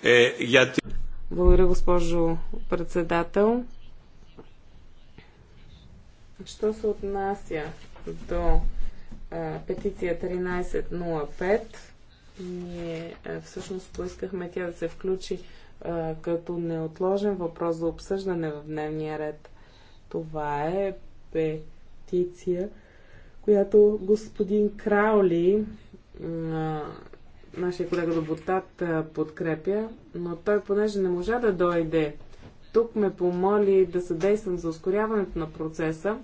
Е, Благодаря, госпожо председател. Що се отнася до а, петиция 1305, ние а, всъщност поискахме тя да се включи а, като неотложен въпрос за обсъждане в дневния ред. Това е петиция, която господин Краули, нашия колега Добутат, подкрепя, но той понеже не можа да дойде тук ме помоли да съдействам за ускоряването на процеса.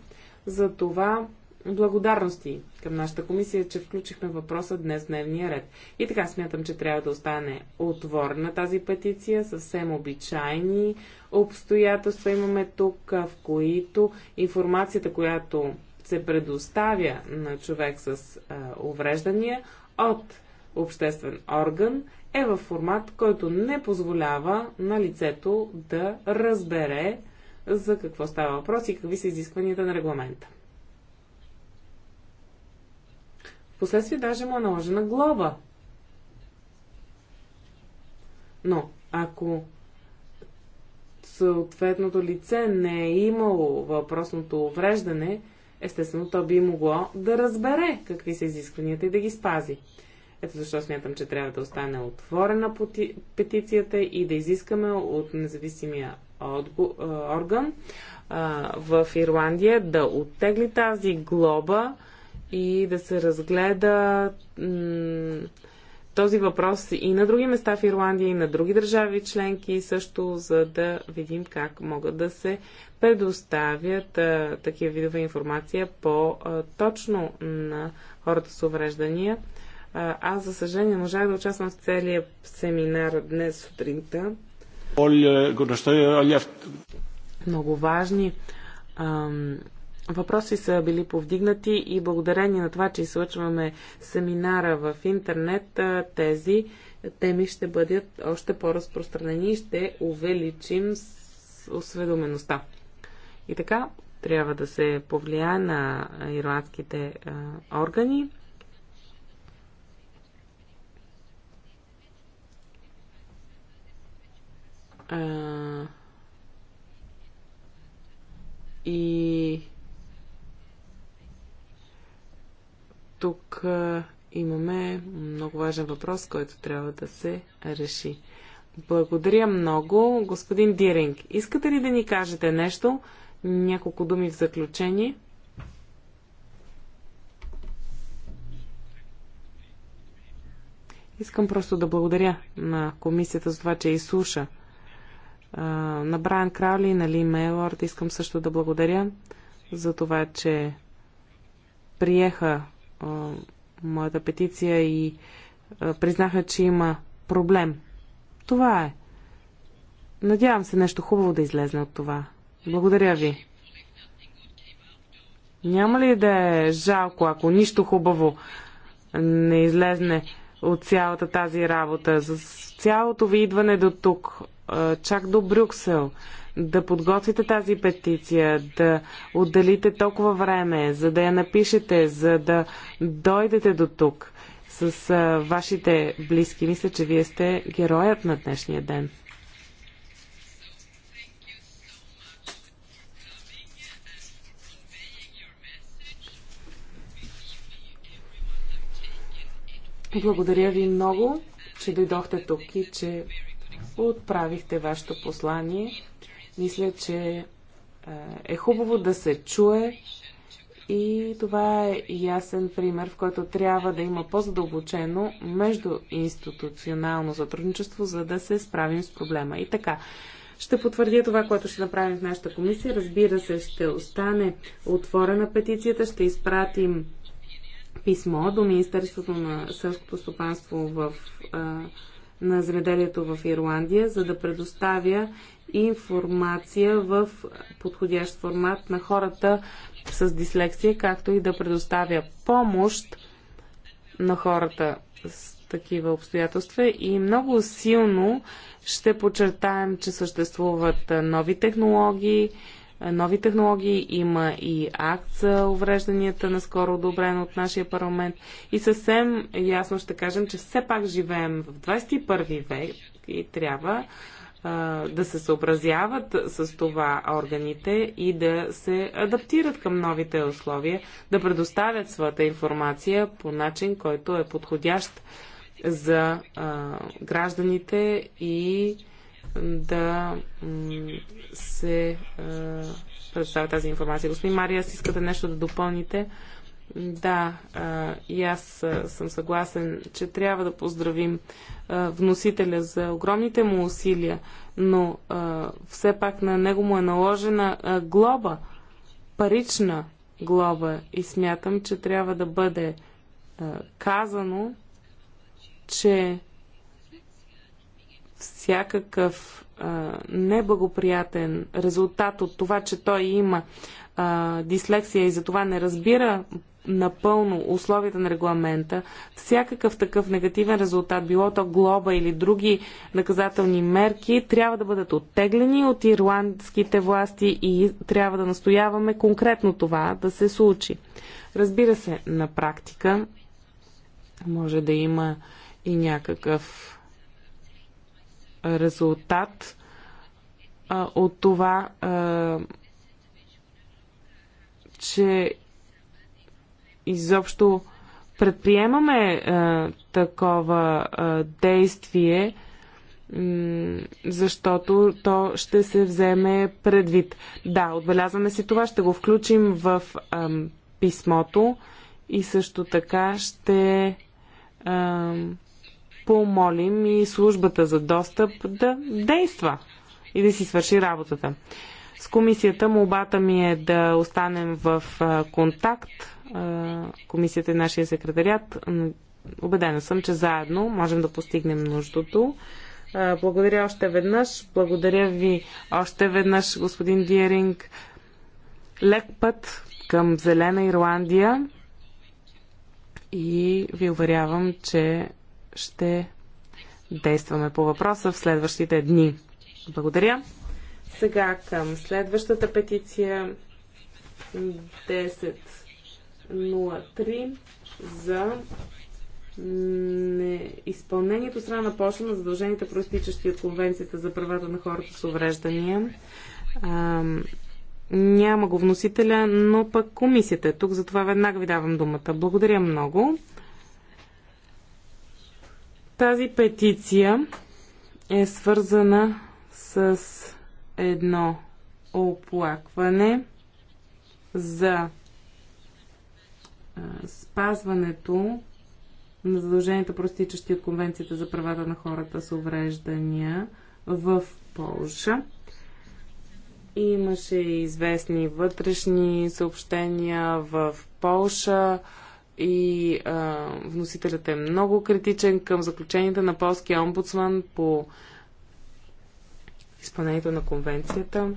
За това благодарности към нашата комисия, че включихме въпроса днес в дневния ред. И така смятам, че трябва да остане отворена тази петиция. Съвсем обичайни обстоятелства имаме тук, в които информацията, която се предоставя на човек с увреждания от обществен орган е в формат, който не позволява на лицето да разбере за какво става въпрос и какви са изискванията на регламента. Впоследствие даже му е наложена глоба. Но ако съответното лице не е имало въпросното увреждане, естествено то би могло да разбере какви са изискванията и да ги спази. Ето защо смятам, че трябва да остане отворена петицията и да изискаме от независимия орган в Ирландия да оттегли тази глоба и да се разгледа този въпрос и на други места в Ирландия, и на други държави членки, също за да видим как могат да се предоставят а, такива видове информация по-точно на хората с увреждания аз, за съжаление, можах да участвам в целия семинар днес сутринта. Е, Много важни ам, въпроси са били повдигнати и благодарение на това, че излъчваме семинара в интернет, тези теми ще бъдат още по-разпространени и ще увеличим осведомеността. И така, трябва да се повлияе на ирландските органи А, и тук а, имаме много важен въпрос, който трябва да се реши. Благодаря много. Господин Диринг, искате ли да ни кажете нещо? Няколко думи в заключение. Искам просто да благодаря на комисията за това, че изслуша на Брайан Краули и на Ли Мейлорд искам също да благодаря за това, че приеха а, моята петиция и а, признаха, че има проблем. Това е. Надявам се нещо хубаво да излезне от това. Благодаря ви. Няма ли да е жалко, ако нищо хубаво не излезне от цялата тази работа, за цялото ви идване до тук, чак до Брюксел, да подготвите тази петиция, да отделите толкова време, за да я напишете, за да дойдете до тук с а, вашите близки. Мисля, че вие сте героят на днешния ден. Благодаря ви много, че дойдохте тук и че отправихте вашето послание. Мисля, че е хубаво да се чуе и това е ясен пример, в който трябва да има по-задълбочено междуинституционално сътрудничество, за да се справим с проблема. И така, ще потвърдя това, което ще направим в нашата комисия. Разбира се, ще остане отворена петицията, ще изпратим писмо до Министерството на селското стопанство в а, на земеделието в Ирландия, за да предоставя информация в подходящ формат на хората с дислексия, както и да предоставя помощ на хората с такива обстоятелства и много силно ще подчертаем, че съществуват нови технологии, е, нови технологии, има и акт за уврежданията, наскоро одобрен от нашия парламент. И съвсем ясно ще кажем, че все пак живеем в 21 век и трябва да се съобразяват с това органите и да се адаптират към новите условия, да предоставят своята информация по начин, който е подходящ за а, гражданите и да се е, представя тази информация. Господин аз искате нещо да допълните? Да, е, и аз е, съм съгласен, че трябва да поздравим вносителя за огромните му усилия, но все пак на него му е наложена глоба, парична глоба и смятам, че трябва да бъде казано, че всякакъв а, неблагоприятен резултат от това, че той има а, дислексия и затова не разбира напълно условията на регламента, всякакъв такъв негативен резултат, било то глоба или други наказателни мерки, трябва да бъдат оттеглени от ирландските власти и трябва да настояваме конкретно това да се случи. Разбира се, на практика може да има и някакъв резултат а, от това, а, че изобщо предприемаме а, такова а, действие, защото то ще се вземе предвид. Да, отбелязваме си това, ще го включим в а, писмото и също така ще А, помолим и службата за достъп да действа и да си свърши работата. С комисията молбата ми е да останем в контакт. Комисията е нашия секретарят. Обедена съм, че заедно можем да постигнем нуждото. Благодаря още веднъж. Благодаря ви още веднъж, господин Диеринг. Лек път към Зелена Ирландия и ви уверявам, че ще действаме по въпроса в следващите дни. Благодаря. Сега към следващата петиция 10.03 за изпълнението страна на Польша на задълженията, проистичащи от Конвенцията за правата на хората с увреждания. А, няма го вносителя, но пък комисията е тук, затова веднага ви давам думата. Благодаря много. Тази петиция е свързана с едно оплакване за спазването на задълженията, простичащи от Конвенцията за правата на хората с увреждания в Полша. Имаше известни вътрешни съобщения в Полша и а, вносителят е много критичен към заключенията на полския омбудсман по изпълнението на конвенцията.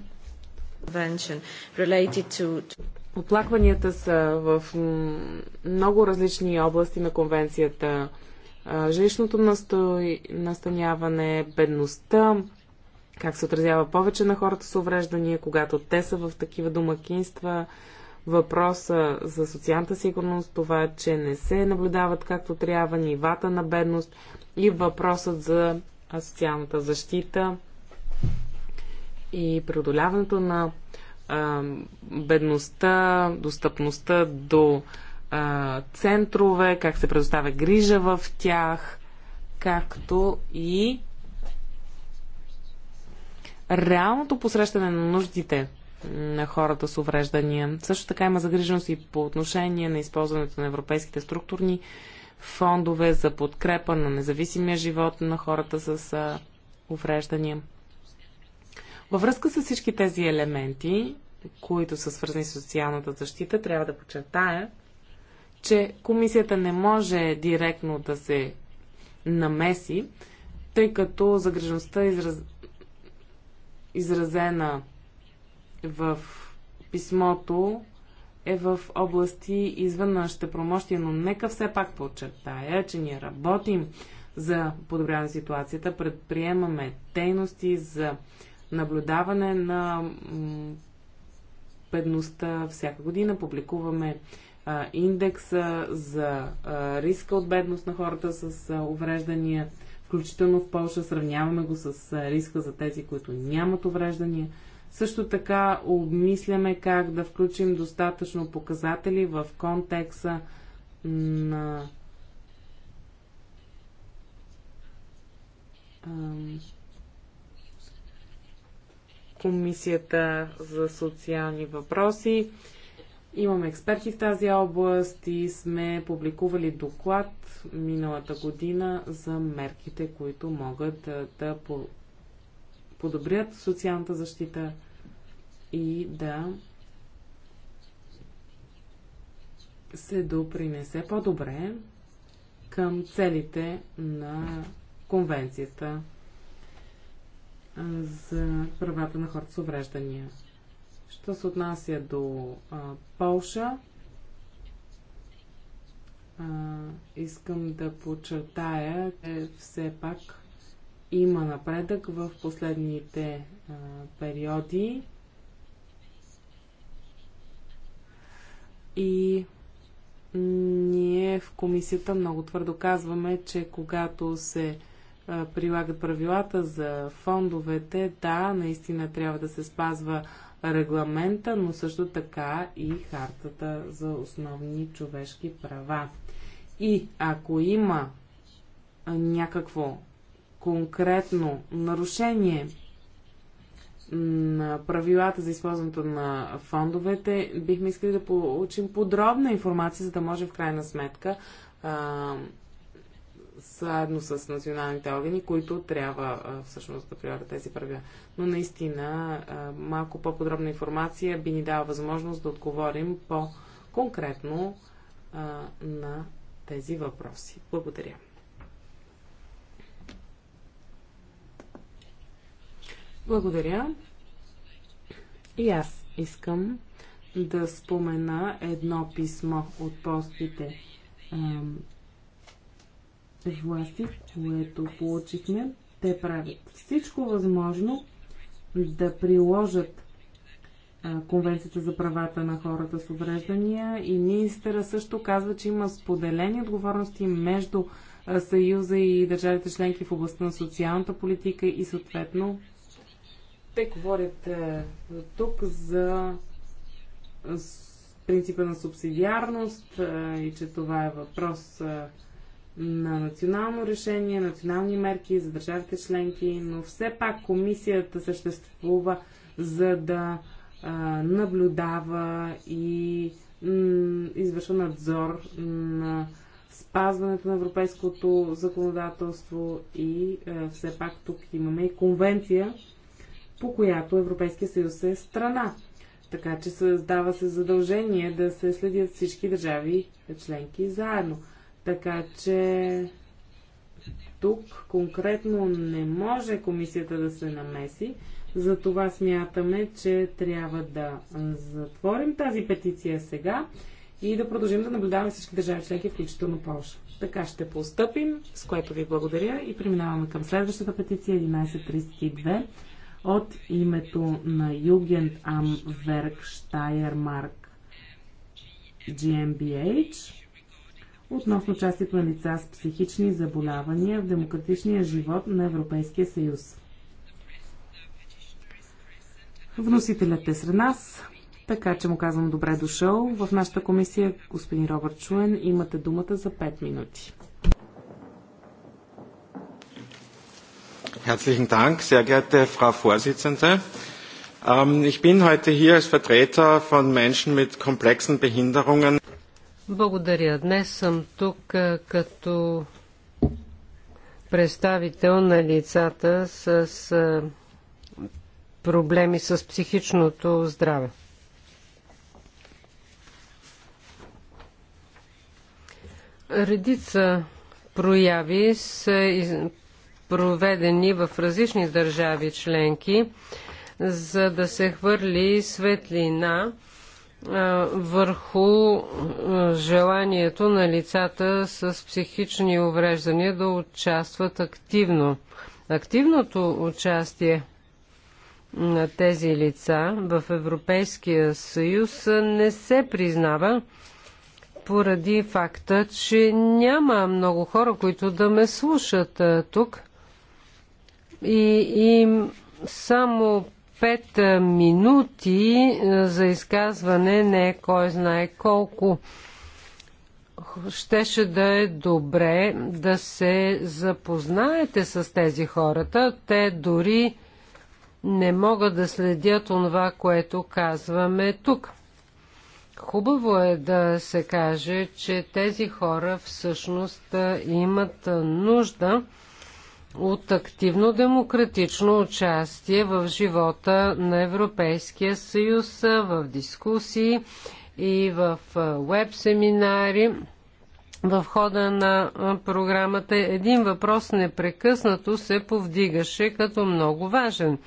Оплакванията са в много различни области на конвенцията. Жилищното настаняване, бедността, как се отразява повече на хората с увреждания, когато те са в такива домакинства, въпроса за социалната сигурност, това, че не се наблюдават както трябва нивата на бедност и въпросът за социалната защита и преодоляването на а, бедността, достъпността до а, центрове, как се предоставя грижа в тях, както и реалното посрещане на нуждите на хората с увреждания. Също така има загриженост и по отношение на използването на европейските структурни фондове за подкрепа на независимия живот на хората с увреждания. Във връзка с всички тези елементи, които са свързани с социалната защита, трябва да подчертая, че комисията не може директно да се намеси, тъй като загрежността е израз... изразена в писмото е в области извън нашите промощия, но нека все пак подчертая, че ние работим за подобряване на ситуацията, предприемаме дейности за наблюдаване на бедността. Всяка година публикуваме а, индекса за а, риска от бедност на хората с а, увреждания, включително в Польша. Сравняваме го с а, риска за тези, които нямат увреждания. Също така обмисляме как да включим достатъчно показатели в контекста на Комисията за социални въпроси. Имаме експерти в тази област и сме публикували доклад миналата година за мерките, които могат да, да подобрят социалната защита и да се допринесе по-добре към целите на Конвенцията за правата на хората с увреждания. Що се отнася до а, Полша, а, искам да подчертая, че все пак има напредък в последните а, периоди. И ние в комисията много твърдо казваме, че когато се а, прилагат правилата за фондовете, да, наистина трябва да се спазва регламента, но също така и хартата за основни човешки права. И ако има някакво конкретно нарушение на правилата за използването на фондовете, бихме искали да получим подробна информация, за да може в крайна сметка а, заедно с националните органи, които трябва а, всъщност да прилагат тези правила. Но наистина а, малко по-подробна информация би ни дала възможност да отговорим по-конкретно на тези въпроси. Благодаря. Благодаря. И аз искам да спомена едно писмо от полските власти, което получихме. Те правят всичко възможно да приложат а, Конвенцията за правата на хората с увреждания и министъра също казва, че има споделени отговорности между Съюза и държавите членки в областта на социалната политика и съответно те говорят е, тук за е, принципа на субсидиарност е, и че това е въпрос на национално решение, национални мерки за държавите членки, но все пак комисията съществува за да наблюдава и извършва надзор на спазването на европейското законодателство и все пак тук имаме и конвенция по която Европейския съюз е страна. Така че създава се задължение да се следят всички държави членки заедно. Така че тук конкретно не може комисията да се намеси. Затова смятаме, че трябва да затворим тази петиция сега и да продължим да наблюдаваме всички държави членки, включително Польша. Така ще постъпим, с което ви благодаря и преминаваме към следващата петиция 1132 от името на Югент Ам Верк Штайермарк GmbH относно участието на лица с психични заболявания в демократичния живот на Европейския съюз. Вносителят е сред нас, така че му казвам добре дошъл. В нашата комисия, господин Робърт Чуен, имате думата за 5 минути. Herzlichen Dank, sehr geehrte Frau Vorsitzende. Ich bin heute hier als Vertreter von Menschen mit komplexen Behinderungen. Благодаря. Днес съм тук като представител на лицата с проблеми с психичното здраве. Редица прояви се проведени в различни държави членки, за да се хвърли светлина върху желанието на лицата с психични увреждания да участват активно. Активното участие на тези лица в Европейския съюз не се признава поради факта, че няма много хора, които да ме слушат тук и и само пет минути за изказване не е кой знае колко. Щеше да е добре да се запознаете с тези хората. Те дори не могат да следят това, което казваме тук. Хубаво е да се каже, че тези хора всъщност имат нужда от активно демократично участие в живота на Европейския съюз, в дискусии и в веб семинари. В хода на програмата един въпрос непрекъснато се повдигаше като много важен.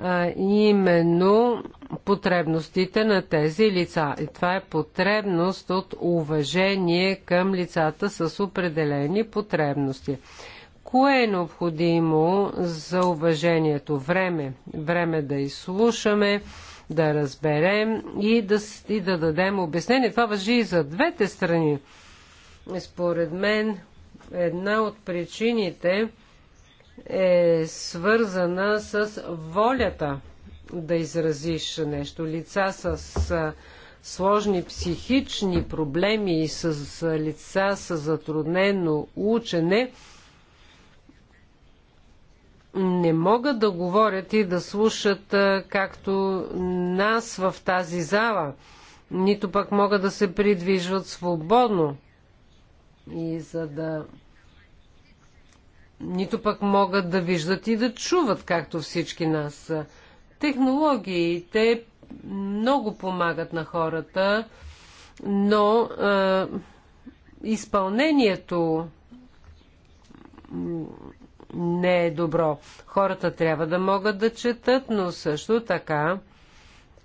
А, именно потребностите на тези лица. И това е потребност от уважение към лицата с определени потребности. Кое е необходимо за уважението? Време. Време да изслушаме, да разберем и да, и да дадем обяснение. Това въжи и за двете страни. Според мен, една от причините е свързана с волята да изразиш нещо. Лица с сложни психични проблеми и с лица с затруднено учене – не могат да говорят и да слушат както нас в тази зала, нито пък могат да се придвижват свободно. И за да. Нито пък могат да виждат и да чуват, както всички нас. Технологиите много помагат на хората, но е, изпълнението не е добро. Хората трябва да могат да четат, но също така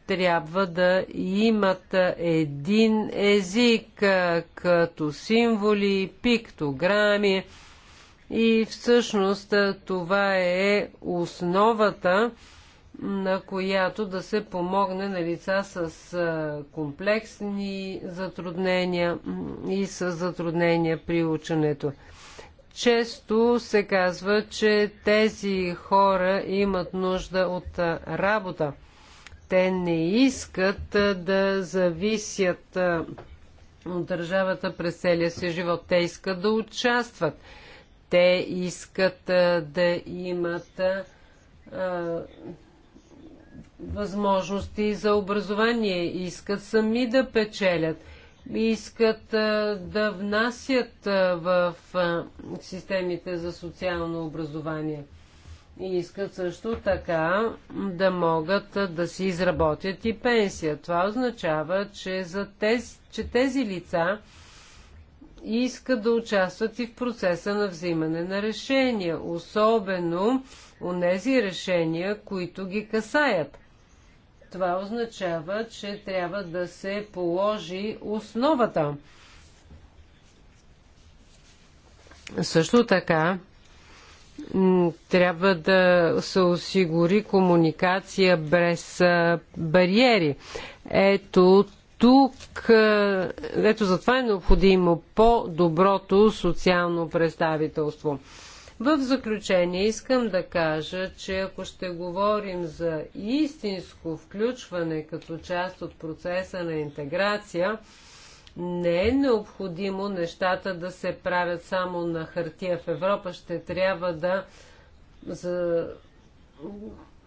трябва да имат един език, като символи, пиктограми. И всъщност това е основата, на която да се помогне на лица с комплексни затруднения и с затруднения при ученето. Често се казва, че тези хора имат нужда от работа. Те не искат да зависят от държавата през целия си живот. Те искат да участват. Те искат да имат а, възможности за образование. Искат сами да печелят искат да внасят в системите за социално образование. И искат също така да могат да си изработят и пенсия. Това означава, че, за тези, че тези лица искат да участват и в процеса на взимане на решения, особено у нези решения, които ги касаят. Това означава, че трябва да се положи основата. Също така, трябва да се осигури комуникация без бариери. Ето тук, ето затова е необходимо по-доброто социално представителство. В заключение искам да кажа, че ако ще говорим за истинско включване като част от процеса на интеграция, не е необходимо нещата да се правят само на хартия. В Европа ще трябва да, за,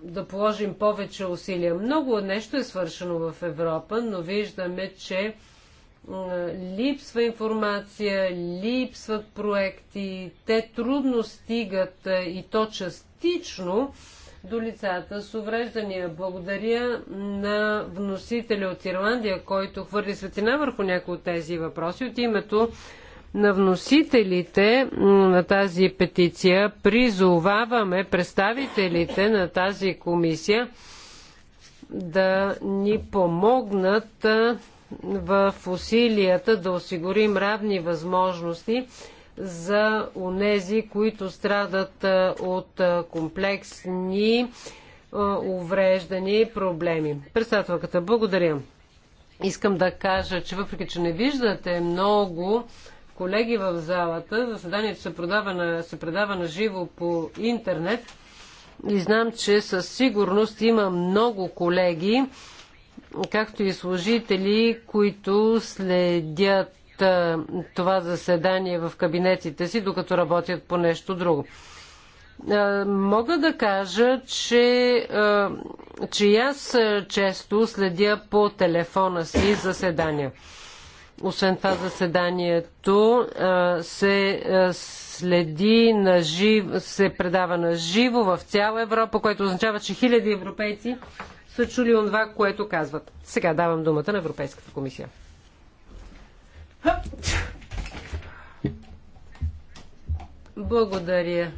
да положим повече усилия. Много нещо е свършено в Европа, но виждаме, че липсва информация, липсват проекти, те трудно стигат и то частично до лицата с увреждания. Благодаря на вносителя от Ирландия, който хвърли светлина върху някои от тези въпроси. От името на вносителите на тази петиция призоваваме представителите на тази комисия да ни помогнат в усилията да осигурим равни възможности за унези, които страдат от комплексни увреждани и проблеми. Председателката, благодаря. Искам да кажа, че въпреки, че не виждате много колеги в залата, заседанието се, на, се предава на живо по интернет и знам, че със сигурност има много колеги, както и служители, които следят това заседание в кабинетите си, докато работят по нещо друго. Мога да кажа, че, че аз често следя по телефона си заседания. Освен това заседанието се следи на жив, се предава на живо в цяла Европа, което означава, че хиляди европейци са чули това, което казват. Сега давам думата на Европейската комисия. Благодаря.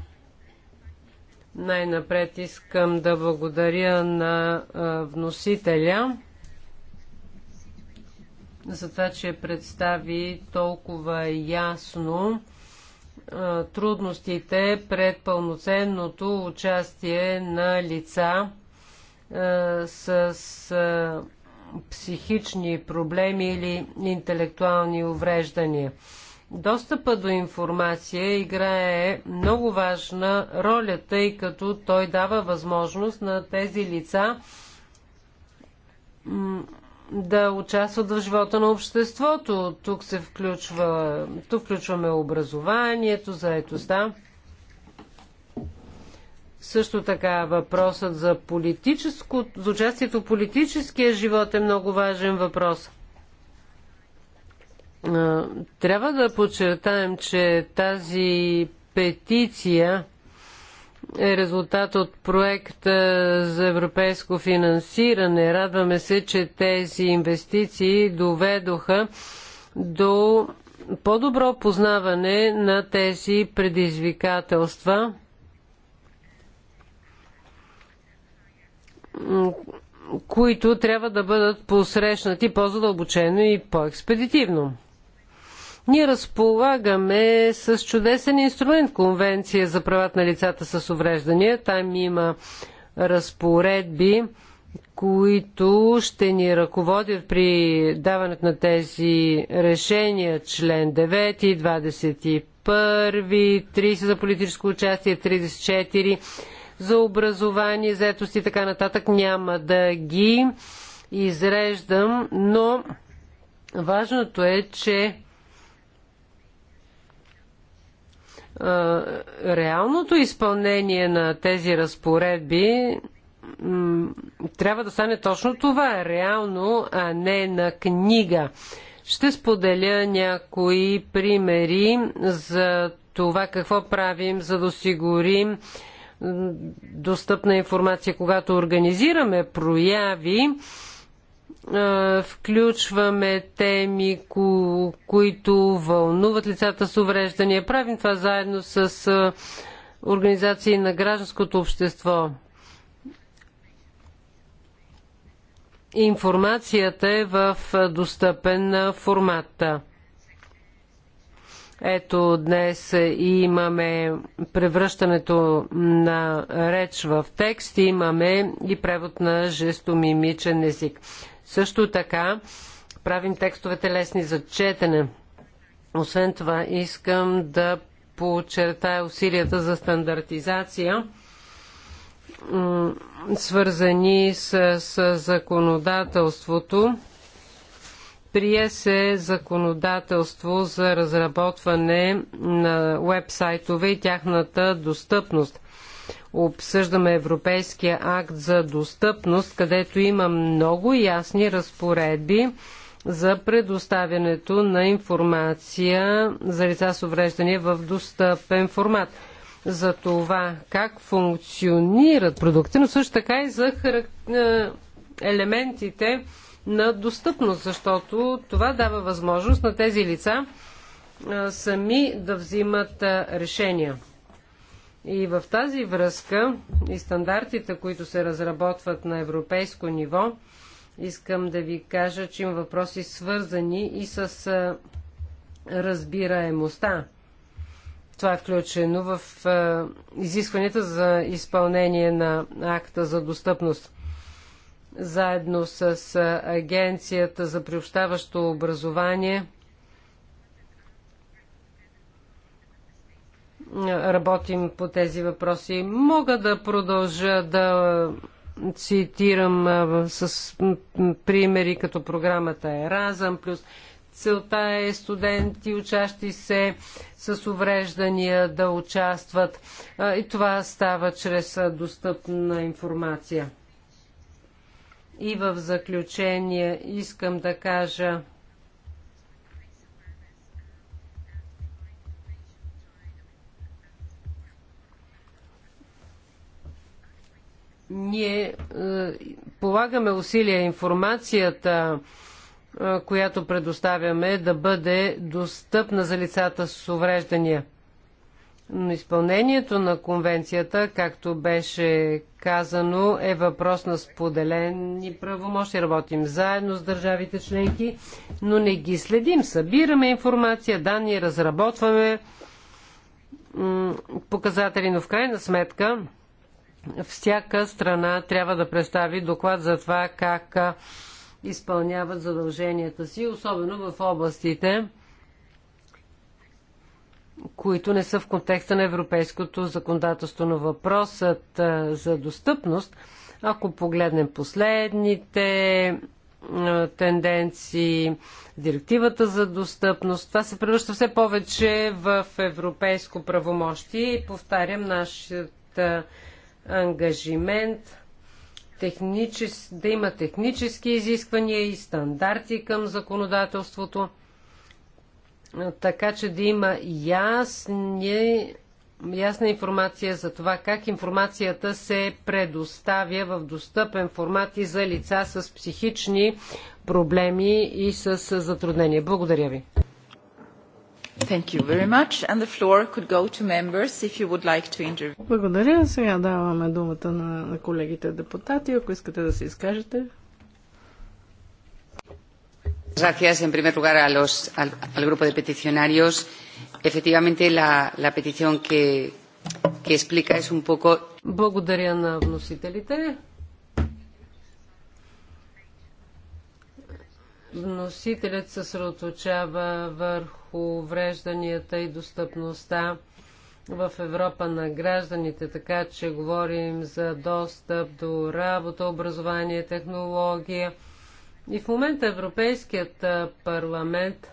Най-напред искам да благодаря на вносителя за това, че представи толкова ясно трудностите пред пълноценното участие на лица, е, с е, психични проблеми или интелектуални увреждания. Достъпа до информация играе много важна роля, тъй като той дава възможност на тези лица да участват в живота на обществото. Тук се включва, тук включваме образованието, заетостта. Да? Също така въпросът за, политическо, за участието в политическия живот е много важен въпрос. Трябва да подчертаем, че тази петиция е резултат от проекта за европейско финансиране. Радваме се, че тези инвестиции доведоха до по-добро познаване на тези предизвикателства – които трябва да бъдат посрещнати по-задълбочено и по-експедитивно. Ние разполагаме с чудесен инструмент Конвенция за правата на лицата с увреждания. Там има разпоредби, които ще ни ръководят при даването на тези решения. Член 9, 21, 30 за политическо участие, 34 за образование, заетост и така нататък. Няма да ги изреждам, но важното е, че реалното изпълнение на тези разпоредби трябва да стане точно това, реално, а не на книга. Ще споделя някои примери за това какво правим, за да осигурим достъпна информация. Когато организираме прояви, включваме теми, които вълнуват лицата с увреждания. Правим това заедно с организации на гражданското общество. Информацията е в достъпен формат. Ето днес имаме превръщането на реч в текст, имаме и превод на жестомимичен език. Също така правим текстовете лесни за четене. Освен това искам да подчертая усилията за стандартизация свързани с, с законодателството Прие се законодателство за разработване на уебсайтове и тяхната достъпност. Обсъждаме Европейския акт за достъпност, където има много ясни разпоредби за предоставянето на информация за лица с увреждания в достъпен формат. За това как функционират продукти, но също така и за е, елементите, на достъпност, защото това дава възможност на тези лица сами да взимат решения. И в тази връзка и стандартите, които се разработват на европейско ниво, искам да ви кажа, че има въпроси свързани и с разбираемостта. Това е включено в изискванията за изпълнение на акта за достъпност заедно с Агенцията за приобщаващо образование работим по тези въпроси. Мога да продължа да цитирам с примери като програмата Еразъм плюс Целта е студенти, учащи се с увреждания да участват. И това става чрез достъпна информация. И в заключение искам да кажа, ние е, полагаме усилия информацията, е, която предоставяме, да бъде достъпна за лицата с увреждания. Но изпълнението на конвенцията, както беше казано, е въпрос на споделени правомощи. Работим заедно с държавите членки, но не ги следим. Събираме информация, данни, разработваме показатели, но в крайна сметка всяка страна трябва да представи доклад за това как изпълняват задълженията си, особено в областите, които не са в контекста на европейското законодателство. Но въпросът за достъпност, ако погледнем последните тенденции, директивата за достъпност. Това се превръща все повече в европейско правомощие и повтарям нашият ангажимент да има технически изисквания и стандарти към законодателството така че да има ясни, ясна информация за това как информацията се предоставя в достъпен формат и за лица с психични проблеми и с затруднения. Благодаря ви. Like Благодаря. Сега даваме думата на колегите депутати, ако искате да се изкажете. Gracias, en primer lugar, a los, al, al grupo de peticionarios. Efectivamente, la, la petición que, que explica es un poco. Благодаря на вносителите. Вносителят се съсредоточава върху врежданията и достъпността в Европа на гражданите, така че говорим за достъп до работа, образование, технология – и в момента Европейският парламент,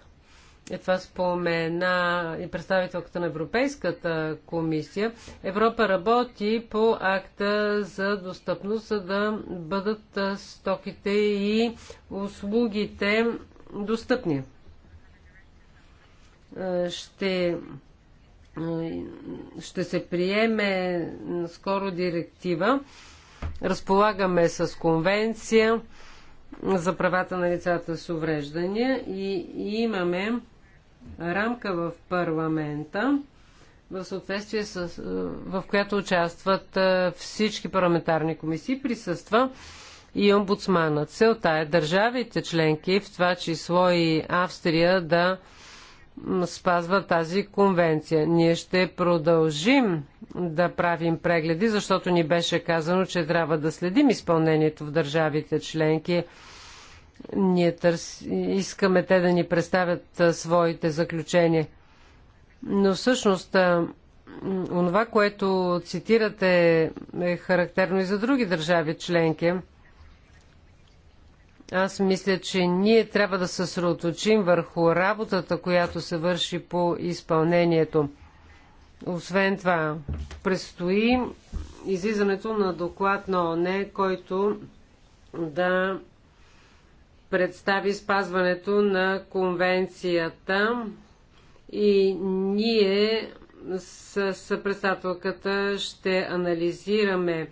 и е това спомена и представителката на Европейската комисия, Европа работи по акта за достъпност, за да бъдат стоките и услугите достъпни. Ще ще се приеме скоро директива. Разполагаме с конвенция за правата на лицата с увреждания и, и имаме рамка в парламента, в съответствие с, е, в която участват е, всички парламентарни комисии, присъства и омбудсмана. Целта е държавите членки, в това число и Австрия, да спазват тази конвенция. Ние ще продължим да правим прегледи, защото ни беше казано, че трябва да следим изпълнението в държавите членки. Ние търс... искаме те да ни представят своите заключения. Но всъщност това, което цитирате, е характерно и за други държави членки. Аз мисля, че ние трябва да се съсредоточим върху работата, която се върши по изпълнението. Освен това, предстои излизането на доклад на ОНЕ, който да представи спазването на конвенцията и ние с председателката ще анализираме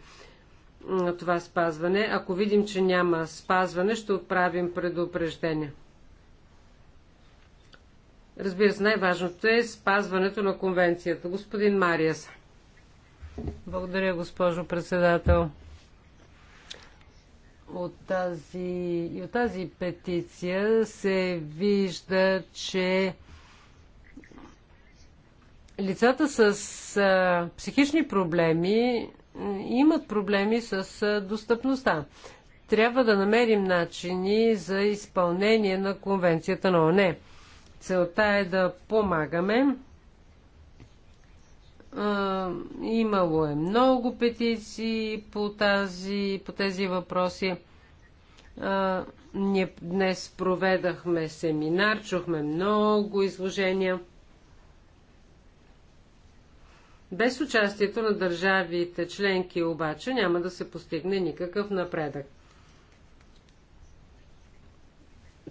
това спазване. Ако видим, че няма спазване, ще отправим предупреждение. Разбира се, най-важното е спазването на конвенцията. Господин Мариас. Благодаря, госпожо председател. От тази, от тази петиция се вижда, че лицата с а, психични проблеми имат проблеми с а, достъпността. Трябва да намерим начини за изпълнение на конвенцията на ОНЕ. Целта е да помагаме. Имало е много петиции по, тази, по тези въпроси. Ние днес проведахме семинар, чухме много изложения. Без участието на държавите членки обаче няма да се постигне никакъв напредък.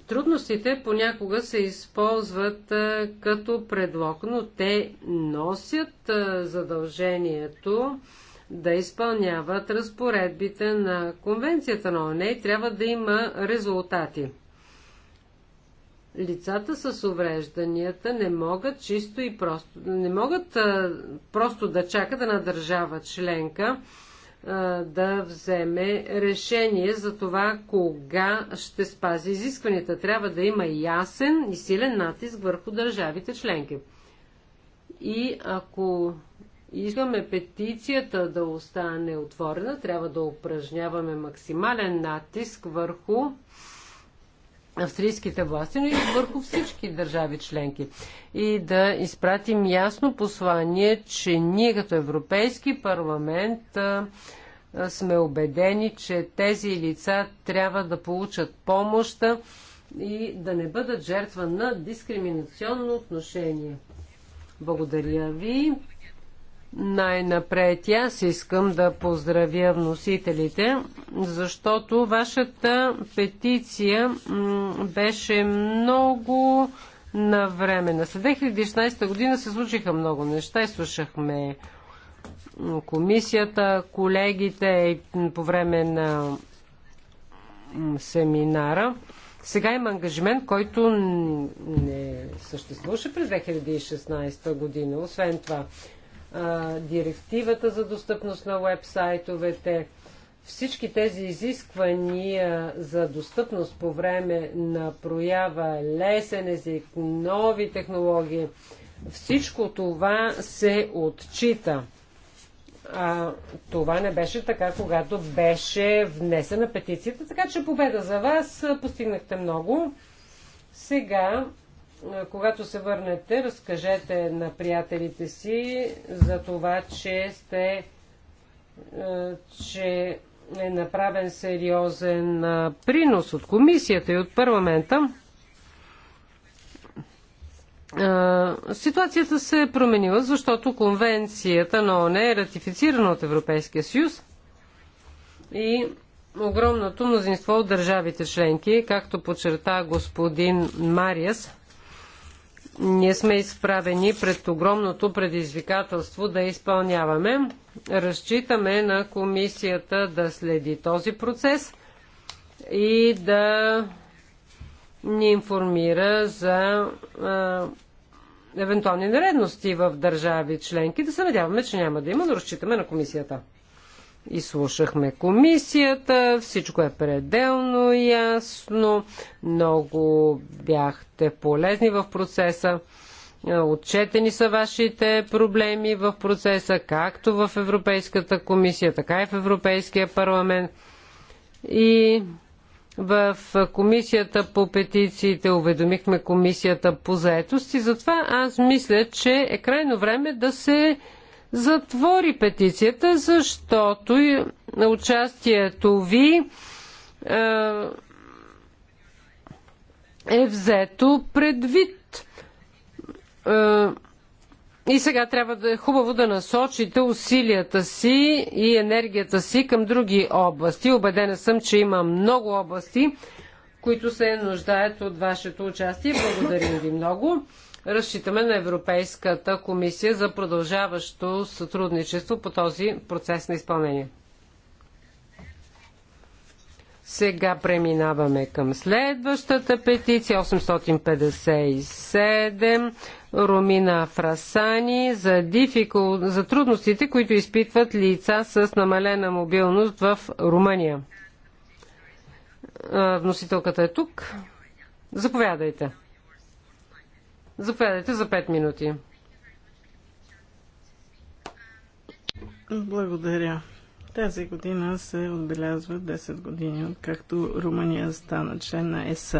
Трудностите понякога се използват а, като предлог, но те носят а, задължението да изпълняват разпоредбите на Конвенцията на ОНЕ и трябва да има резултати. Лицата с уврежданията не могат чисто и просто, не могат а, просто да чакат на държава членка да вземе решение за това кога ще спази изискванията. Трябва да има ясен и силен натиск върху държавите членки. И ако искаме петицията да остане отворена, трябва да упражняваме максимален натиск върху австрийските власти, но и върху всички държави членки. И да изпратим ясно послание, че ние като Европейски парламент сме убедени, че тези лица трябва да получат помощ и да не бъдат жертва на дискриминационно отношение. Благодаря ви. Най-напред аз искам да поздравя вносителите, защото вашата петиция беше много време. След 2016 година се случиха много неща и слушахме комисията, колегите по време на семинара. Сега има ангажимент, който не съществуваше през 2016 година. Освен това, а, директивата за достъпност на вебсайтовете. Всички тези изисквания за достъпност по време на проява, лесен език, нови технологии, всичко това се отчита. А, това не беше така, когато беше внесена петицията, така че победа за вас, постигнахте много. Сега когато се върнете, разкажете на приятелите си за това, че сте че е направен сериозен принос от комисията и от парламента. Ситуацията се е променила, защото конвенцията на ОНЕ е ратифицирана от Европейския съюз и огромното мнозинство от държавите членки, както подчерта господин Мариас, ние сме изправени пред огромното предизвикателство да изпълняваме. Разчитаме на комисията да следи този процес и да ни информира за евентуални нередности в държави членки. Да се надяваме, че няма да има, но разчитаме на комисията. Изслушахме комисията, всичко е пределно ясно, много бяхте полезни в процеса. Отчетени са вашите проблеми в процеса, както в Европейската комисия, така и в Европейския парламент. И в комисията по петициите уведомихме комисията по заетост и затова аз мисля, че е крайно време да се затвори петицията, защото участието ви е, е взето предвид. Е, и сега трябва да е хубаво да насочите усилията си и енергията си към други области. Обедена съм, че има много области, които се нуждаят от вашето участие. Благодарим ви много. Разчитаме на Европейската комисия за продължаващо сътрудничество по този процес на изпълнение. Сега преминаваме към следващата петиция 857 Румина Фрасани за, дификул... за трудностите, които изпитват лица с намалена мобилност в Румъния. Вносителката е тук. Заповядайте. Заповядайте за 5 минути. Благодаря. Тази година се отбелязва 10 години, откакто Румъния стана член на ЕС.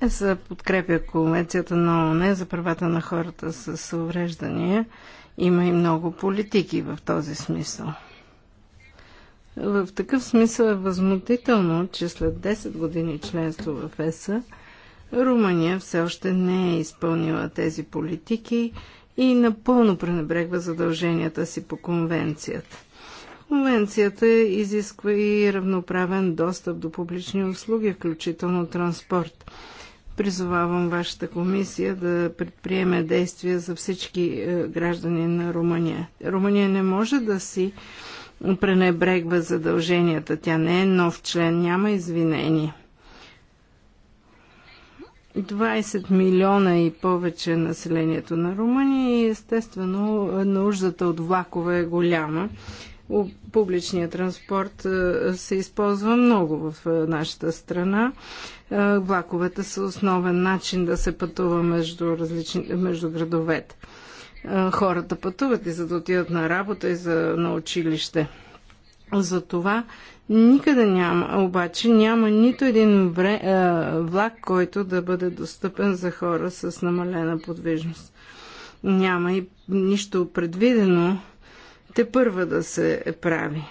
ЕС подкрепя Конвенцията на ООН за правата на хората с увреждания. Има и много политики в този смисъл. В такъв смисъл е възмутително, че след 10 години членство в ЕС Румъния все още не е изпълнила тези политики и напълно пренебрегва задълженията си по конвенцията. Конвенцията изисква и равноправен достъп до публични услуги, включително транспорт. Призовавам вашата комисия да предприеме действия за всички е, граждани на Румъния. Румъния не може да си пренебрегва задълженията. Тя не е нов член, няма извинение. 20 милиона и повече населението на Румъния и естествено нуждата от влакове е голяма. Публичният транспорт е, се използва много в е, нашата страна. Е, влаковете са основен начин да се пътува между, различни, между градовете. Хората пътуват и за да отидат на работа и за, на училище. Затова Никъде няма, обаче няма нито един вре, е, влак, който да бъде достъпен за хора с намалена подвижност. Няма и нищо предвидено те първа да се прави.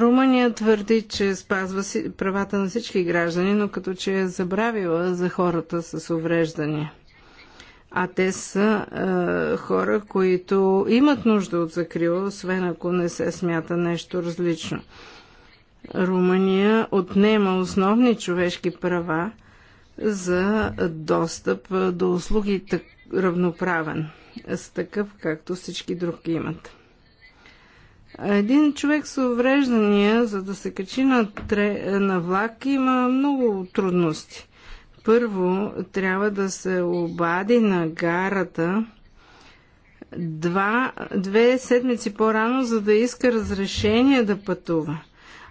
Румъния твърди, че спазва правата на всички граждани, но като че е забравила за хората с увреждания а те са е, хора, които имат нужда от закрила, освен ако не се смята нещо различно. Румъния отнема основни човешки права за достъп е, до услуги так, равноправен, с такъв както всички други имат. Един човек с увреждания, за да се качи на, тре, на влак, има много трудности първо трябва да се обади на гарата два, две седмици по-рано, за да иска разрешение да пътува.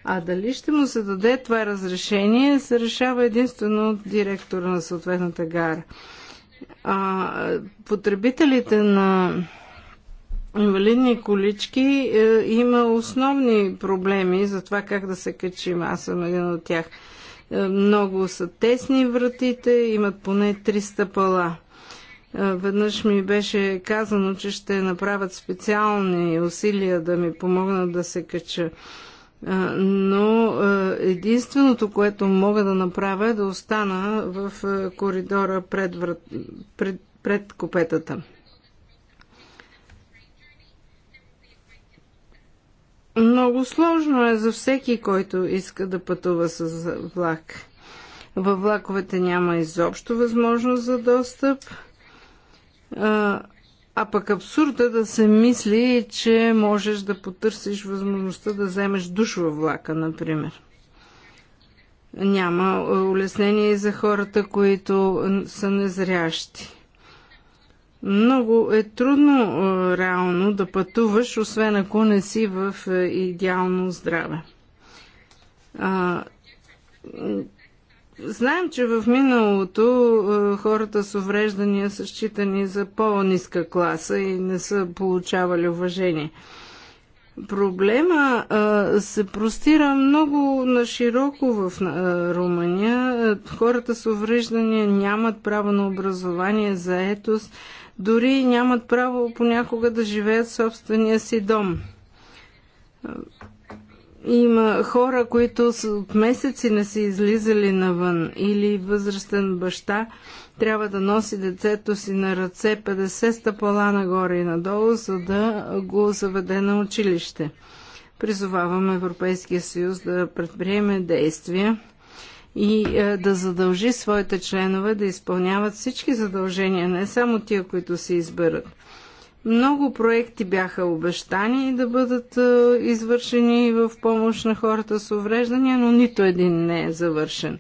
А дали ще му се даде това разрешение, се решава единствено от директора на съответната гара. А, потребителите на инвалидни колички е, има основни проблеми за това как да се качим. Аз съм един от тях. Е, много са тесни вратите, имат поне 300 пала. Е, веднъж ми беше казано, че ще направят специални усилия да ми помогнат да се кача. Е, но единственото, което мога да направя е да остана в коридора пред, врат... пред, пред купетата. Много сложно е за всеки, който иска да пътува с влак. Във влаковете няма изобщо възможност за достъп. А, а пък абсурда е да се мисли, че можеш да потърсиш възможността да вземеш душ във влака, например. Няма улеснение и за хората, които са незрящи. Много е трудно е, реално да пътуваш, освен ако не си в е, идеално здраве. Знаем, че в миналото е, хората с увреждания са считани за по-ниска класа и не са получавали уважение. Проблема а, се простира много на широко в а, Румъния. Хората с увреждания нямат право на образование, заетост, дори нямат право понякога да живеят в собствения си дом. Има хора, които от месеци не са излизали навън или възрастен баща трябва да носи децето си на ръце 50 стъпала нагоре и надолу, за да го заведе на училище. Призовавам Европейския съюз да предприеме действия и е, да задължи своите членове да изпълняват всички задължения, не само тия, които се изберат. Много проекти бяха обещани да бъдат е, извършени в помощ на хората с увреждания, но нито един не е завършен.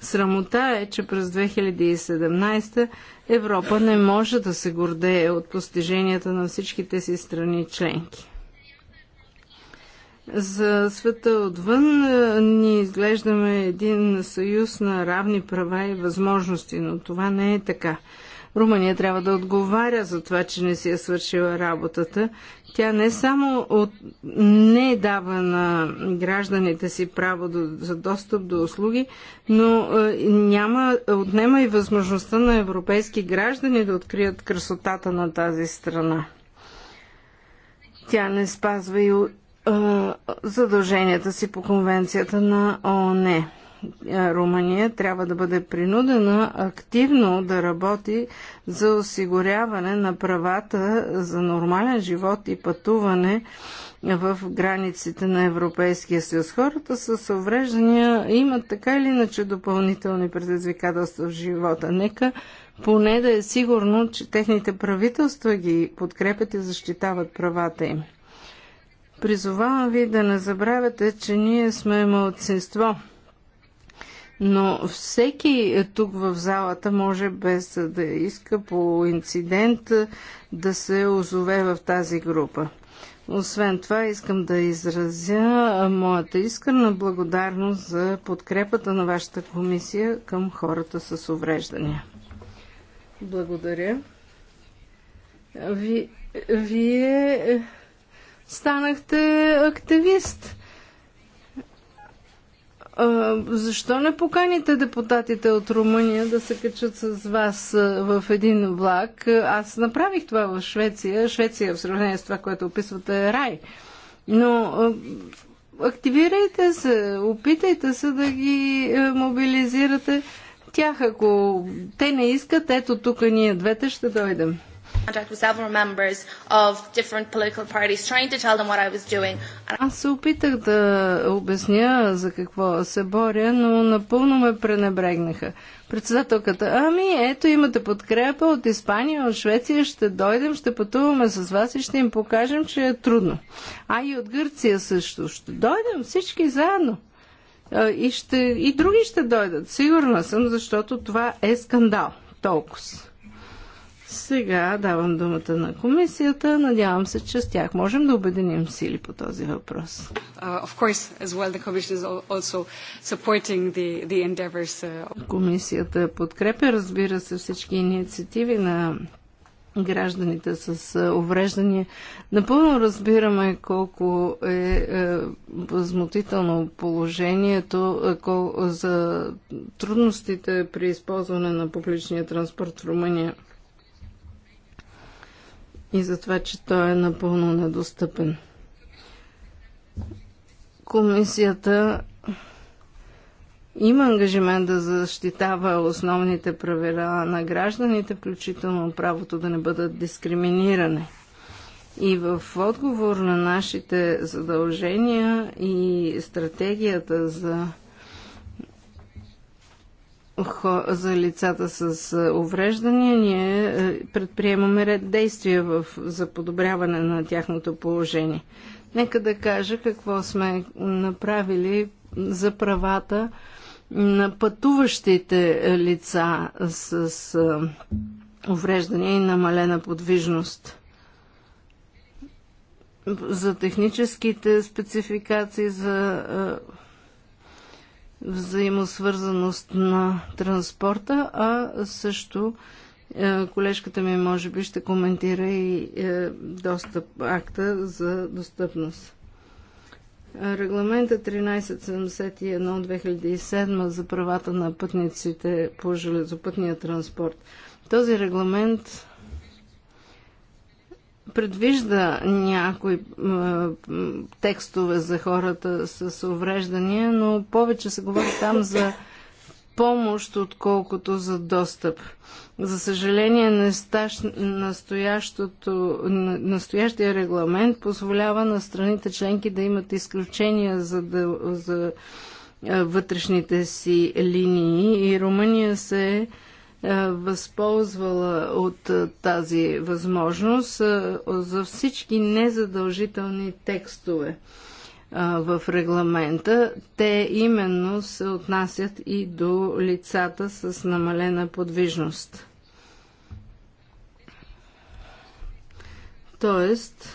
Срамота е, че през 2017 Европа не може да се гордее от постиженията на всичките си страни членки. За света отвън е, ние изглеждаме един съюз на равни права и възможности, но това не е така. Румъния трябва да отговаря за това, че не си е свършила работата. Тя не само от... не дава на гражданите си право до... за достъп до услуги, но е, няма... отнема и възможността на европейски граждани да открият красотата на тази страна. Тя не спазва и задълженията си по конвенцията на ООН. Румъния трябва да бъде принудена активно да работи за осигуряване на правата за нормален живот и пътуване в границите на Европейския съюз. Хората с увреждания имат така или иначе допълнителни предизвикателства в живота. Нека поне да е сигурно, че техните правителства ги подкрепят и защитават правата им. Призовавам ви да не забравяте, че ние сме младсинство. Но всеки тук в залата може без да иска по инцидент да се озове в тази група. Освен това, искам да изразя моята искрена благодарност за подкрепата на вашата комисия към хората с увреждания. Благодаря. Ви, вие станахте активист. Защо не поканите депутатите от Румъния да се качат с вас в един влак? Аз направих това в Швеция. Швеция в сравнение с това, което описвате е рай. Но активирайте се, опитайте се да ги е, мобилизирате тях. Ако те не искат, ето тук ние двете ще дойдем contact with several members of different political parties trying to tell them what I was doing. Аз се опитах да обясня за какво се боря, но напълно ме пренебрегнаха. Председателката, ами ето имате подкрепа от Испания, от Швеция, ще дойдем, ще пътуваме с вас и ще им покажем, че е трудно. А и от Гърция също. Ще дойдем всички заедно. И, ще, и други ще дойдат, сигурна съм, защото това е скандал. Толкова. Сега давам думата на комисията. Надявам се, че с тях можем да обединим сили по този въпрос. Uh, uh, комисията подкрепя, разбира се, всички инициативи на гражданите с увреждания. Напълно разбираме колко е, е възмутително положението кол, за трудностите при използване на публичния транспорт в Румъния и за това, че той е напълно недостъпен. Комисията има ангажимент да защитава основните правила на гражданите, включително правото да не бъдат дискриминирани. И в отговор на нашите задължения и стратегията за за лицата с увреждания, ние предприемаме ред действия в, за подобряване на тяхното положение. Нека да кажа какво сме направили за правата на пътуващите лица с увреждания и намалена подвижност за техническите спецификации, за взаимосвързаност на транспорта, а също е, колежката ми може би ще коментира и е, достъп, акта за достъпност. Регламента 1371 2007 за правата на пътниците по железопътния транспорт. Този регламент предвижда някои е, текстове за хората с увреждания, но повече се говори там за помощ, отколкото за достъп. За съжаление, настоящия регламент позволява на страните членки да имат изключения за, да, за е, вътрешните си линии и Румъния се е е, възползвала от е, тази възможност е, за всички незадължителни текстове в регламента. Те именно се отнасят и до лицата с намалена подвижност. Тоест,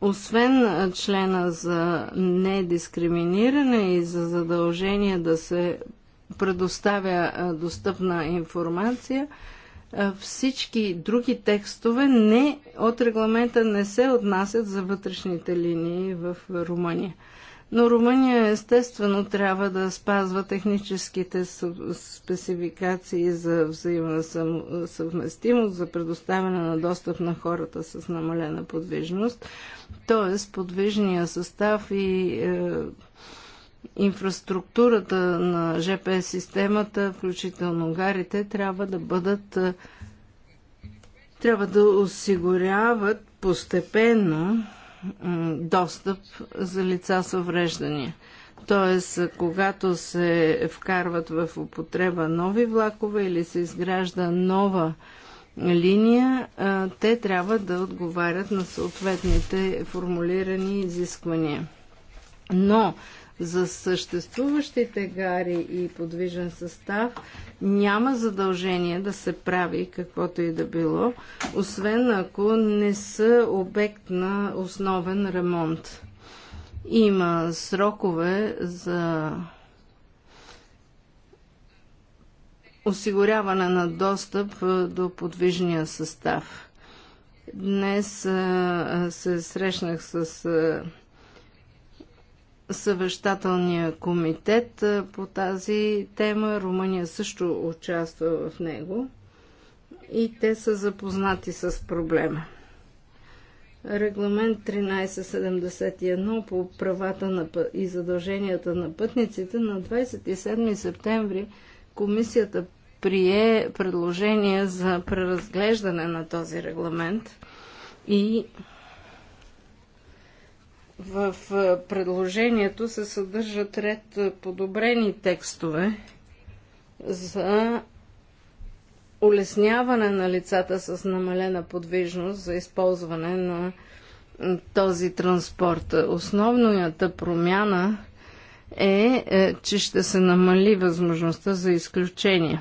освен члена за недискриминиране и за задължение да се предоставя достъпна информация, всички други текстове не, от регламента не се отнасят за вътрешните линии в Румъния. Но Румъния естествено трябва да спазва техническите спецификации за взаимна съвместимост, за предоставяне на достъп на хората с намалена подвижност, т.е. подвижния състав и е, инфраструктурата на ЖП системата, включително гарите, трябва да бъдат е, трябва да осигуряват постепенно достъп за лица с увреждания. Тоест, когато се вкарват в употреба нови влакове или се изгражда нова линия, е, те трябва да отговарят на съответните формулирани изисквания. Но за съществуващите гари и подвижен състав няма задължение да се прави каквото и да било, освен ако не са обект на основен ремонт. Има срокове за осигуряване на достъп до подвижния състав. Днес се срещнах с съвещателния комитет по тази тема. Румъния също участва в него и те са запознати с проблема. Регламент 1371 по правата на път... и задълженията на пътниците на 27 септември комисията прие предложение за преразглеждане на този регламент и в е, предложението се съдържат ред е, подобрени текстове за улесняване на лицата с намалена подвижност за използване на този транспорт. Основната промяна е, е, че ще се намали възможността за изключение.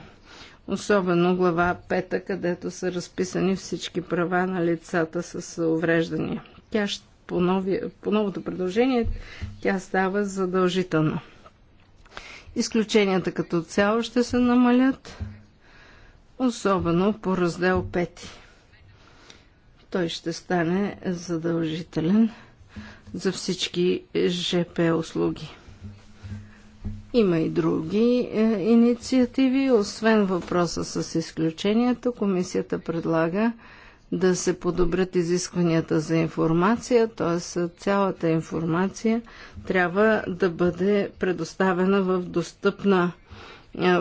Особено глава 5, където са разписани всички права на лицата с увреждания. Тя ще по, нови, по новото предложение тя става задължителна. Изключенията като цяло ще се намалят, особено по раздел 5. Той ще стане задължителен за всички ЖП услуги. Има и други е, инициативи, освен въпроса с изключението. Комисията предлага да се подобрят изискванията за информация, т.е. цялата информация трябва да бъде предоставена в достъпна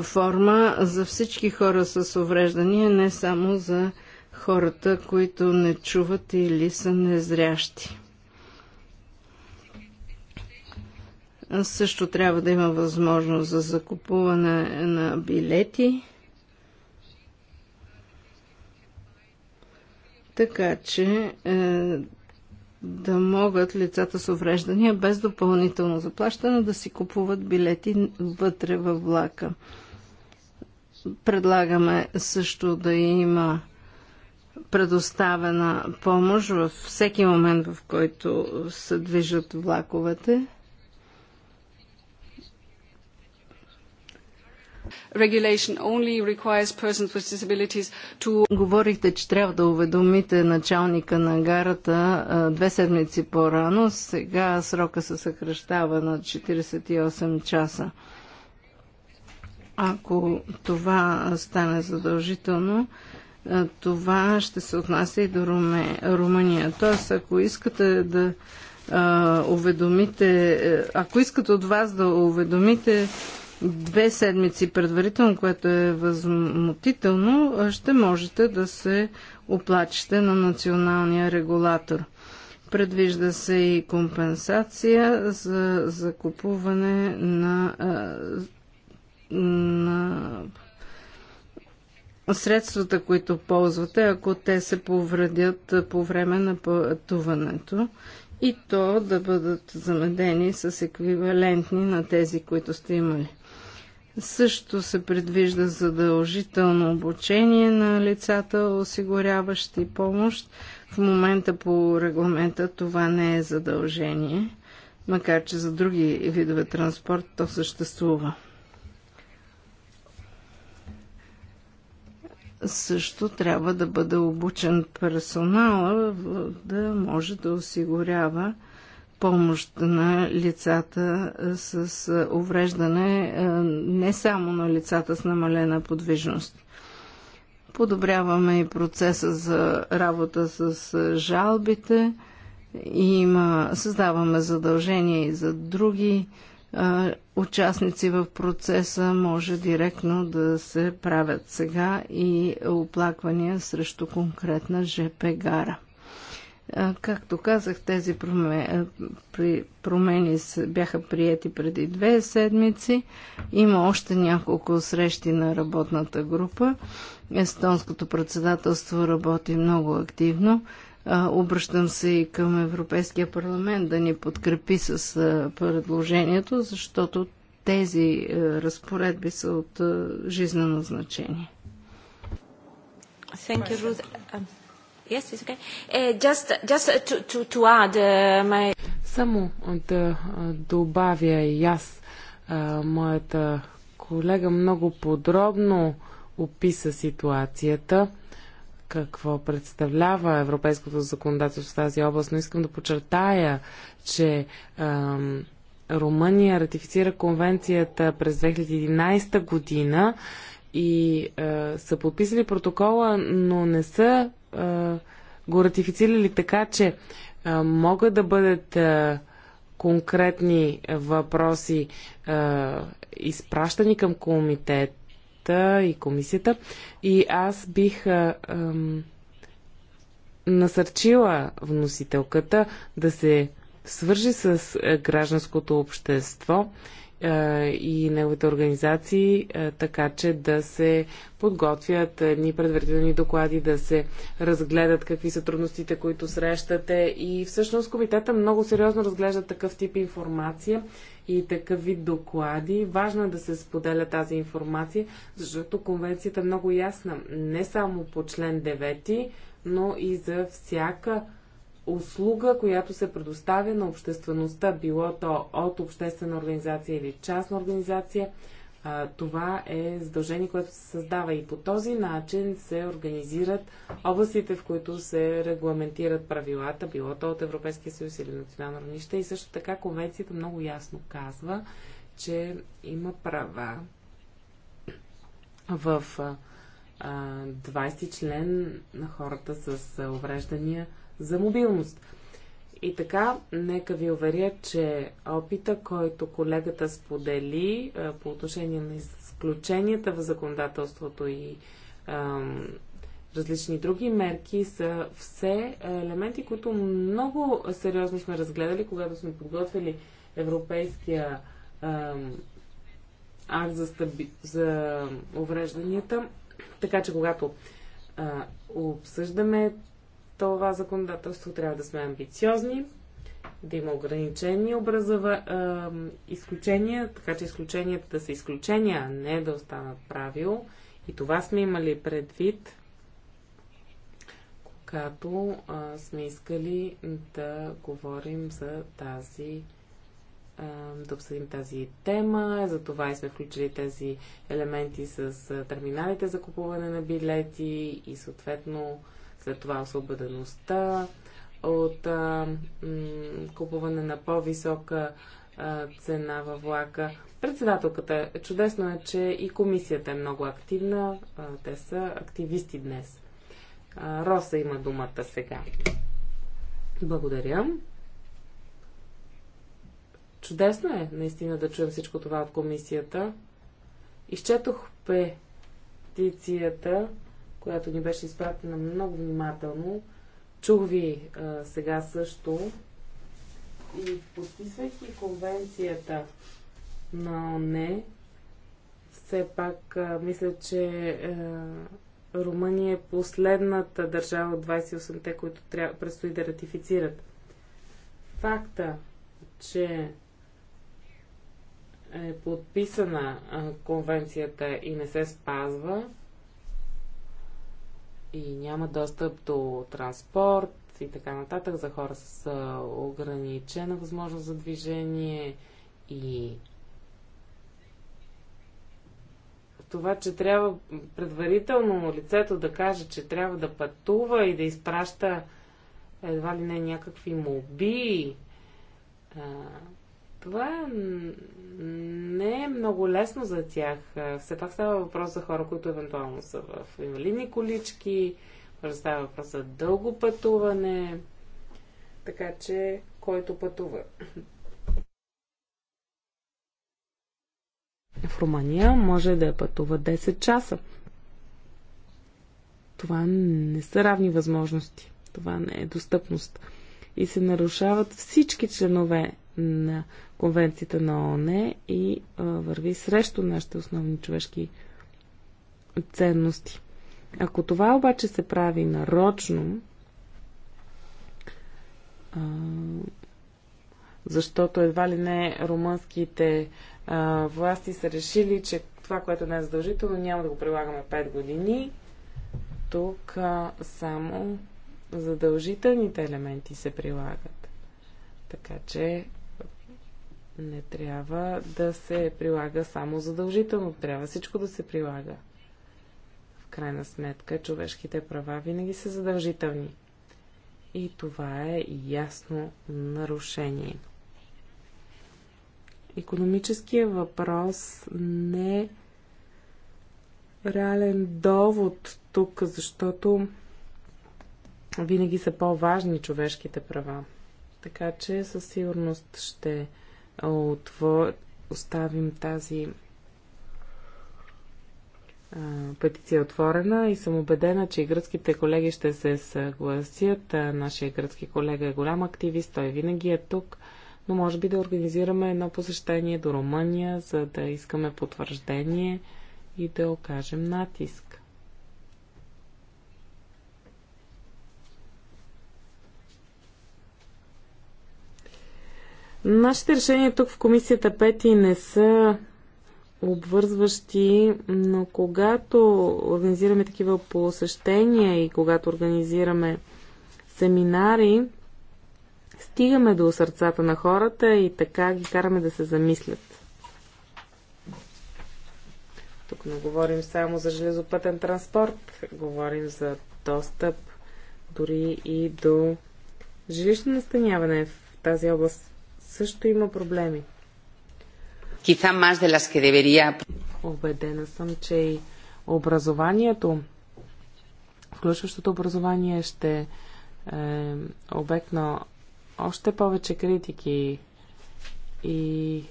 форма за всички хора с увреждания, не само за хората, които не чуват или са незрящи. Също трябва да има възможност за закупуване на билети така че е, да могат лицата с увреждания без допълнително заплащане да си купуват билети вътре във влака. Предлагаме също да има предоставена помощ във всеки момент, в който се движат влаковете. Говорихте, че трябва да уведомите началника на гарата две седмици по-рано. Сега срока се съкръщава на 48 часа. Ако това стане задължително, това ще се отнася и до Румъния. Тоест, ако искате да уведомите, ако искат от вас да уведомите две седмици предварително, което е възмутително, ще можете да се оплачете на националния регулатор. Предвижда се и компенсация за закупуване на, на средствата, които ползвате, ако те се повредят по време на пътуването и то да бъдат замедени с еквивалентни на тези, които сте имали. Също се предвижда задължително обучение на лицата, осигуряващи помощ. В момента по регламента това не е задължение, макар че за други видове транспорт то съществува. Също трябва да бъде обучен персонала, да може да осигурява помощ на лицата с увреждане, не само на лицата с намалена подвижност. Подобряваме и процеса за работа с жалбите. Има, създаваме задължения и за други а, участници в процеса. Може директно да се правят сега и оплаквания срещу конкретна ЖП гара. Както казах, тези промени, бяха прияти преди две седмици. Има още няколко срещи на работната група. Естонското председателство работи много активно. Обръщам се и към Европейския парламент да ни подкрепи с предложението, защото тези разпоредби са от жизнено значение. Thank you, Yes, it's okay. Eh, just, just eh, to, to, to add eh, my... Само да добавя и аз моята колега много подробно описа ситуацията, какво представлява европейското законодателство в тази област, но искам да подчертая, че ам, Румъния ратифицира конвенцията през 2011 година и а, са подписали протокола, но не са го ратифицирали така, че могат да бъдат конкретни въпроси изпращани към комитета и комисията. И аз бих насърчила вносителката да се свържи с гражданското общество и неговите организации, така че да се подготвят едни предварителни доклади, да се разгледат какви са трудностите, които срещате. И всъщност комитета много сериозно разглежда такъв тип информация и такъв вид доклади. Важно е да се споделя тази информация, защото конвенцията е много ясна. Не само по член 9, но и за всяка услуга, която се предоставя на обществеността, било то от обществена организация или частна организация. това е задължение, което се създава и по този начин се организират областите, в които се регламентират правилата, било то от Европейския съюз или национално равнище. И също така конвенцията много ясно казва, че има права в 20 член на хората с увреждания – за мобилност. И така, нека ви уверя, че опита, който колегата сподели по отношение на изключенията в законодателството и ам, различни други мерки, са все елементи, които много сериозно сме разгледали, когато сме подготвили европейския ам, акт за, стаби... за уврежданията. Така че, когато а, обсъждаме това законодателство трябва да сме амбициозни, да има ограничени образова, а, изключения, така че изключенията да са изключения, а не да останат правило. И това сме имали предвид, когато а, сме искали да говорим за тази да обсъдим тази тема. За това и сме включили тези елементи с терминалите за купуване на билети и съответно след това освободеността от а, м- купуване на по-висока цена във влака. Председателката, чудесно е, че и комисията е много активна. А, те са активисти днес. А, Роса има думата сега. Благодаря. Чудесно е наистина да чуем всичко това от комисията. Изчетох петицията която ни беше изпратена много внимателно. Чух ви а, сега също. И подписвайки конвенцията на ОНЕ, все пак а, мисля, че а, Румъния е последната държава от 28-те, които трябва, предстои да ратифицират. Факта, че е подписана а, конвенцията и не се спазва, и няма достъп до транспорт и така нататък за хора с ограничена възможност за движение и това, че трябва предварително лицето да каже, че трябва да пътува и да изпраща едва ли не някакви моби, това не е много лесно за тях. Все пак става въпрос за хора, които евентуално са в инвалидни колички, става въпрос за дълго пътуване, така че който пътува. В Румъния може да пътува 10 часа. Това не са равни възможности. Това не е достъпност. И се нарушават всички членове на Конвенцията на ООН и а, върви срещу нашите основни човешки ценности. Ако това обаче се прави нарочно, а, защото едва ли не румънските а, власти са решили, че това, което не е задължително, няма да го прилагаме 5 години. Тук а, само задължителните елементи се прилагат. Така че не трябва да се прилага само задължително, трябва всичко да се прилага. В крайна сметка, човешките права винаги са задължителни. И това е ясно нарушение. Економическият въпрос не е реален довод тук, защото винаги са по-важни човешките права. Така че със сигурност ще отвор... оставим тази а, петиция отворена и съм убедена, че и гръцките колеги ще се съгласят. А, нашия гръцки колега е голям активист, той винаги е тук, но може би да организираме едно посещение до Румъния, за да искаме потвърждение и да окажем натиск. Нашите решения тук в комисията Пети не са обвързващи, но когато организираме такива посещения и когато организираме семинари, стигаме до сърцата на хората и така ги караме да се замислят. Тук не говорим само за железопътен транспорт, говорим за достъп дори и до жилищно настаняване в тази област също има проблеми. Quizá más de las que debería. Обедена съм, че и образованието, включващото образование ще е обект на още повече критики и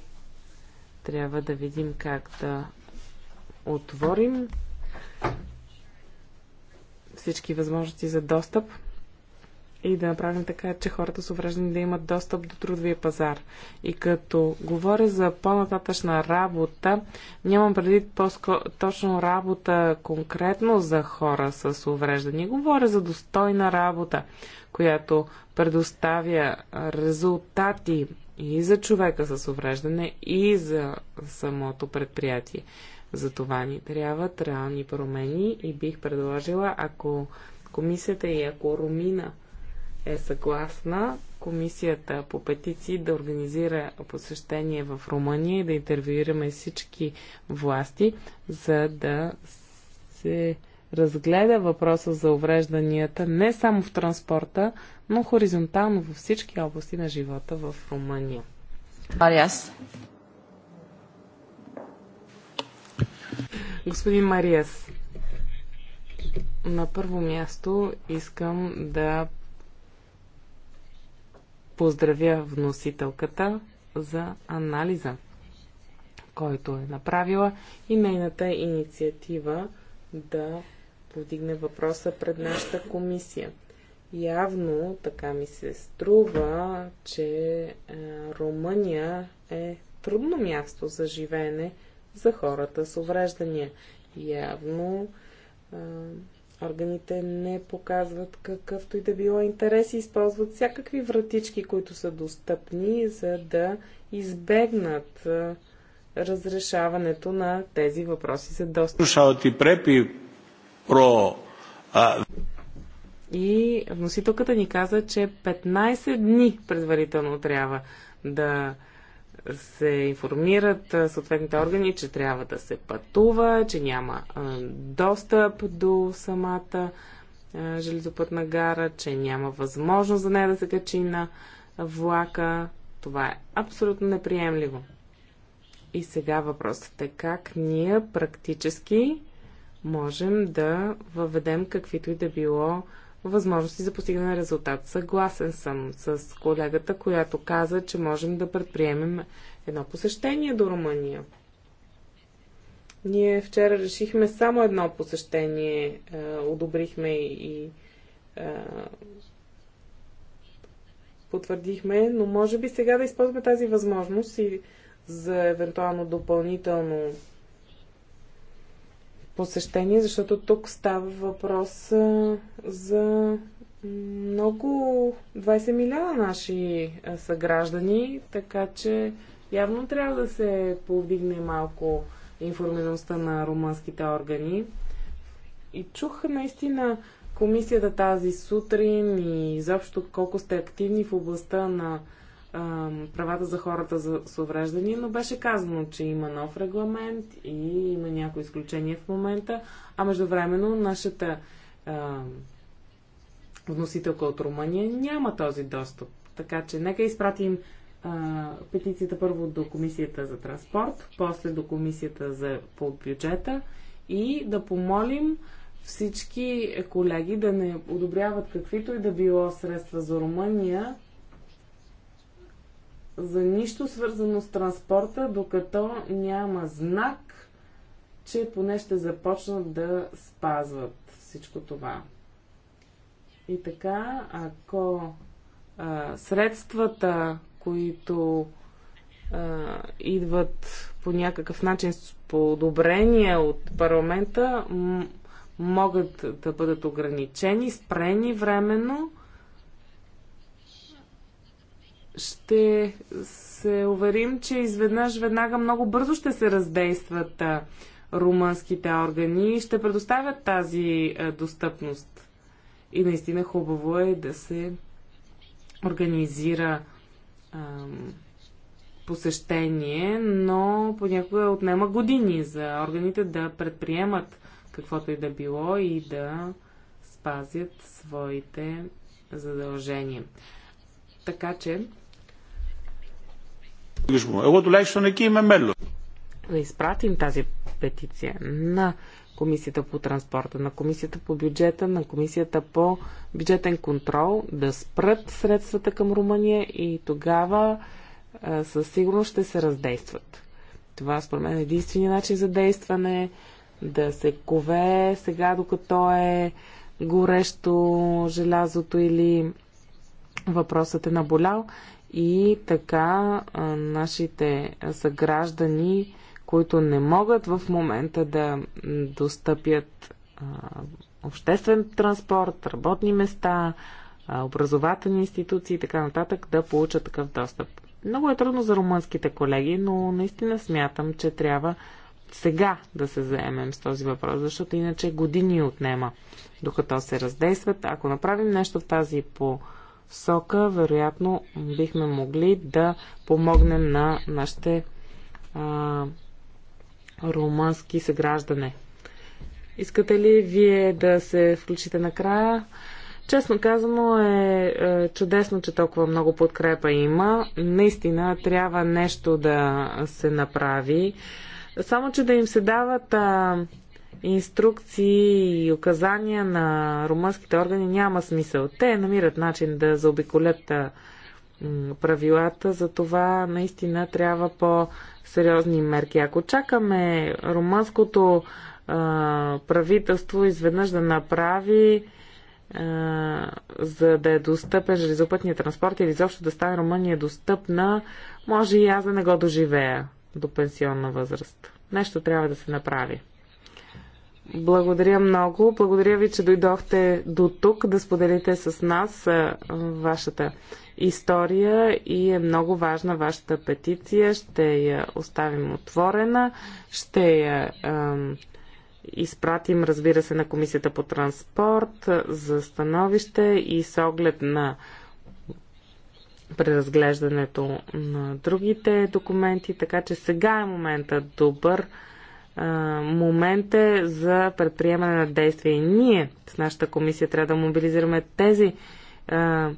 трябва да видим как да отворим всички възможности за достъп и да направим така, че хората с увреждане да имат достъп до трудовия пазар. И като говоря за по-нататъчна работа, нямам преди точно работа конкретно за хора с увреждане. Говоря за достойна работа, която предоставя резултати и за човека с увреждане, и за самото предприятие. За това ни трябват реални промени и бих предложила, ако комисията и ако Румина е съгласна комисията по петиции да организира посещение в Румъния и да интервюираме всички власти, за да се разгледа въпроса за уврежданията не само в транспорта, но хоризонтално във всички области на живота в Румъния. Мариас. Господин Мариас, на първо място искам да поздравя вносителката за анализа, който е направила и нейната инициатива да повдигне въпроса пред нашата комисия. Явно, така ми се струва, че е, Румъния е трудно място за живеене за хората с увреждания. Явно е, Органите не показват какъвто и да било интерес и използват всякакви вратички, които са достъпни, за да избегнат разрешаването на тези въпроси за достъп. И вносителката ни каза, че 15 дни предварително трябва да се информират съответните органи, че трябва да се пътува, че няма достъп до самата железопътна гара, че няма възможност за нея да се качи на влака. Това е абсолютно неприемливо. И сега въпросът е как ние практически можем да въведем каквито и да било възможности за постигане на резултат. Съгласен съм с колегата, която каза, че можем да предприемем едно посещение до Румъния. Ние вчера решихме само едно посещение, е, одобрихме и е, потвърдихме, но може би сега да използваме тази възможност и за евентуално допълнително посещение, защото тук става въпрос за много 20 милиона наши съграждани, така че явно трябва да се повдигне малко информираността на румънските органи. И чух наистина комисията тази сутрин и изобщо колко сте активни в областта на правата за хората за, с увреждания, но беше казано, че има нов регламент и има някои изключения в момента, а междувременно нашата а, вносителка от Румъния няма този достъп. Така че нека изпратим а, петицията първо до Комисията за транспорт, после до Комисията за по бюджета и да помолим всички колеги да не одобряват каквито и да било средства за Румъния за нищо свързано с транспорта, докато няма знак, че поне ще започнат да спазват всичко това. И така, ако а, средствата, които а, идват по някакъв начин с подобрение от парламента, могат да бъдат ограничени, спрени временно, ще се уверим, че изведнъж веднага много бързо ще се раздействат румънските органи и ще предоставят тази достъпност. И наистина хубаво е да се организира посещение, но понякога отнема години за органите да предприемат каквото и да било и да спазят своите задължения. Така че Εγώ τουλάχιστον εκεί είμαι μέλος. Да изпратим тази петиция на Комисията по транспорта, на Комисията по бюджета, на Комисията по бюджетен контрол, да спрат средствата към Румъния и тогава а, със сигурност ще се раздействат. Това според мен е единствения начин за действане, да се кове сега докато е горещо желязото или въпросът е наболял и така а, нашите съграждани, които не могат в момента да достъпят а, обществен транспорт, работни места, а, образователни институции и така нататък, да получат такъв достъп. Много е трудно за румънските колеги, но наистина смятам, че трябва сега да се заемем с този въпрос, защото иначе години отнема, докато се раздействат. Ако направим нещо в тази по сока, вероятно бихме могли да помогнем на нашите а, румънски съграждане. Искате ли вие да се включите накрая? Честно казано е, е чудесно, че толкова много подкрепа има. Наистина трябва нещо да се направи. Само, че да им се дават а, инструкции и указания на румънските органи няма смисъл. Те намират начин да заобиколят правилата, за това наистина трябва по-сериозни мерки. Ако чакаме румънското а, правителство изведнъж да направи а, за да е достъпен железопътния транспорт или изобщо да стане Румъния достъпна, може и аз да не го доживея до пенсионна възраст. Нещо трябва да се направи. Благодаря много. Благодаря ви, че дойдохте до тук да споделите с нас вашата история и е много важна вашата петиция. Ще я оставим отворена. Ще я ем, изпратим, разбира се, на Комисията по транспорт за становище и с оглед на преразглеждането на другите документи. Така че сега е момента добър момент е за предприемане на действия. И ние с нашата комисия трябва да мобилизираме тези а,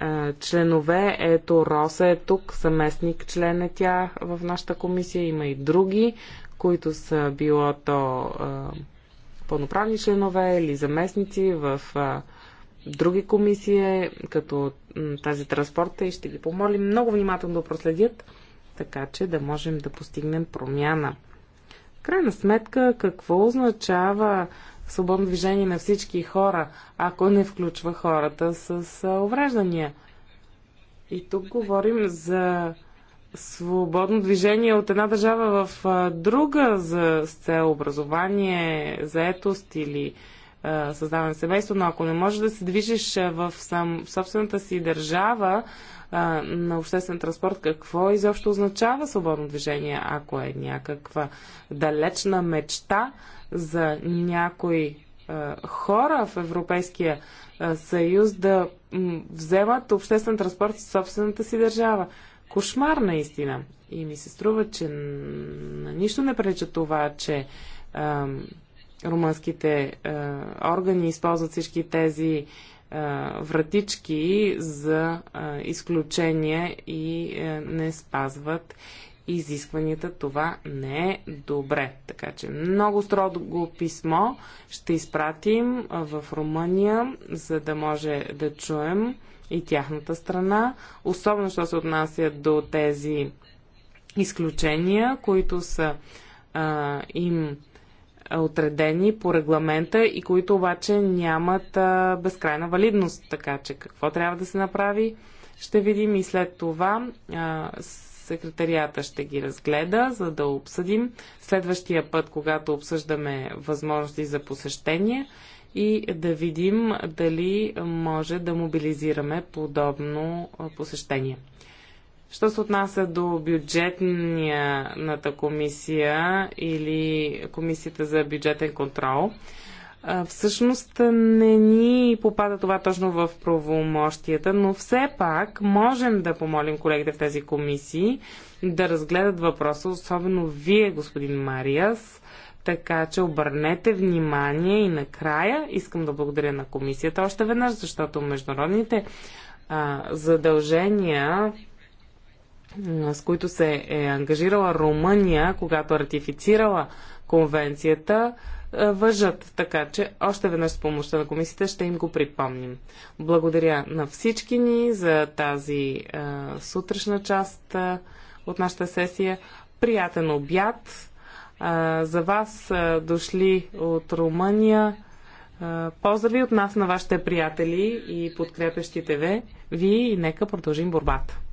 а, членове. Ето Роса е тук, съместник член е тя в нашата комисия. Има и други, които са било то а, пълноправни членове или заместници в а, други комисии, като тази транспорта и ще ги помолим много внимателно да проследят, така че да можем да постигнем промяна крайна сметка, какво означава свободно движение на всички хора, ако не включва хората с увреждания? И тук говорим за свободно движение от една държава в друга за, с цел образование, заетост или създаване на семейство, но ако не можеш да се движиш в сам, собствената си държава, на обществен транспорт, какво изобщо означава свободно движение, ако е някаква далечна мечта за някои хора в Европейския съюз да вземат обществен транспорт в собствената си държава. Кошмар наистина. И ми се струва, че на нищо не преча това, че румънските е, органи използват всички тези вратички за изключения и не спазват изискванията. Това не е добре. Така че много строго писмо ще изпратим в Румъния, за да може да чуем и тяхната страна, особено що се отнася до тези изключения, които са а, им отредени по регламента и които обаче нямат а, безкрайна валидност. Така че какво трябва да се направи, ще видим и след това а, секретарията ще ги разгледа, за да обсъдим следващия път, когато обсъждаме възможности за посещение и да видим дали може да мобилизираме подобно посещение. Що се отнася до бюджетната комисия или комисията за бюджетен контрол, всъщност не ни попада това точно в правомощията, но все пак можем да помолим колегите в тези комисии да разгледат въпроса, особено вие, господин Мариас, така че обърнете внимание и накрая искам да благодаря на комисията още веднъж, защото международните а, задължения с които се е ангажирала Румъния, когато ратифицирала конвенцията, е, въжат. Така че още веднъж с помощта на комисията ще им го припомним. Благодаря на всички ни за тази е, сутрешна част е, от нашата сесия. Приятен обяд. Е, за вас е, дошли от Румъния. Е, поздрави от нас на вашите приятели и подкрепящите ви и нека продължим борбата.